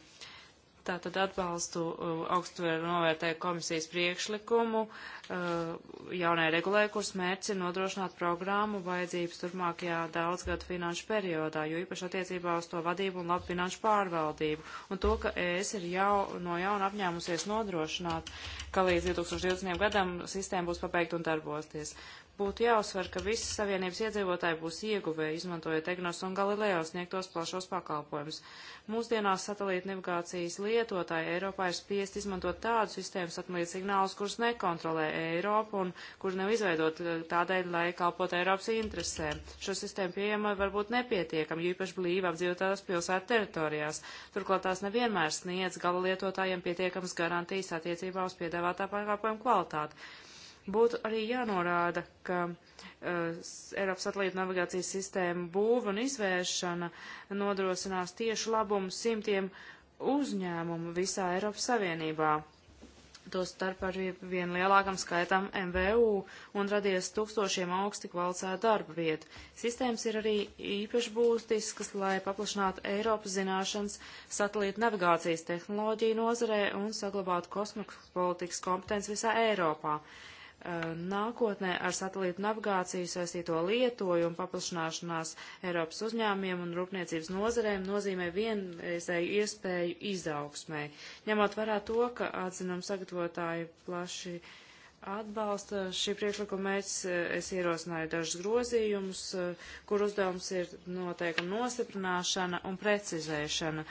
M: Tātad atbalstu uh, augstu novērtēju komisijas priekšlikumu uh, jaunai regulē, kuras mērķis ir nodrošināt programmu vajadzības turpmākajā daudzgadu finanšu periodā, jo īpaši attiecībā uz to vadību un labu finanšu pārvaldību. Un to, ka ES ir jau no jauna apņēmusies nodrošināt, ka līdz 2020. gadam sistēma būs pabeigta un darbosties būtu jāuzsver, ka visas Savienības iedzīvotāji būs ieguvēji, izmantojot Egnos un Galileo sniegtos plašos pakalpojumus. Mūsdienās satelīta navigācijas lietotāji Eiropā ir spiest izmantot tādu sistēmu satelīta signālus, kurus nekontrolē Eiropa un kur nav izveidot eh, tādēļ, lai kalpot Eiropas interesēm. Šo sistēmu pieejama var būt nepietiekama, jo īpaši blīvi apdzīvotās pilsētu teritorijās. Turklāt tās nevienmēr sniedz gala lietotājiem pietiekamas garantijas attiecībā uz piedāvātā pakalpojumu kvalitāti. Būtu arī jānorāda, ka uh, Eiropas satelīta navigācijas sistēma būva un izvēršana nodrošinās tieši labumu simtiem uzņēmumu visā Eiropas Savienībā. Tostarp ar vien lielākam skaitam MVU un radies tūkstošiem augsti kvalificētu darba vietu. Sistēmas ir arī īpaši būtiskas, lai paplašinātu Eiropas zināšanas satelīta navigācijas tehnoloģiju nozarē un saglabātu kosmikas politikas kompetenci visā Eiropā nākotnē ar satelītu navigāciju saistīto lietojumu paplašanāšanās Eiropas uzņēmumiem un rūpniecības nozarēm nozīmē vienreizēju iespēju izaugsmē. Ņemot vērā to, ka atzinuma sagatavotāji plaši atbalsta šī priekšlikuma mērķis, es ierosināju dažus grozījumus, kur uzdevums ir noteikuma nostiprināšana un precizēšana.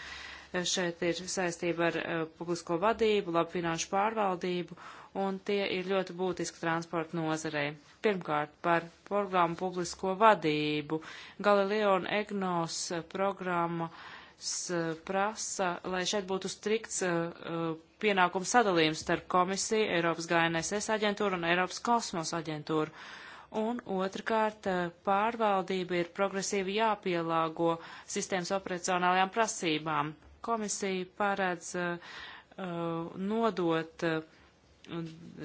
M: Šeit ir saistība ar eh, publisko vadību, labu finanšu pārvaldību un tie ir ļoti būtiski transporta nozarei. Pirmkārt, par programmu publisko vadību. Galileo un Egnos programma eh, prasa, lai šeit būtu strikts uh, eh, eh, pienākumu sadalījums starp komisiju, Eiropas GNSS aģentūru un Eiropas kosmosa aģentūru. Un otrkārt, pārvaldība ir progresīvi jāpielāgo sistēmas operacionālajām prasībām. Komisija paredz uh, nodot uh,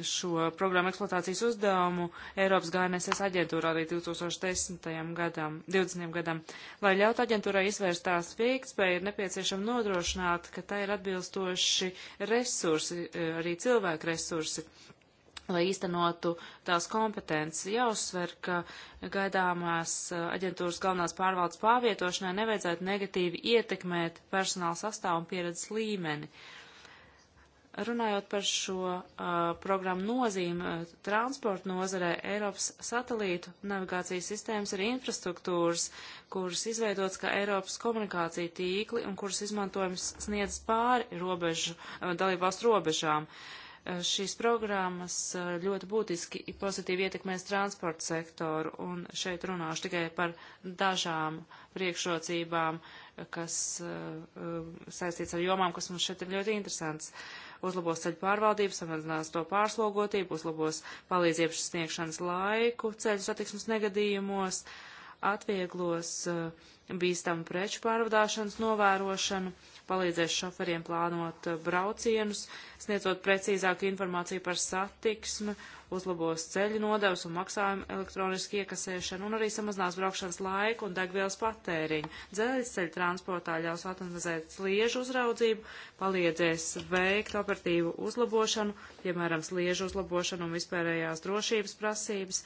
M: šo programmu eksploatācijas uzdevumu Eiropas GNSS aģentūrā arī 2010. gadam, 20. gadam. Lai ļautu aģentūrai izvērst tās veiktspēju, ir nepieciešama nodrošināt, ka tai ir atbilstoši resursi, e, arī cilvēku resursi lai īstenotu tās kompetences. Jāuzsver, ka gaidāmās e, aģentūras galvenās pārvaldes pārvietošanai nevajadzētu negatīvi ietekmēt personāla sastāvu un pieredzes līmeni. Uh, Runājot par šo uh, programmu nozīmi uh, transporta nozarē, Eiropas satelītu navigācijas sistēmas ir infrastruktūras, kuras izveidotas kā Eiropas komunikācija tīkli un kuras izmantojums sniedz pāri robežu, uh, dalībvalstu robežām. Uh, šīs programmas uh, ļoti būtiski pozitīvi ietekmēs transporta sektoru, un šeit runāšu tikai par dažām priekšrocībām, kas uh, saistīts ar jomām, kas mums šeit ir ļoti interesants. Uh, uzlabos ceļu pārvaldību, samazinās to pārslogotību, uzlabos palīdzības sniegšanas laiku ceļu satiksmes negadījumos, atvieglos uh, bīstamu preču pārvadāšanas novērošanu, palīdzēs šoferiem plānot uh, braucienus, sniedzot precīzāku informāciju par satiksmi uzlabos ceļu nodevs un maksājumu elektronisku iekasēšanu un arī samazinās braukšanas laiku un degvielas patēriņu. Dzelzceļa transportā ļaus automatizēt sliežu uzraudzību, palīdzēs veikt operatīvu uzlabošanu, piemēram, sliežu uzlabošanu un vispārējās drošības prasības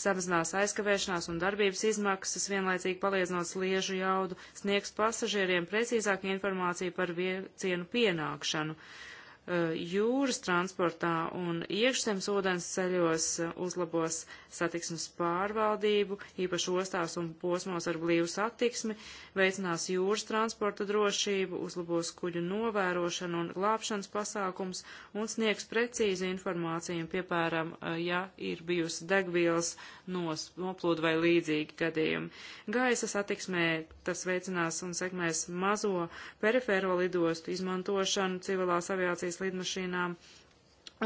M: samazinās aizkavēšanās un darbības izmaksas, vienlaicīgi palielinot sliežu jaudu, sniegs pasažieriem precīzāku informāciju par viecienu pienākšanu. Uh, Eh, jūras transportā un iekšzemes ūdens ceļos eh, uzlabos satiksmes pārvaldību, īpaši ostās un posmos ar blīvu satiksmi, veicinās jūras transporta drošību, uzlabos kuģu novērošanu un glābšanas pasākums un sniegs precīzi informāciju, piemēram, eh, ja ir bijusi degvielas nos, noplūda vai līdzīgi gadījumi. Gaisa satiksmē tas veicinās un sekmēs mazo perifēro lidostu izmantošanu civilās aviācijas Krievijas lidmašīnām,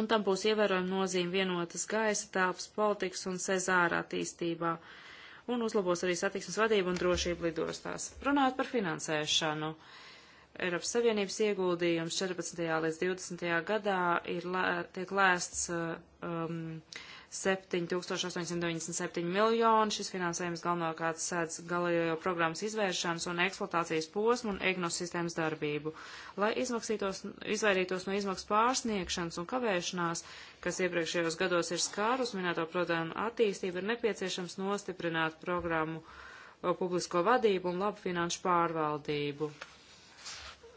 M: un tam būs ievērojama nozīme vienotas gaisa telpas politikas un Cezāra attīstībā, un uzlabos arī satiksmes vadību un drošību lidostās. Runājot par finansēšanu. Eiropas Savienības ieguldījums 14. līdz 20. gadā ir, lē, tiek lēsts uh, um, 7897 miljoni. Šis finansējums galvenokārt sēdz galējo programmas izvēršanas un eksploatācijas posmu un EGNOS sistēmas darbību. Lai izvairītos no izmaksu pārsniegšanas un kavēšanās, kas iepriekšējos gados ir skārus minēto programmu attīstību, ir nepieciešams nostiprināt programmu publisko vadību un labu finanšu pārvaldību.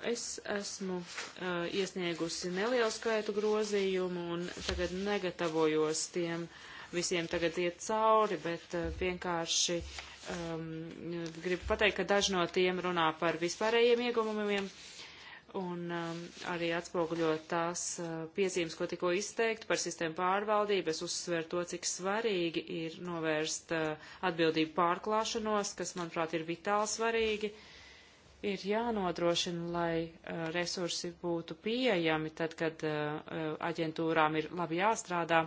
M: Es esmu uh, iesniegusi nelielu skaitu grozījumu un tagad negatavojos tiem visiem tagad iet cauri, bet uh, vienkārši um, gribu pateikt, ka daži no tiem runā par vispārējiem iegumumiem un um, arī atspoguļot tās uh, piezīmes, ko tikko izteiktu par sistēmu pārvaldību, es uzsveru to, cik svarīgi ir novērst uh, atbildību pārklāšanos, kas, manuprāt, ir vitāli svarīgi. Uh, ir jānodrošina, lai uh, resursi būtu pieejami tad, kad uh, uh aģentūrām ir labi jāstrādā.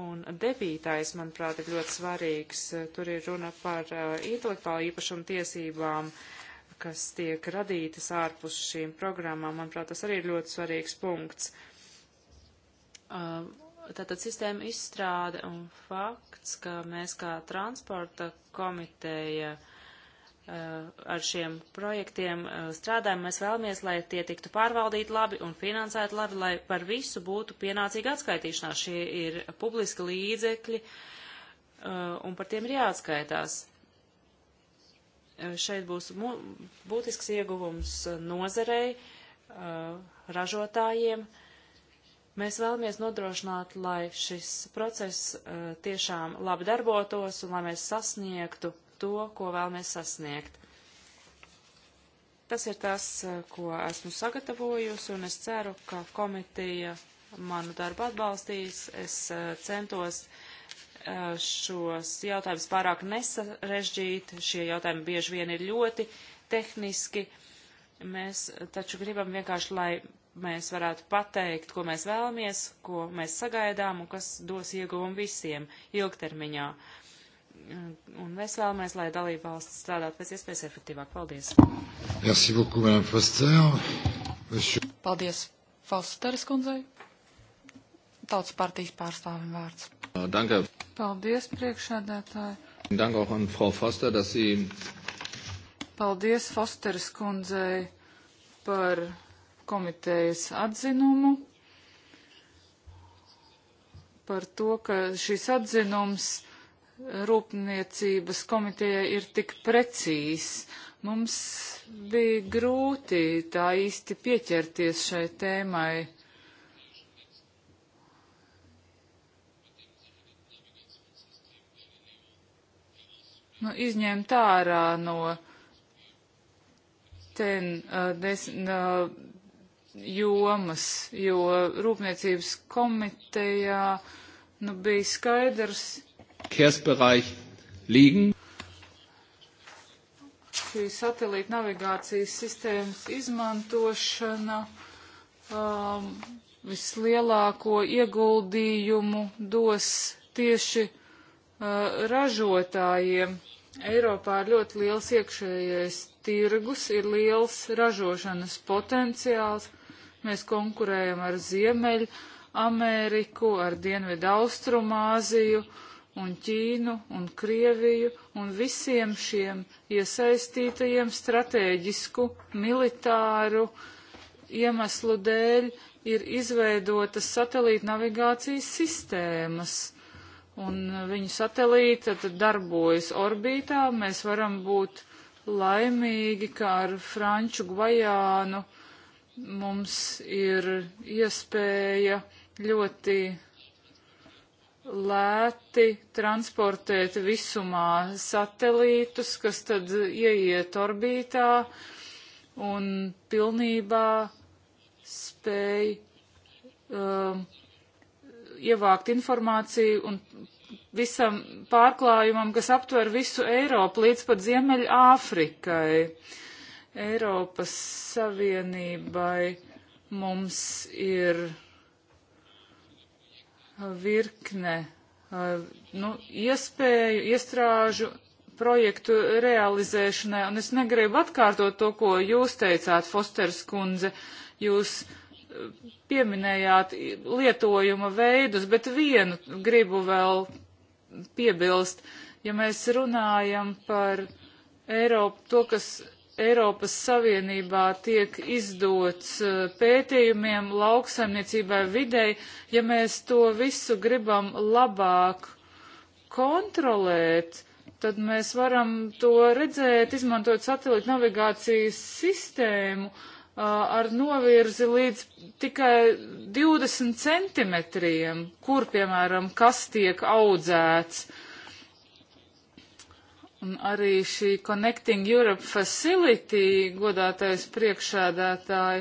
M: Un devītais, manuprāt, ir ļoti svarīgs. Uh, tur ir runa par uh, intelektuālu īpašumu tiesībām, kas tiek radītas ārpus šīm programmām. Manuprāt, tas arī ir ļoti svarīgs punkts. Uh, Tātad sistēma izstrāde un fakts, ka mēs kā transporta komiteja uh, Eh, ar šiem projektiem eh, strādājam, mēs vēlamies, lai tie tiktu pārvaldīti labi un finansēti labi, lai par visu būtu pienācīga atskaitīšanās. Šie ir publiski līdzekļi eh, un par tiem ir jāatskaitās. Šeit būs būtisks ieguvums nozarei, ražotājiem. Mēs vēlamies nodrošināt, lai šis process tiešām labi darbotos un lai mēs sasniegtu to, ko vēlamies sasniegt. Tas ir tas, eh, ko esmu sagatavojusi, un es ceru, ka komitija manu darbu atbalstīs. Es eh, centos eh, šos jautājumus pārāk nesarežģīt. Šie jautājumi bieži vien ir ļoti tehniski. Mēs taču gribam vienkārši, lai mēs varētu pateikt, ko mēs vēlamies, ko mēs sagaidām un kas dos ieguvumu visiem ilgtermiņā. Uh, Eh, un mēs vēlamies, lai dalība valsts strādātu pēc iespējas efektīvāk. Paldies!
A: Merci beaucoup, Madame Foster. Monsieur...
M: Paldiers Fosteres kundzei.
L: Tautas partijas pārstāvim vārds. Uh, danke. Paldies, priekšādātāji.
C: Danke auch an Frau Foster, dass Sie.
L: Paldies Fosteres kundzei par komitejas atzinumu par to, ka šis atzinums rūpniecības komitejai ir tik precīs. Mums bija grūti tā īsti pieķerties šai tēmai. Nu, izņemt ārā no ten uh, desmit. Uh, jomas, jo rūpniecības komitejā nu, bija skaidrs,
C: Verkehrsbereich liegen.
L: Šī satelīta navigācijas sistēmas izmantošana um, vislielāko ieguldījumu dos tieši uh, ražotājiem. Eiropā ir ļoti liels iekšējais tirgus, ir liels ražošanas potenciāls. Mēs konkurējam ar Ziemeļu Ameriku, ar Dienvidu Austrumāziju. Uh, un Ķīnu un Krieviju un visiem šiem iesaistītajiem strateģisku militāru iemeslu dēļ ir izveidotas satelīta navigācijas sistēmas. Un viņu satelīta tad darbojas orbītā, mēs varam būt laimīgi, kā ar Franču Gvajānu mums ir iespēja ļoti lēti transportēt visumā satelītus, kas tad ieiet orbītā un pilnībā spēj um, ievākt informāciju un visam pārklājumam, kas aptver visu Eiropu līdz pat Ziemeļa Āfrikai. Eiropas Savienībai mums ir virkne nu, iespēju, iestrāžu projektu realizēšanai, un es negribu atkārtot to, ko jūs teicāt, Fosters kundze, jūs e, pieminējāt lietojuma veidus, bet vienu gribu vēl piebilst, ja mēs runājam par Eiropu, to, kas Eiropas Savienībā tiek izdots uh, pētījumiem lauksaimniecībai videi, ja mēs to visu gribam labāk kontrolēt, tad mēs varam to redzēt, izmantojot satelīta navigācijas sistēmu uh, ar novirzi līdz tikai 20 centimetriem, kur, piemēram, kas tiek audzēts Un arī šī Connecting Europe Facility, godātais priekšādātāji,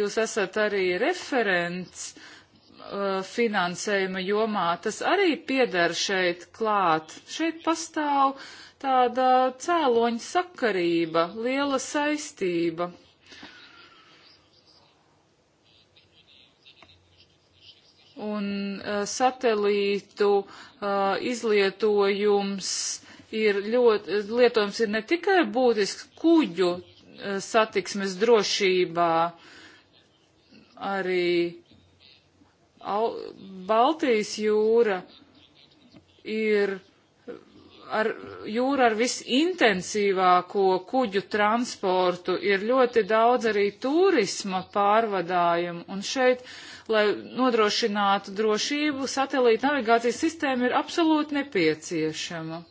L: jūs esat arī referents uh, finansējuma jomā. Tas arī pieder šeit klāt. Šeit pastāv tāda cēloņa sakarība, liela saistība. Un uh, satelītu uh, izlietojums ir ļoti, lietojums ir ne tikai būtisks kuģu eh, satiksmes drošībā, arī Al Baltijas jūra ir ar jūra ar visintensīvāko kuģu transportu, ir ļoti daudz arī turisma pārvadājumu, un šeit, lai nodrošinātu drošību, satelīta navigācijas sistēma ir absolūti nepieciešama.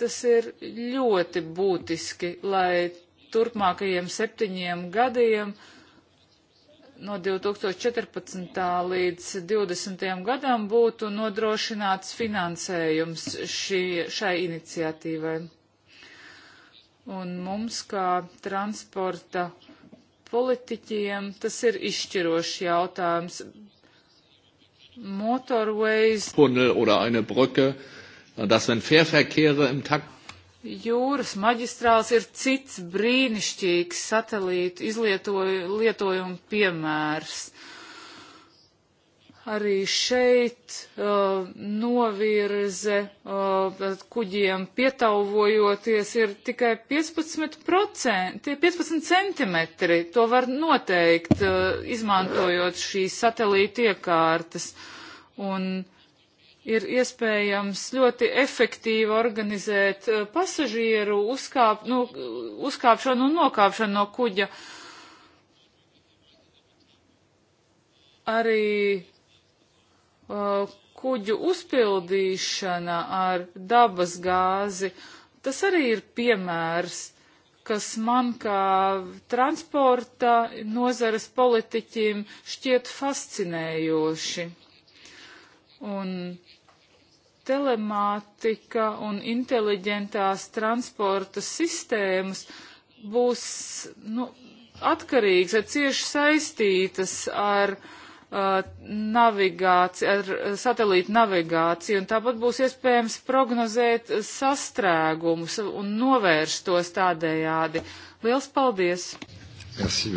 L: Tas ir ļoti būtiski, lai turpmākajiem septiņiem gadiem no 2014. līdz 2020. gadam būtu nodrošināts finansējums šī, šai iniciatīvai. Un mums, kā transporta politiķiem, tas ir izšķirošs jautājums. Motorways.
C: Tunnel oder eine Brücke dass wenn Fährverkehre im Takt
L: Jūras maģistrāls ir cits brīnišķīgs satelītu izlietojuma piemērs. Arī šeit uh, novirze uh, kuģiem pietauvojoties ir tikai 15%, tie 15 centimetri. To var noteikt, uh, izmantojot šīs satelītu iekārtas. Un, uh, ir iespējams ļoti efektīvi organizēt eh, pasažieru uzkāp, nu, uzkāpšanu un nokāpšanu no kuģa. Arī uh, kuģu uzpildīšana ar dabas gāzi, tas arī ir piemērs, kas man kā transporta nozares politiķim šķiet fascinējoši. Un telemātika un inteliģentās transporta sistēmas būs nu, atkarīgas, ir cieši saistītas ar uh, navigāciju, ar uh, satelītu navigāciju, un tāpat būs iespējams prognozēt sastrēgumus un novērst tos tādējādi. Liels paldies! Merci,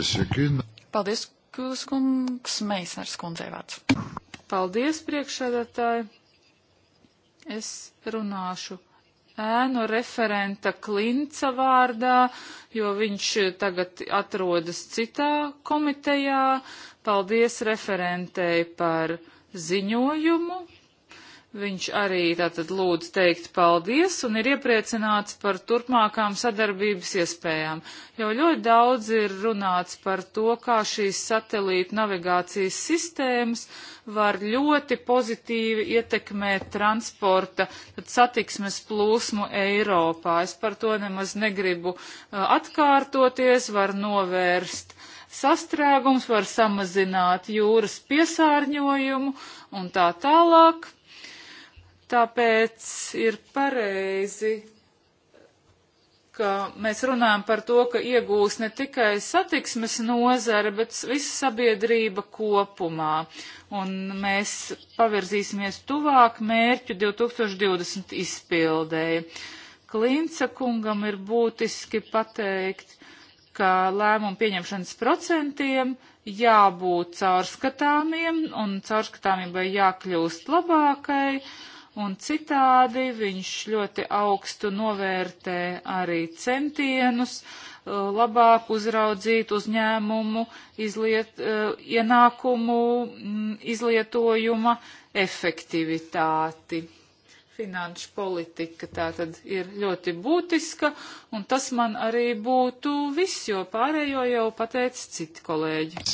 L: paldies, Kūskungs, Meisners kundzei vārds. Paldies, priekšsēdētāji! Es runāšu ēnu referenta Klinca vārdā, jo viņš tagad atrodas citā komitejā. Paldies referentei par ziņojumu. Viņš arī tātad lūdz teikt paldies un ir iepriecināts par turpmākām sadarbības iespējām. Jau ļoti daudz ir runāts par to, kā šīs satelīta navigācijas sistēmas var ļoti pozitīvi ietekmēt transporta satiksmes plūsmu Eiropā. Es par to nemaz negribu uh, atkārtoties, var novērst sastrēgums, var samazināt jūras piesārņojumu un tā tālāk. Tāpēc ir pareizi ka mēs runājam par to, ka iegūs ne tikai satiksmes nozare, bet visa sabiedrība kopumā. Un mēs pavirzīsimies tuvāk mērķu 2020 izpildēji. Klīnca kungam ir būtiski pateikt, ka lēmumu pieņemšanas procentiem jābūt caurskatāmiem un caurskatāmībai jākļūst labākai un citādi viņš ļoti augstu novērtē arī centienus labāk uzraudzīt uzņēmumu izliet, ienākumu izlietojuma efektivitāti. Finanšu politika tā tad ir ļoti būtiska, un tas man arī būtu viss, jo pārējo jau pateica citi kolēģi.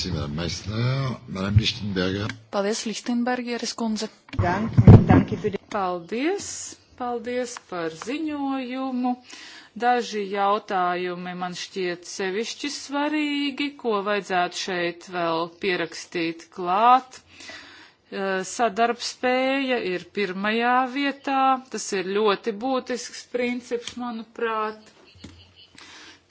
L: Paldies, Lichtenbergeres kundze. Dank, dank Paldies! Paldies par ziņojumu! Daži jautājumi man šķiet sevišķi svarīgi, ko vajadzētu šeit vēl pierakstīt klāt. E, sadarbspēja ir pirmajā vietā, tas ir ļoti būtisks princips, manuprāt.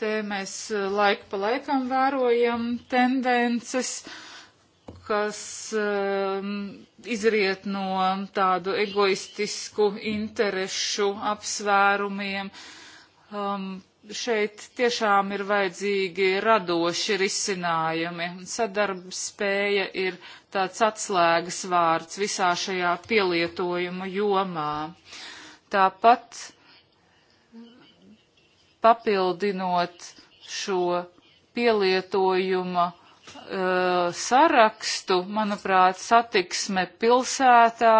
L: Te mēs e, laik pa laikam vērojam tendences kas um, izriet no tādu egoistisku interešu apsvērumiem. Um, šeit tiešām ir vajadzīgi radoši risinājumi. Sadarbspēja ir tāds atslēgas vārds visā šajā pielietojuma jomā. Tāpat papildinot šo pielietojuma uh, sarakstu, manuprāt, satiksme pilsētā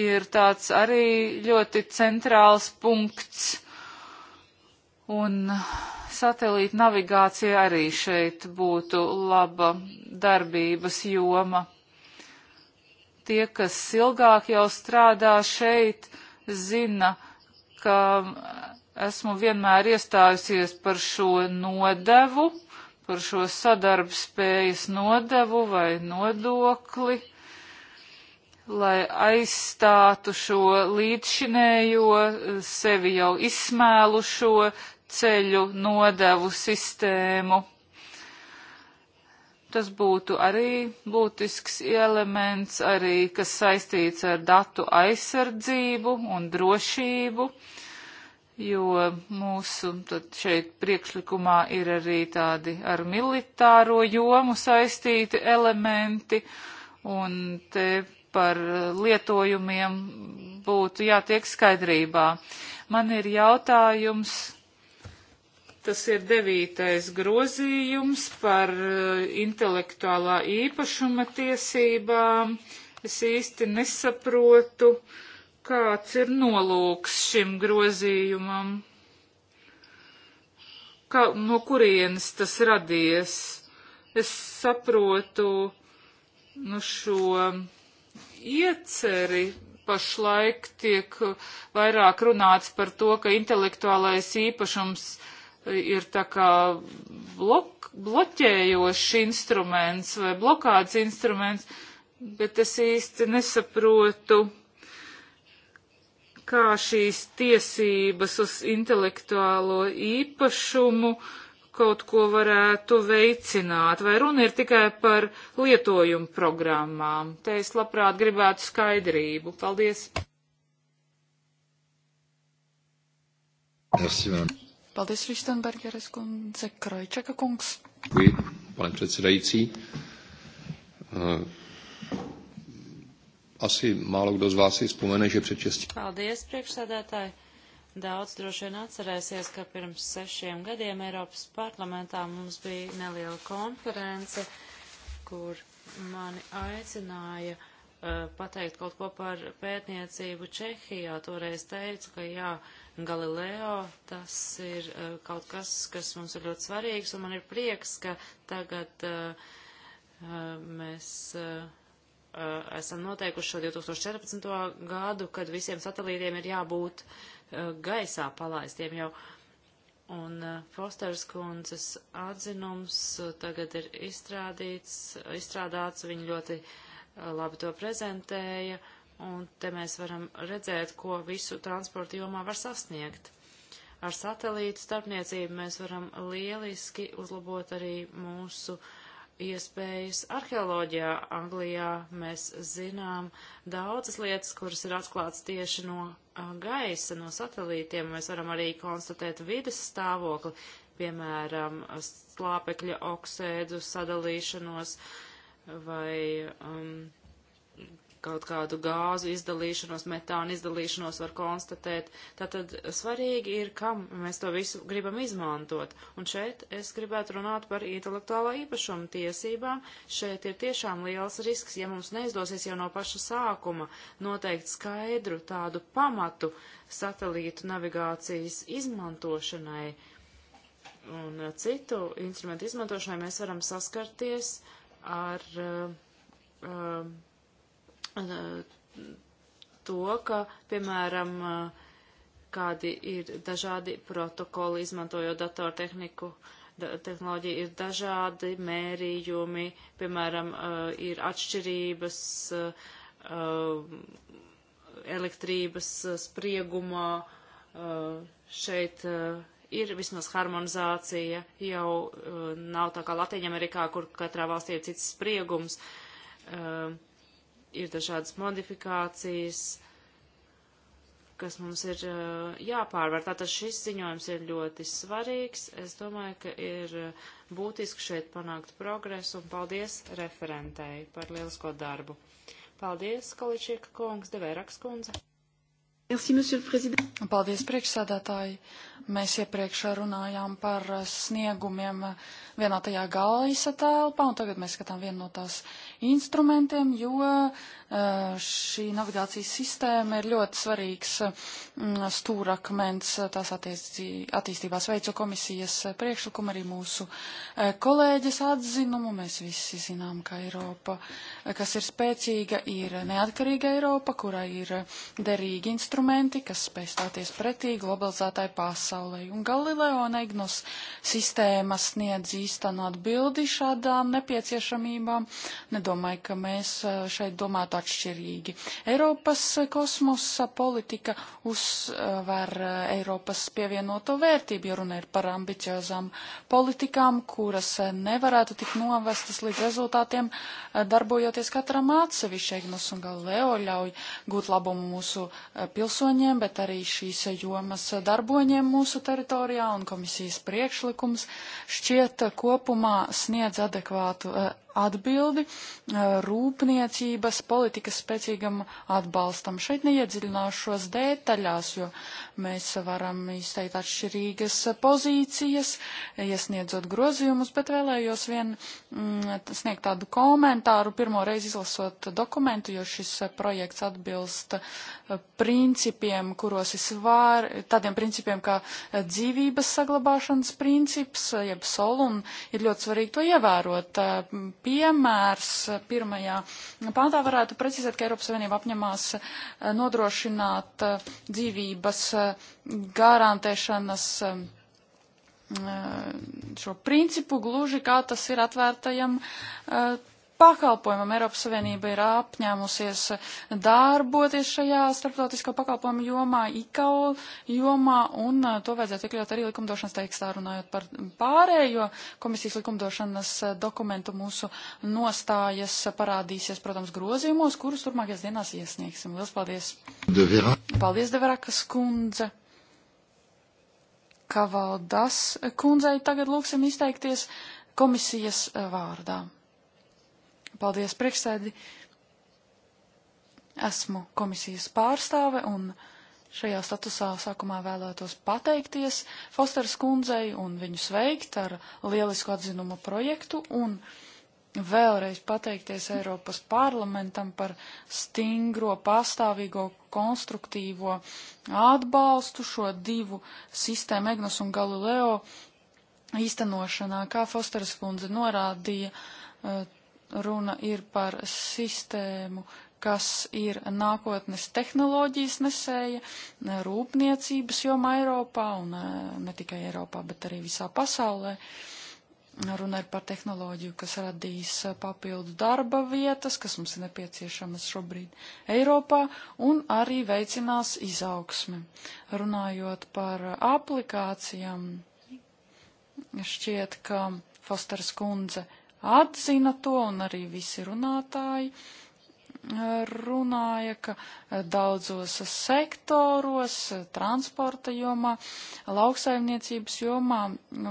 L: ir tāds arī ļoti centrāls punkts. Un satelīta navigācija arī šeit būtu laba darbības joma. Tie, kas ilgāk jau strādā šeit, zina, ka esmu vienmēr iestājusies par šo nodevu par šo sadarbspējas nodevu vai nodokli, lai aizstātu šo līdzšinējo, sevi jau izsmēlušo ceļu nodevu sistēmu. Tas būtu arī būtisks elements, arī kas saistīts ar datu aizsardzību un drošību. Uh, jo mūsu šeit priekšlikumā ir arī tādi ar militāro jomu saistīti elementi, un te par lietojumiem būtu jātiek skaidrībā. Man ir jautājums, tas ir devītais grozījums par eh, intelektuālā īpašuma tiesībām. Es īsti nesaprotu, uh, kāds ir nolūks šim grozījumam? Kā, no kurienes tas radies? Es saprotu nu, šo ieceri. Pašlaik tiek vairāk runāts par to, ka intelektuālais īpašums ir tā kā blok, bloķējošs instruments vai blokāds instruments, bet es īsti nesaprotu kā šīs tiesības uz intelektuālo īpašumu kaut ko varētu veicināt, vai runa ir tikai par lietojumu programmām. Te es labprāt gribētu skaidrību. Paldies!
C: Merci,
N: Paldies, Ristenbergeres kundze, Krojčaka kungs.
C: Děkuji, pane předsedající. Uh asi málo kdo z vás si spomene, že pred šesti... Paldies, priekšsēdētāji!
M: Daudz droši vien atcerēsies, ka pirms sešiem gadiem Eiropas parlamentā mums bija neliela konference, kur mani aicināja uh, pateikt kaut ko par pētniecību Čehijā. Toreiz teicu, ka jā, Galileo, tas ir uh, kaut kas, kas mums ir ļoti svarīgs, un man ir prieks, ka tagad uh, mēs. Uh, Eh, esam noteikuši šo 2014. gadu, kad visiem satelītiem ir jābūt eh, gaisā palaistiem jau. Un eh, Fosters kundzes atzinums tagad ir izstrādīts, izstrādāts, viņi ļoti labi to prezentēja, un te mēs varam redzēt, ko visu transporta jomā var sasniegt. Ar satelītu starpniecību mēs varam lieliski uzlabot arī mūsu uh, iespējas arheoloģijā. Anglijā mēs zinām daudzas lietas, kuras ir atklātas tieši no gaisa, no satelītiem. Mēs varam arī konstatēt vides stāvokli, piemēram, slāpekļa oksēdu sadalīšanos vai. Um, kaut kādu gāzu izdalīšanos, metānu izdalīšanos var konstatēt. Tātad svarīgi ir, kam mēs to visu gribam izmantot. Un šeit es gribētu runāt par intelektuālā īpašuma tiesībām. Šeit ir tiešām liels risks, ja mums neizdosies jau no paša sākuma noteikt skaidru tādu pamatu satelītu navigācijas izmantošanai. Un citu instrumentu izmantošanai mēs varam saskarties ar uh, uh, to, ka, piemēram, kādi ir dažādi protokoli, izmantojot datortehniku, tehnoloģija ir dažādi mērījumi, piemēram, ir atšķirības elektrības spriegumā, šeit ir vismaz harmonizācija, jau nav tā kā Latvijā, Amerikā, kur katrā valstī ir cits spriegums. Uh, ir dažādas modifikācijas, kas mums ir eh, jāpārvar. Tātad šis ziņojums ir ļoti svarīgs. Es domāju, ka ir eh, būtiski šeit panākt progresu un paldies referentei par lielisko darbu. Paldies, Kaličieka kungs, Deveraks kundze.
N: Paldies, priekšsēdētāji. Mēs iepriekš runājām par sniegumiem vienā tajā gaisa telpā, un tagad mēs skatām vienu no tās instrumentiem, jo Eh, šī navigācijas sistēma ir ļoti svarīgs mm, stūrakmens tās attīstībās veicu komisijas priekšlikumu, arī mūsu eh, kolēģis atzinumu. Mēs visi zinām, ka Eiropa, eh, kas ir spēcīga, ir neatkarīga Eiropa, kurai ir derīgi instrumenti, kas spēj stāties pretī globalizētāji pasaulē. Un Galileo un Egnos sistēma sniedz īstenu atbildi šādām nepieciešamībām. Nedomāju, ka mēs šeit domātā atšķirīgi. Eiropas kosmosa politika uzvar Eiropas pievienoto vērtību, ja runa ir par ambiciozām politikām, kuras nevarētu tik novestas līdz rezultātiem, darbojoties katram atsevišķi. Egnos un Galileo ļauj gūt labumu mūsu pilsoņiem, bet arī šīs jomas darboņiem mūsu teritorijā un komisijas priekšlikums šķiet kopumā sniedz adekvātu atbildi eh, rūpniecības politikas spēcīgam atbalstam. Šeit neiedziļināšos detaļās, jo mēs varam izteikt atšķirīgas pozīcijas, iesniedzot grozījumus, bet vēlējos vien mm, sniegt tādu komentāru pirmo reizi izlasot dokumentu, jo šis projekts atbilst eh, principiem, kuros ir svār, tādiem principiem kā dzīvības saglabāšanas princips, jeb solum, ir ļoti svarīgi to ievērot eh, piemērs pirmajā pāntā varētu precizēt, ka Eiropas Savienība apņemās eh, nodrošināt eh, dzīvības eh, garantēšanas šo principu, gluži kā tas ir atvērtajam uh, pakalpojumam. Eiropas Savienība ir apņēmusies darboties šajā starptautiskā pakalpojuma jomā, IKO jomā, un uh, to vajadzētu iekļaut arī likumdošanas tekstā, runājot par pārējo komisijas likumdošanas uh, dokumentu mūsu nostājas parādīsies, protams, grozījumos, kurus turpmākajās dienās iesniegsim. Lielas paldies! Devera. Paldies, Deverakas kundze! Kavaldas kundzei tagad lūksim izteikties komisijas uh, vārdā. Paldies, priekšsēdi. Esmu komisijas pārstāve un šajā statusā sākumā vēlētos pateikties Fosteras kundzei un viņu sveikt ar lielisku atzinumu projektu un vēlreiz pateikties Eiropas parlamentam par stingro, pastāvīgo, konstruktīvo atbalstu šo divu sistēmu Egnos un Galileo īstenošanā, kā Fosteras kundze norādīja. Uh, runa ir par sistēmu, kas ir nākotnes tehnoloģijas nesēja rūpniecības jomā Eiropā un e, ne tikai Eiropā, bet arī visā pasaulē. Runa ir par tehnoloģiju, kas radīs e, papildu darba vietas, kas mums ir nepieciešamas šobrīd Eiropā, un arī veicinās izaugsmi. Runājot par aplikācijām, šķiet, ka Fosters kundze uh, atzina to, un arī visi runātāji eh, runāja, ka eh, daudzos sektoros, eh, transporta jomā, lauksaimniecības jomā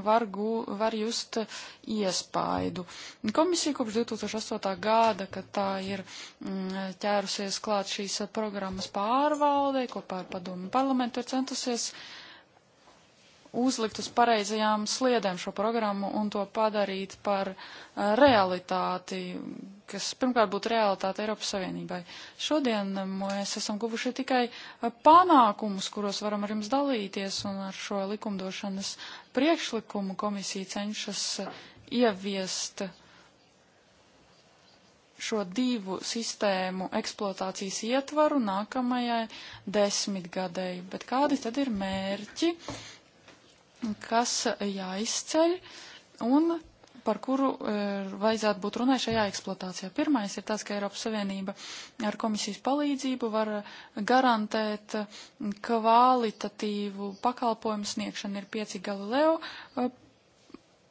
N: var, gu, var just iespaidu. Komisija kopš 2008. gada, kad tā ir mm, ķērusies klāt šīs programmas pārvaldei kopā ar padomu parlamentu, ir centusies uh, uzlikt uz pareizajām sliedēm šo programmu un to padarīt par eh, realitāti, kas pirmkārt būtu realitāte Eiropas Savienībai. Šodien eh, mēs esam guvuši tikai eh, panākumus, kuros varam ar jums dalīties, un ar šo likumdošanas priekšlikumu komisija cenšas ieviest šo divu sistēmu eksploatācijas ietvaru nākamajai desmitgadēji. Bet kādi tad ir mērķi? kas jāizceļ un par kuru e, vajadzētu būt runai šajā eksploatācijā. Pirmais ir tas, ka Eiropas Savienība ar komisijas palīdzību var garantēt kvalitatīvu pakalpojumu sniegšanu ir pieci Galileo e,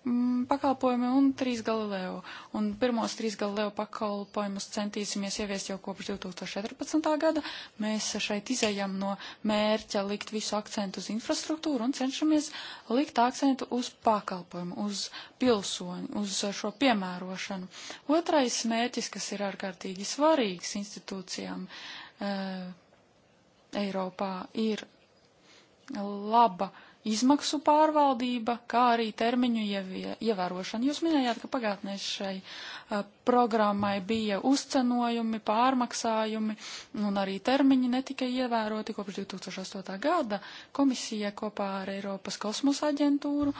N: Mm, pakalpojumi un trīs Galileo. Un pirmos trīs Galileo pakalpojumus centīsimies ieviest jau kopš 2014. gada. Mēs šeit izējam no mērķa likt visu akcentu uz infrastruktūru un cenšamies likt akcentu uz pakalpojumu, uz pilsoņu, uz šo piemērošanu. Otrais mērķis, kas ir ārkārtīgi svarīgs institūcijām e, Eiropā, ir laba. Uh, izmaksu pārvaldība, kā arī termiņu ievērošana. Jūs minējāt, ka pagātnē šai uh, programmai bija uzcenojumi, pārmaksājumi un arī termiņi netika ievēroti kopš 2008. gada. Komisija kopā ar Eiropas kosmosa aģentūru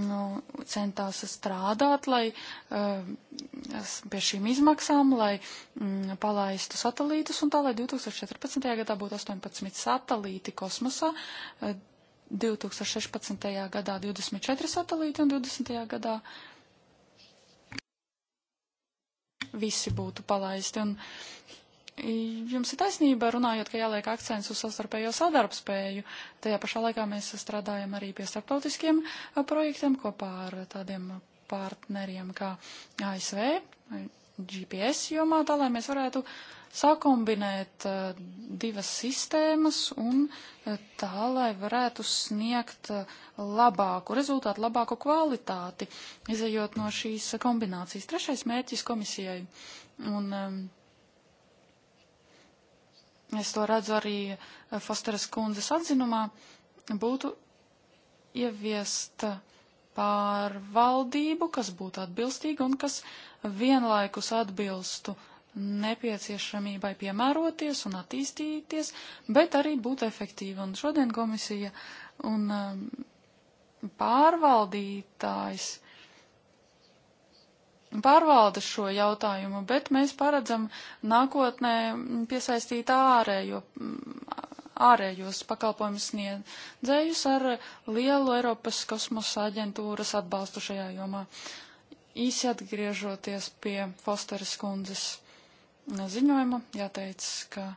N: nu, centās strādāt, lai uh, pie šīm izmaksām, lai mm, palaistu satelītus un tā, lai 2014. gadā būtu 18 satelīti kosmosā, uh, eh, 2016. gadā 24 satelīti un 20. gadā visi būtu palaisti. Un jums ir taisnība runājot, ka jāliek akcents uz sastarpējo sadarbspēju. Tajā pašā laikā mēs strādājam arī pie starptautiskiem projektiem kopā ar tādiem partneriem kā ASV, GPS jomā, tā lai mēs varētu sakombinēt divas sistēmas un tā, lai varētu sniegt labāku rezultātu, labāku kvalitāti, izējot no šīs kombinācijas. Trešais mērķis komisijai. Un, um, es to redzu arī eh, Fosteras kundzes atzinumā, būtu ieviest eh, pārvaldību, kas būtu atbilstīga un kas vienlaikus atbilstu nepieciešamībai piemēroties un attīstīties, bet arī būt efektīva. Un šodien komisija un um, pārvaldītājs pārvalda šo jautājumu, bet mēs paredzam nākotnē piesaistīt ārējo, ārējos pakalpojumu sniedzējus ar lielu Eiropas kosmosa aģentūras atbalstu šajā jomā. Īsi atgriežoties pie Fosteras kundzes ziņojuma, jāteic, ka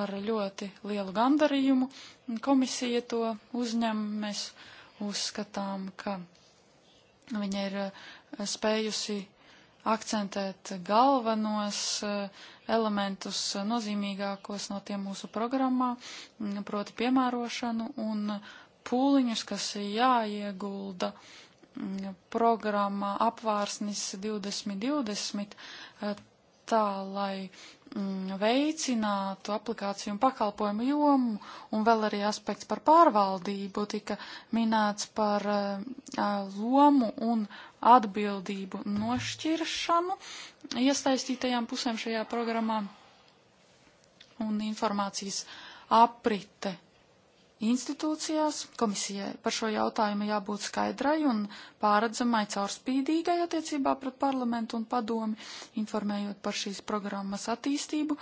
N: ar ļoti lielu gandarījumu komisija to uzņem. Mēs uzskatām, ka viņa ir spējusi uh, akcentēt galvenos eh, elementus, eh, nozīmīgākos no tiem mūsu programmā, mm, proti piemērošanu un pūliņus, kas jāiegulda mm, programmā apvārsnis 2020, eh, tā lai mm, veicinātu aplikāciju un pakalpojumu jomu, un vēl arī aspekts par pārvaldību tika minēts par lomu un atbildību nošķiršanu iesaistītajām pusēm šajā programmā un informācijas aprite institūcijās. Komisijai par šo jautājumu jābūt skaidrai un pāredzamai caurspīdīgai attiecībā pret parlamentu un padomi, informējot par šīs programmas attīstību,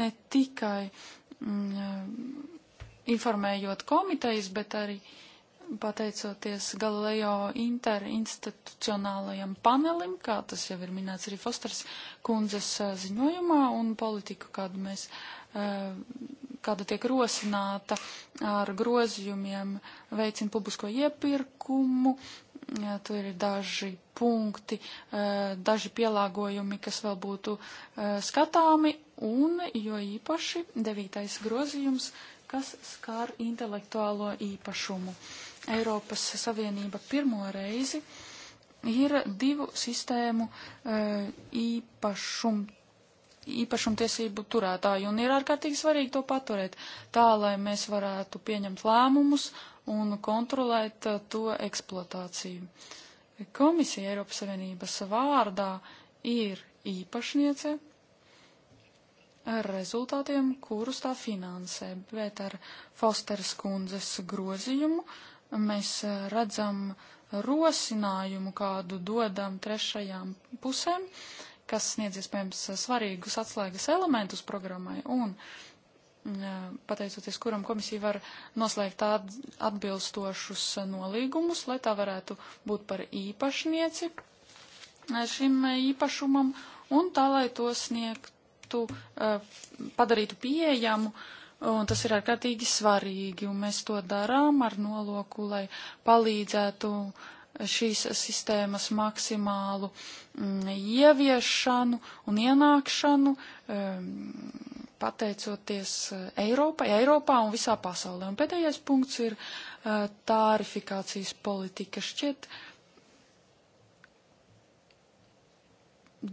N: ne tikai mm, informējot komitejas, bet arī uh, pateicoties Galileo interinstitucionālajam panelim, kā tas jau ir minēts arī Fosters kundzes ziņojumā, un politiku, kādu mēs, kāda tiek rosināta ar grozījumiem, veicina publisko iepirkumu, ja, tur ir daži punkti, daži pielāgojumi, kas vēl būtu skatāmi, un jo īpaši devītais grozījums, kas skār intelektuālo īpašumu. Uh, Eiropas Savienība pirmo reizi ir divu sistēmu eh, īpašum, īpašumtiesību turētāji, un ir ārkārtīgi svarīgi to paturēt, tā lai mēs varētu pieņemt lēmumus un kontrolēt eh, to eksploatāciju. Komisija Eiropas Savienības vārdā ir īpašniece ar rezultātiem, kurus tā finansē, bet ar Fosteras kundzes grozījumu uh, mēs redzam rosinājumu, kādu dodam trešajām pusēm, kas sniedz iespējams svarīgus atslēgas elementus programmai un pateicoties kuram komisija var noslēgt atbilstošus nolīgumus, lai tā varētu būt par īpašnieci šim īpašumam un tā, lai to sniegtu, padarītu pieejamu uh, Un tas ir ārkārtīgi svarīgi, un mēs to darām ar nolūku, lai palīdzētu šīs sistēmas maksimālu mm, ieviešanu un ienākšanu, mm, pateicoties eh, Eiropai, Eiropā un visā pasaulē. Un pēdējais punkts ir eh, tārifikācijas politika. Šķiet, uh,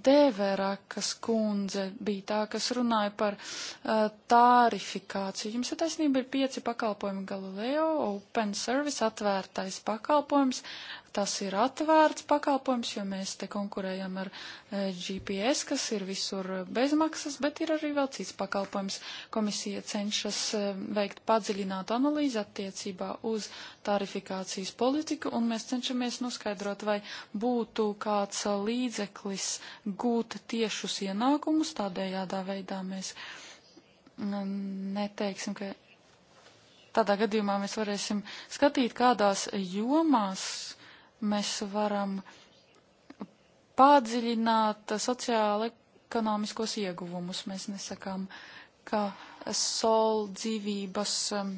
N: Dēvērakas kundze bija tā, kas runāja par uh, tārifikāciju. Jums ir taisnība, ir pieci pakalpojumi Galileo, Open Service, atvērtais pakalpojums, tas ir atvērts pakalpojums, jo mēs te konkurējam ar e, GPS, kas ir visur bezmaksas, bet ir arī vēl cits pakalpojums. Komisija cenšas e, veikt padziļinātu analīzi attiecībā uz tarifikācijas politiku, un mēs cenšamies noskaidrot, vai būtu kāds līdzeklis gūt tiešus ienākumus. Tādējādā veidā mēs neteiksim, ka tādā gadījumā mēs varēsim skatīt, kādās jomās Mēs varam padziļināt sociāla-ekonomiskos ieguvumus. Mēs nesakām, ka sol dzīvības um,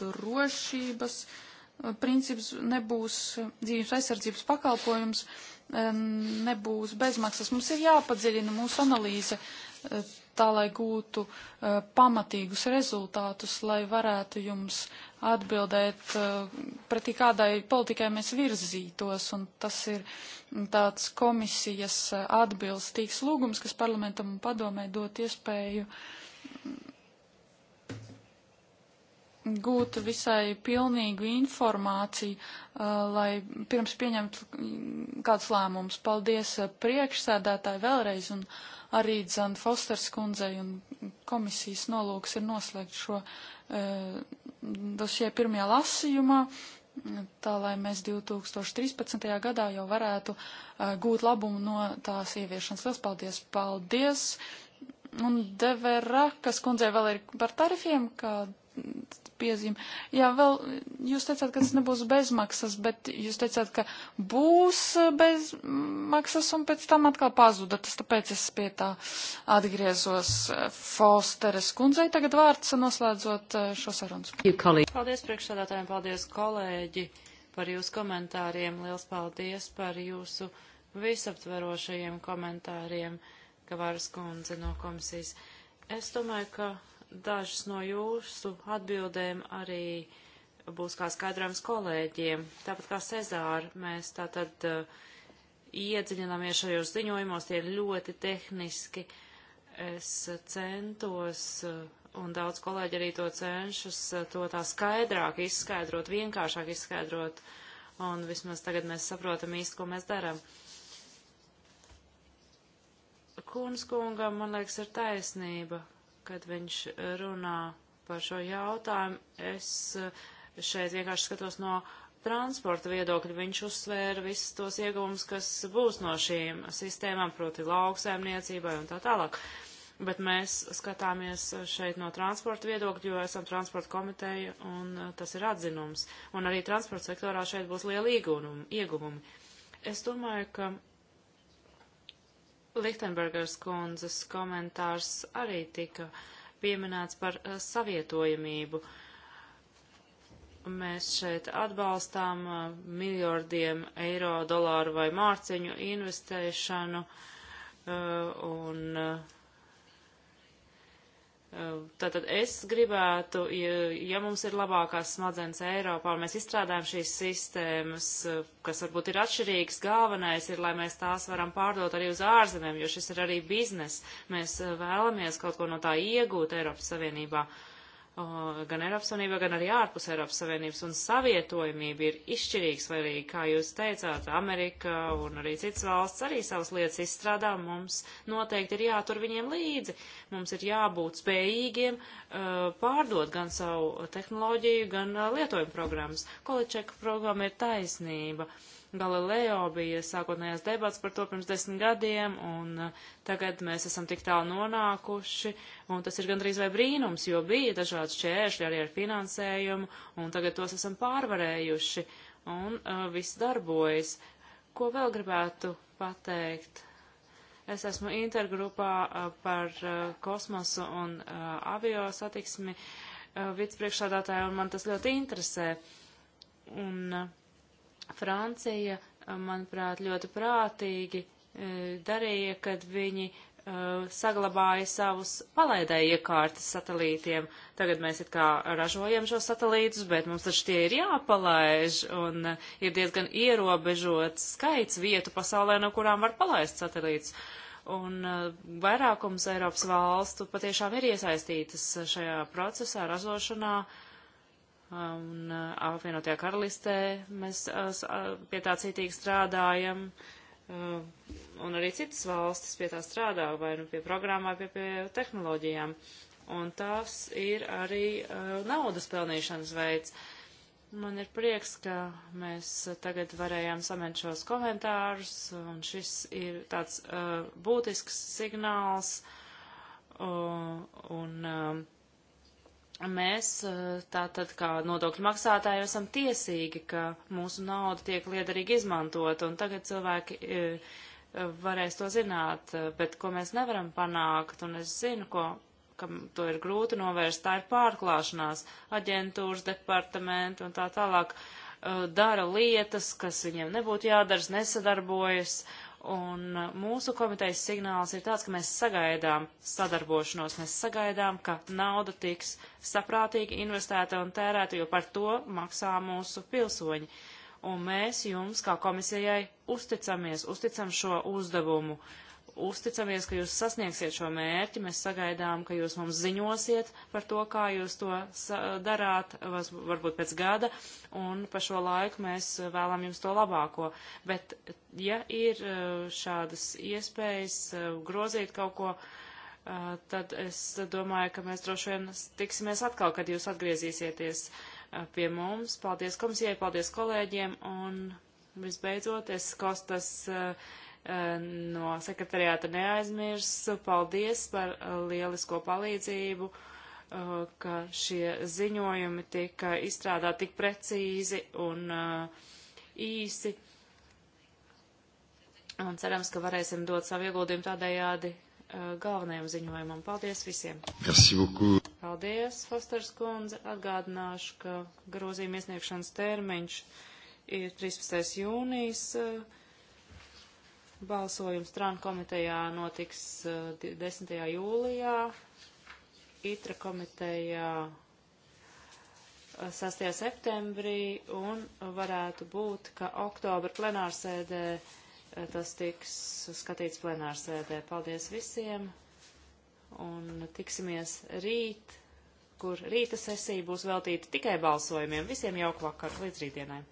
N: drošības uh, princips nebūs uh, dzīves aizsardzības pakalpojums, um, nebūs bezmaksas. Mums ir jāpadziļina mūsu analīze uh, tā lai gūtu uh, pamatīgus rezultātus, lai varētu jums atbildēt, uh, pretī kādai politikai mēs virzītos, un tas ir tāds komisijas atbilstīgs lūgums, kas parlamentam un padomē dot iespēju gūt visai pilnīgu informāciju, lai pirms pieņemtu kāds lēmums. Paldies priekšsēdētāji vēlreiz un arī Dzana Fosters kundzei un komisijas nolūks ir noslēgt šo uh, dosie pirmajā lasījumā, tā lai mēs 2013. gadā jau varētu uh, gūt labumu no tās ieviešanas. Lielas paldies! Paldies! Un Deverakas kundzei vēl ir par tarifiem, kāda piezīme. Jā, vēl jūs teicāt, ka tas nebūs bezmaksas, bet jūs teicāt, ka būs bezmaksas un pēc tam atkal pazuda. Tas tāpēc es pie tā atgriezos Fosteres kundzei. Tagad vārds noslēdzot eh, šo sarunu.
M: Paldies priekšsādātājiem, paldies kolēģi par jūsu komentāriem. Liels paldies par jūsu visaptverošajiem komentāriem, Kavāras kundze no komisijas. Es domāju, ka dažas no jūsu atbildēm arī būs kā skaidrojums kolēģiem. Tāpat kā Cezāra, mēs tātad uh, iedziļināmies šajos ziņojumos, tie ir ļoti tehniski. Es centos, uh, un daudz kolēģi arī to cenšas, uh, to tā skaidrāk izskaidrot, vienkāršāk izskaidrot, un vismaz tagad mēs saprotam īsti, ko mēs darām. Kūnas kungam, man liekas, ir taisnība, kad viņš runā par šo jautājumu. Es eh, šeit vienkārši skatos no transporta viedokļa. Viņš uzsvēra visus tos ieguvumus, kas būs no šīm sistēmām, proti lauksaimniecībai un tā tālāk. Bet mēs skatāmies šeit no transporta viedokļa, jo esam transporta komiteja un eh, tas ir atzinums. Un arī transporta sektorā šeit būs liela ieguvumi. ieguvumi. Es domāju, ka Lichtenbergers kundzes komentārs arī tika pieminēts par uh, savietojamību. Mēs šeit atbalstām uh, miljardiem eiro, dolāru vai mārciņu investēšanu uh, un uh, Tātad es gribētu, ja, ja mums ir labākās smadzenes Eiropā, mēs izstrādājam šīs sistēmas, kas varbūt ir atšķirīgas, galvenais ir, lai mēs tās varam pārdot arī uz ārzemēm, jo šis ir arī biznes. Mēs eh, vēlamies kaut ko no tā iegūt Eiropas Savienībā. Uh, gan Eiropas Savienībā, gan arī ārpus Eiropas Savienības, un savietojamība ir izšķirīga svarīga, kā jūs teicāt, Amerika un arī citas valsts arī savas lietas izstrādā, mums noteikti ir jātur viņiem līdzi, mums ir jābūt spējīgiem uh, pārdot gan savu tehnoloģiju, gan uh, lietojumu programmas. Količeka programma ir taisnība. Uh, Galileo bija sākotnējās debats par to pirms desmit gadiem, un uh, tagad mēs esam tik tālu nonākuši, un tas ir gandrīz vai brīnums, jo bija dažādi šķēršļi arī ar finansējumu, un tagad tos esam pārvarējuši, un uh, viss darbojas. Ko vēl gribētu pateikt? Es esmu intergrupā uh, par uh, kosmosu un uh, avio satiksmi uh, vicepriekšādātāja, un man tas ļoti interesē. Un, uh, Francija, eh, manuprāt, ļoti prātīgi eh, darīja, kad viņi eh, saglabāja savus palaidēja iekārtas satelītiem. Tagad mēs it kā ražojam šo satelītus, bet mums taču tie ir jāpalaiž, un ir diezgan ierobežots skaits vietu pasaulē, no kurām var palaist satelītus. Un vairākums Eiropas valstu patiešām ir iesaistītas šajā procesā ražošanā uh, un uh, apvienotajā karalistē mēs uh, uh, pie tā citīgi strādājam, un arī citas valstis pie tā strādā, vai nu pie programmā, pie, pie tehnoloģijām. Un tās ir arī naudas pelnīšanas veids. Man ir prieks, ka mēs tagad varējām sament šos komentārus, un šis ir tāds uh, būtisks signāls, uh, un uh, mēs eh, tātad kā nodokļu maksātāji esam tiesīgi, ka mūsu nauda tiek liederīgi izmantot, un tagad cilvēki eh, varēs to zināt, eh, bet ko mēs nevaram panākt, un es zinu, ko, ka to ir grūti novērst, tā ir pārklāšanās aģentūras departamentu un tā tālāk dara lietas, kas viņiem nebūtu jādara, nesadarbojas, uh, Un uh, mūsu komitejas signāls ir tāds, ka mēs sagaidām sadarbošanos, mēs sagaidām, ka nauda tiks saprātīgi investēta un tērēta, jo par to maksā mūsu pilsoņi. Un mēs jums, kā komisijai, uzticamies, uzticam šo uzdevumu uzticamies, ka jūs sasniegsiet šo mērķi, mēs sagaidām, ka jūs mums ziņosiet par to, kā jūs to darāt, varbūt pēc gada, un pa šo laiku mēs vēlam jums to labāko. Bet, ja ir uh, šādas iespējas uh, grozīt kaut ko, uh, tad es domāju, ka mēs droši vien tiksimies atkal, kad jūs atgriezīsieties pie mums. Paldies komisijai, paldies kolēģiem, un visbeidzot, es Kostas uh, Eh, no sekretariāta neaizmirsu. Paldies par eh, lielisko palīdzību, eh, ka šie ziņojumi tika izstrādāti tik precīzi un īsi. Un cerams, ka varēsim dot savu ieguldījumu tādējādi galvenajam ziņojumam. Paldies visiem!
A: Merci beaucoup!
M: Paldies, Fosters kundze! Atgādināšu, ka grozījuma iesniegšanas termiņš ir 13. jūnijas. Uh, Balsojums Trānu komitejā notiks 10. Eh, jūlijā, ITRA komitejā 6. Eh, septembrī un varētu būt, ka oktobra plenārsēdē eh, tas tiks skatīts plenārsēdē. Paldies visiem un tiksimies rīt, kur rīta sesija būs veltīta tikai balsojumiem. Visiem jauku vakaru līdz rītdienai!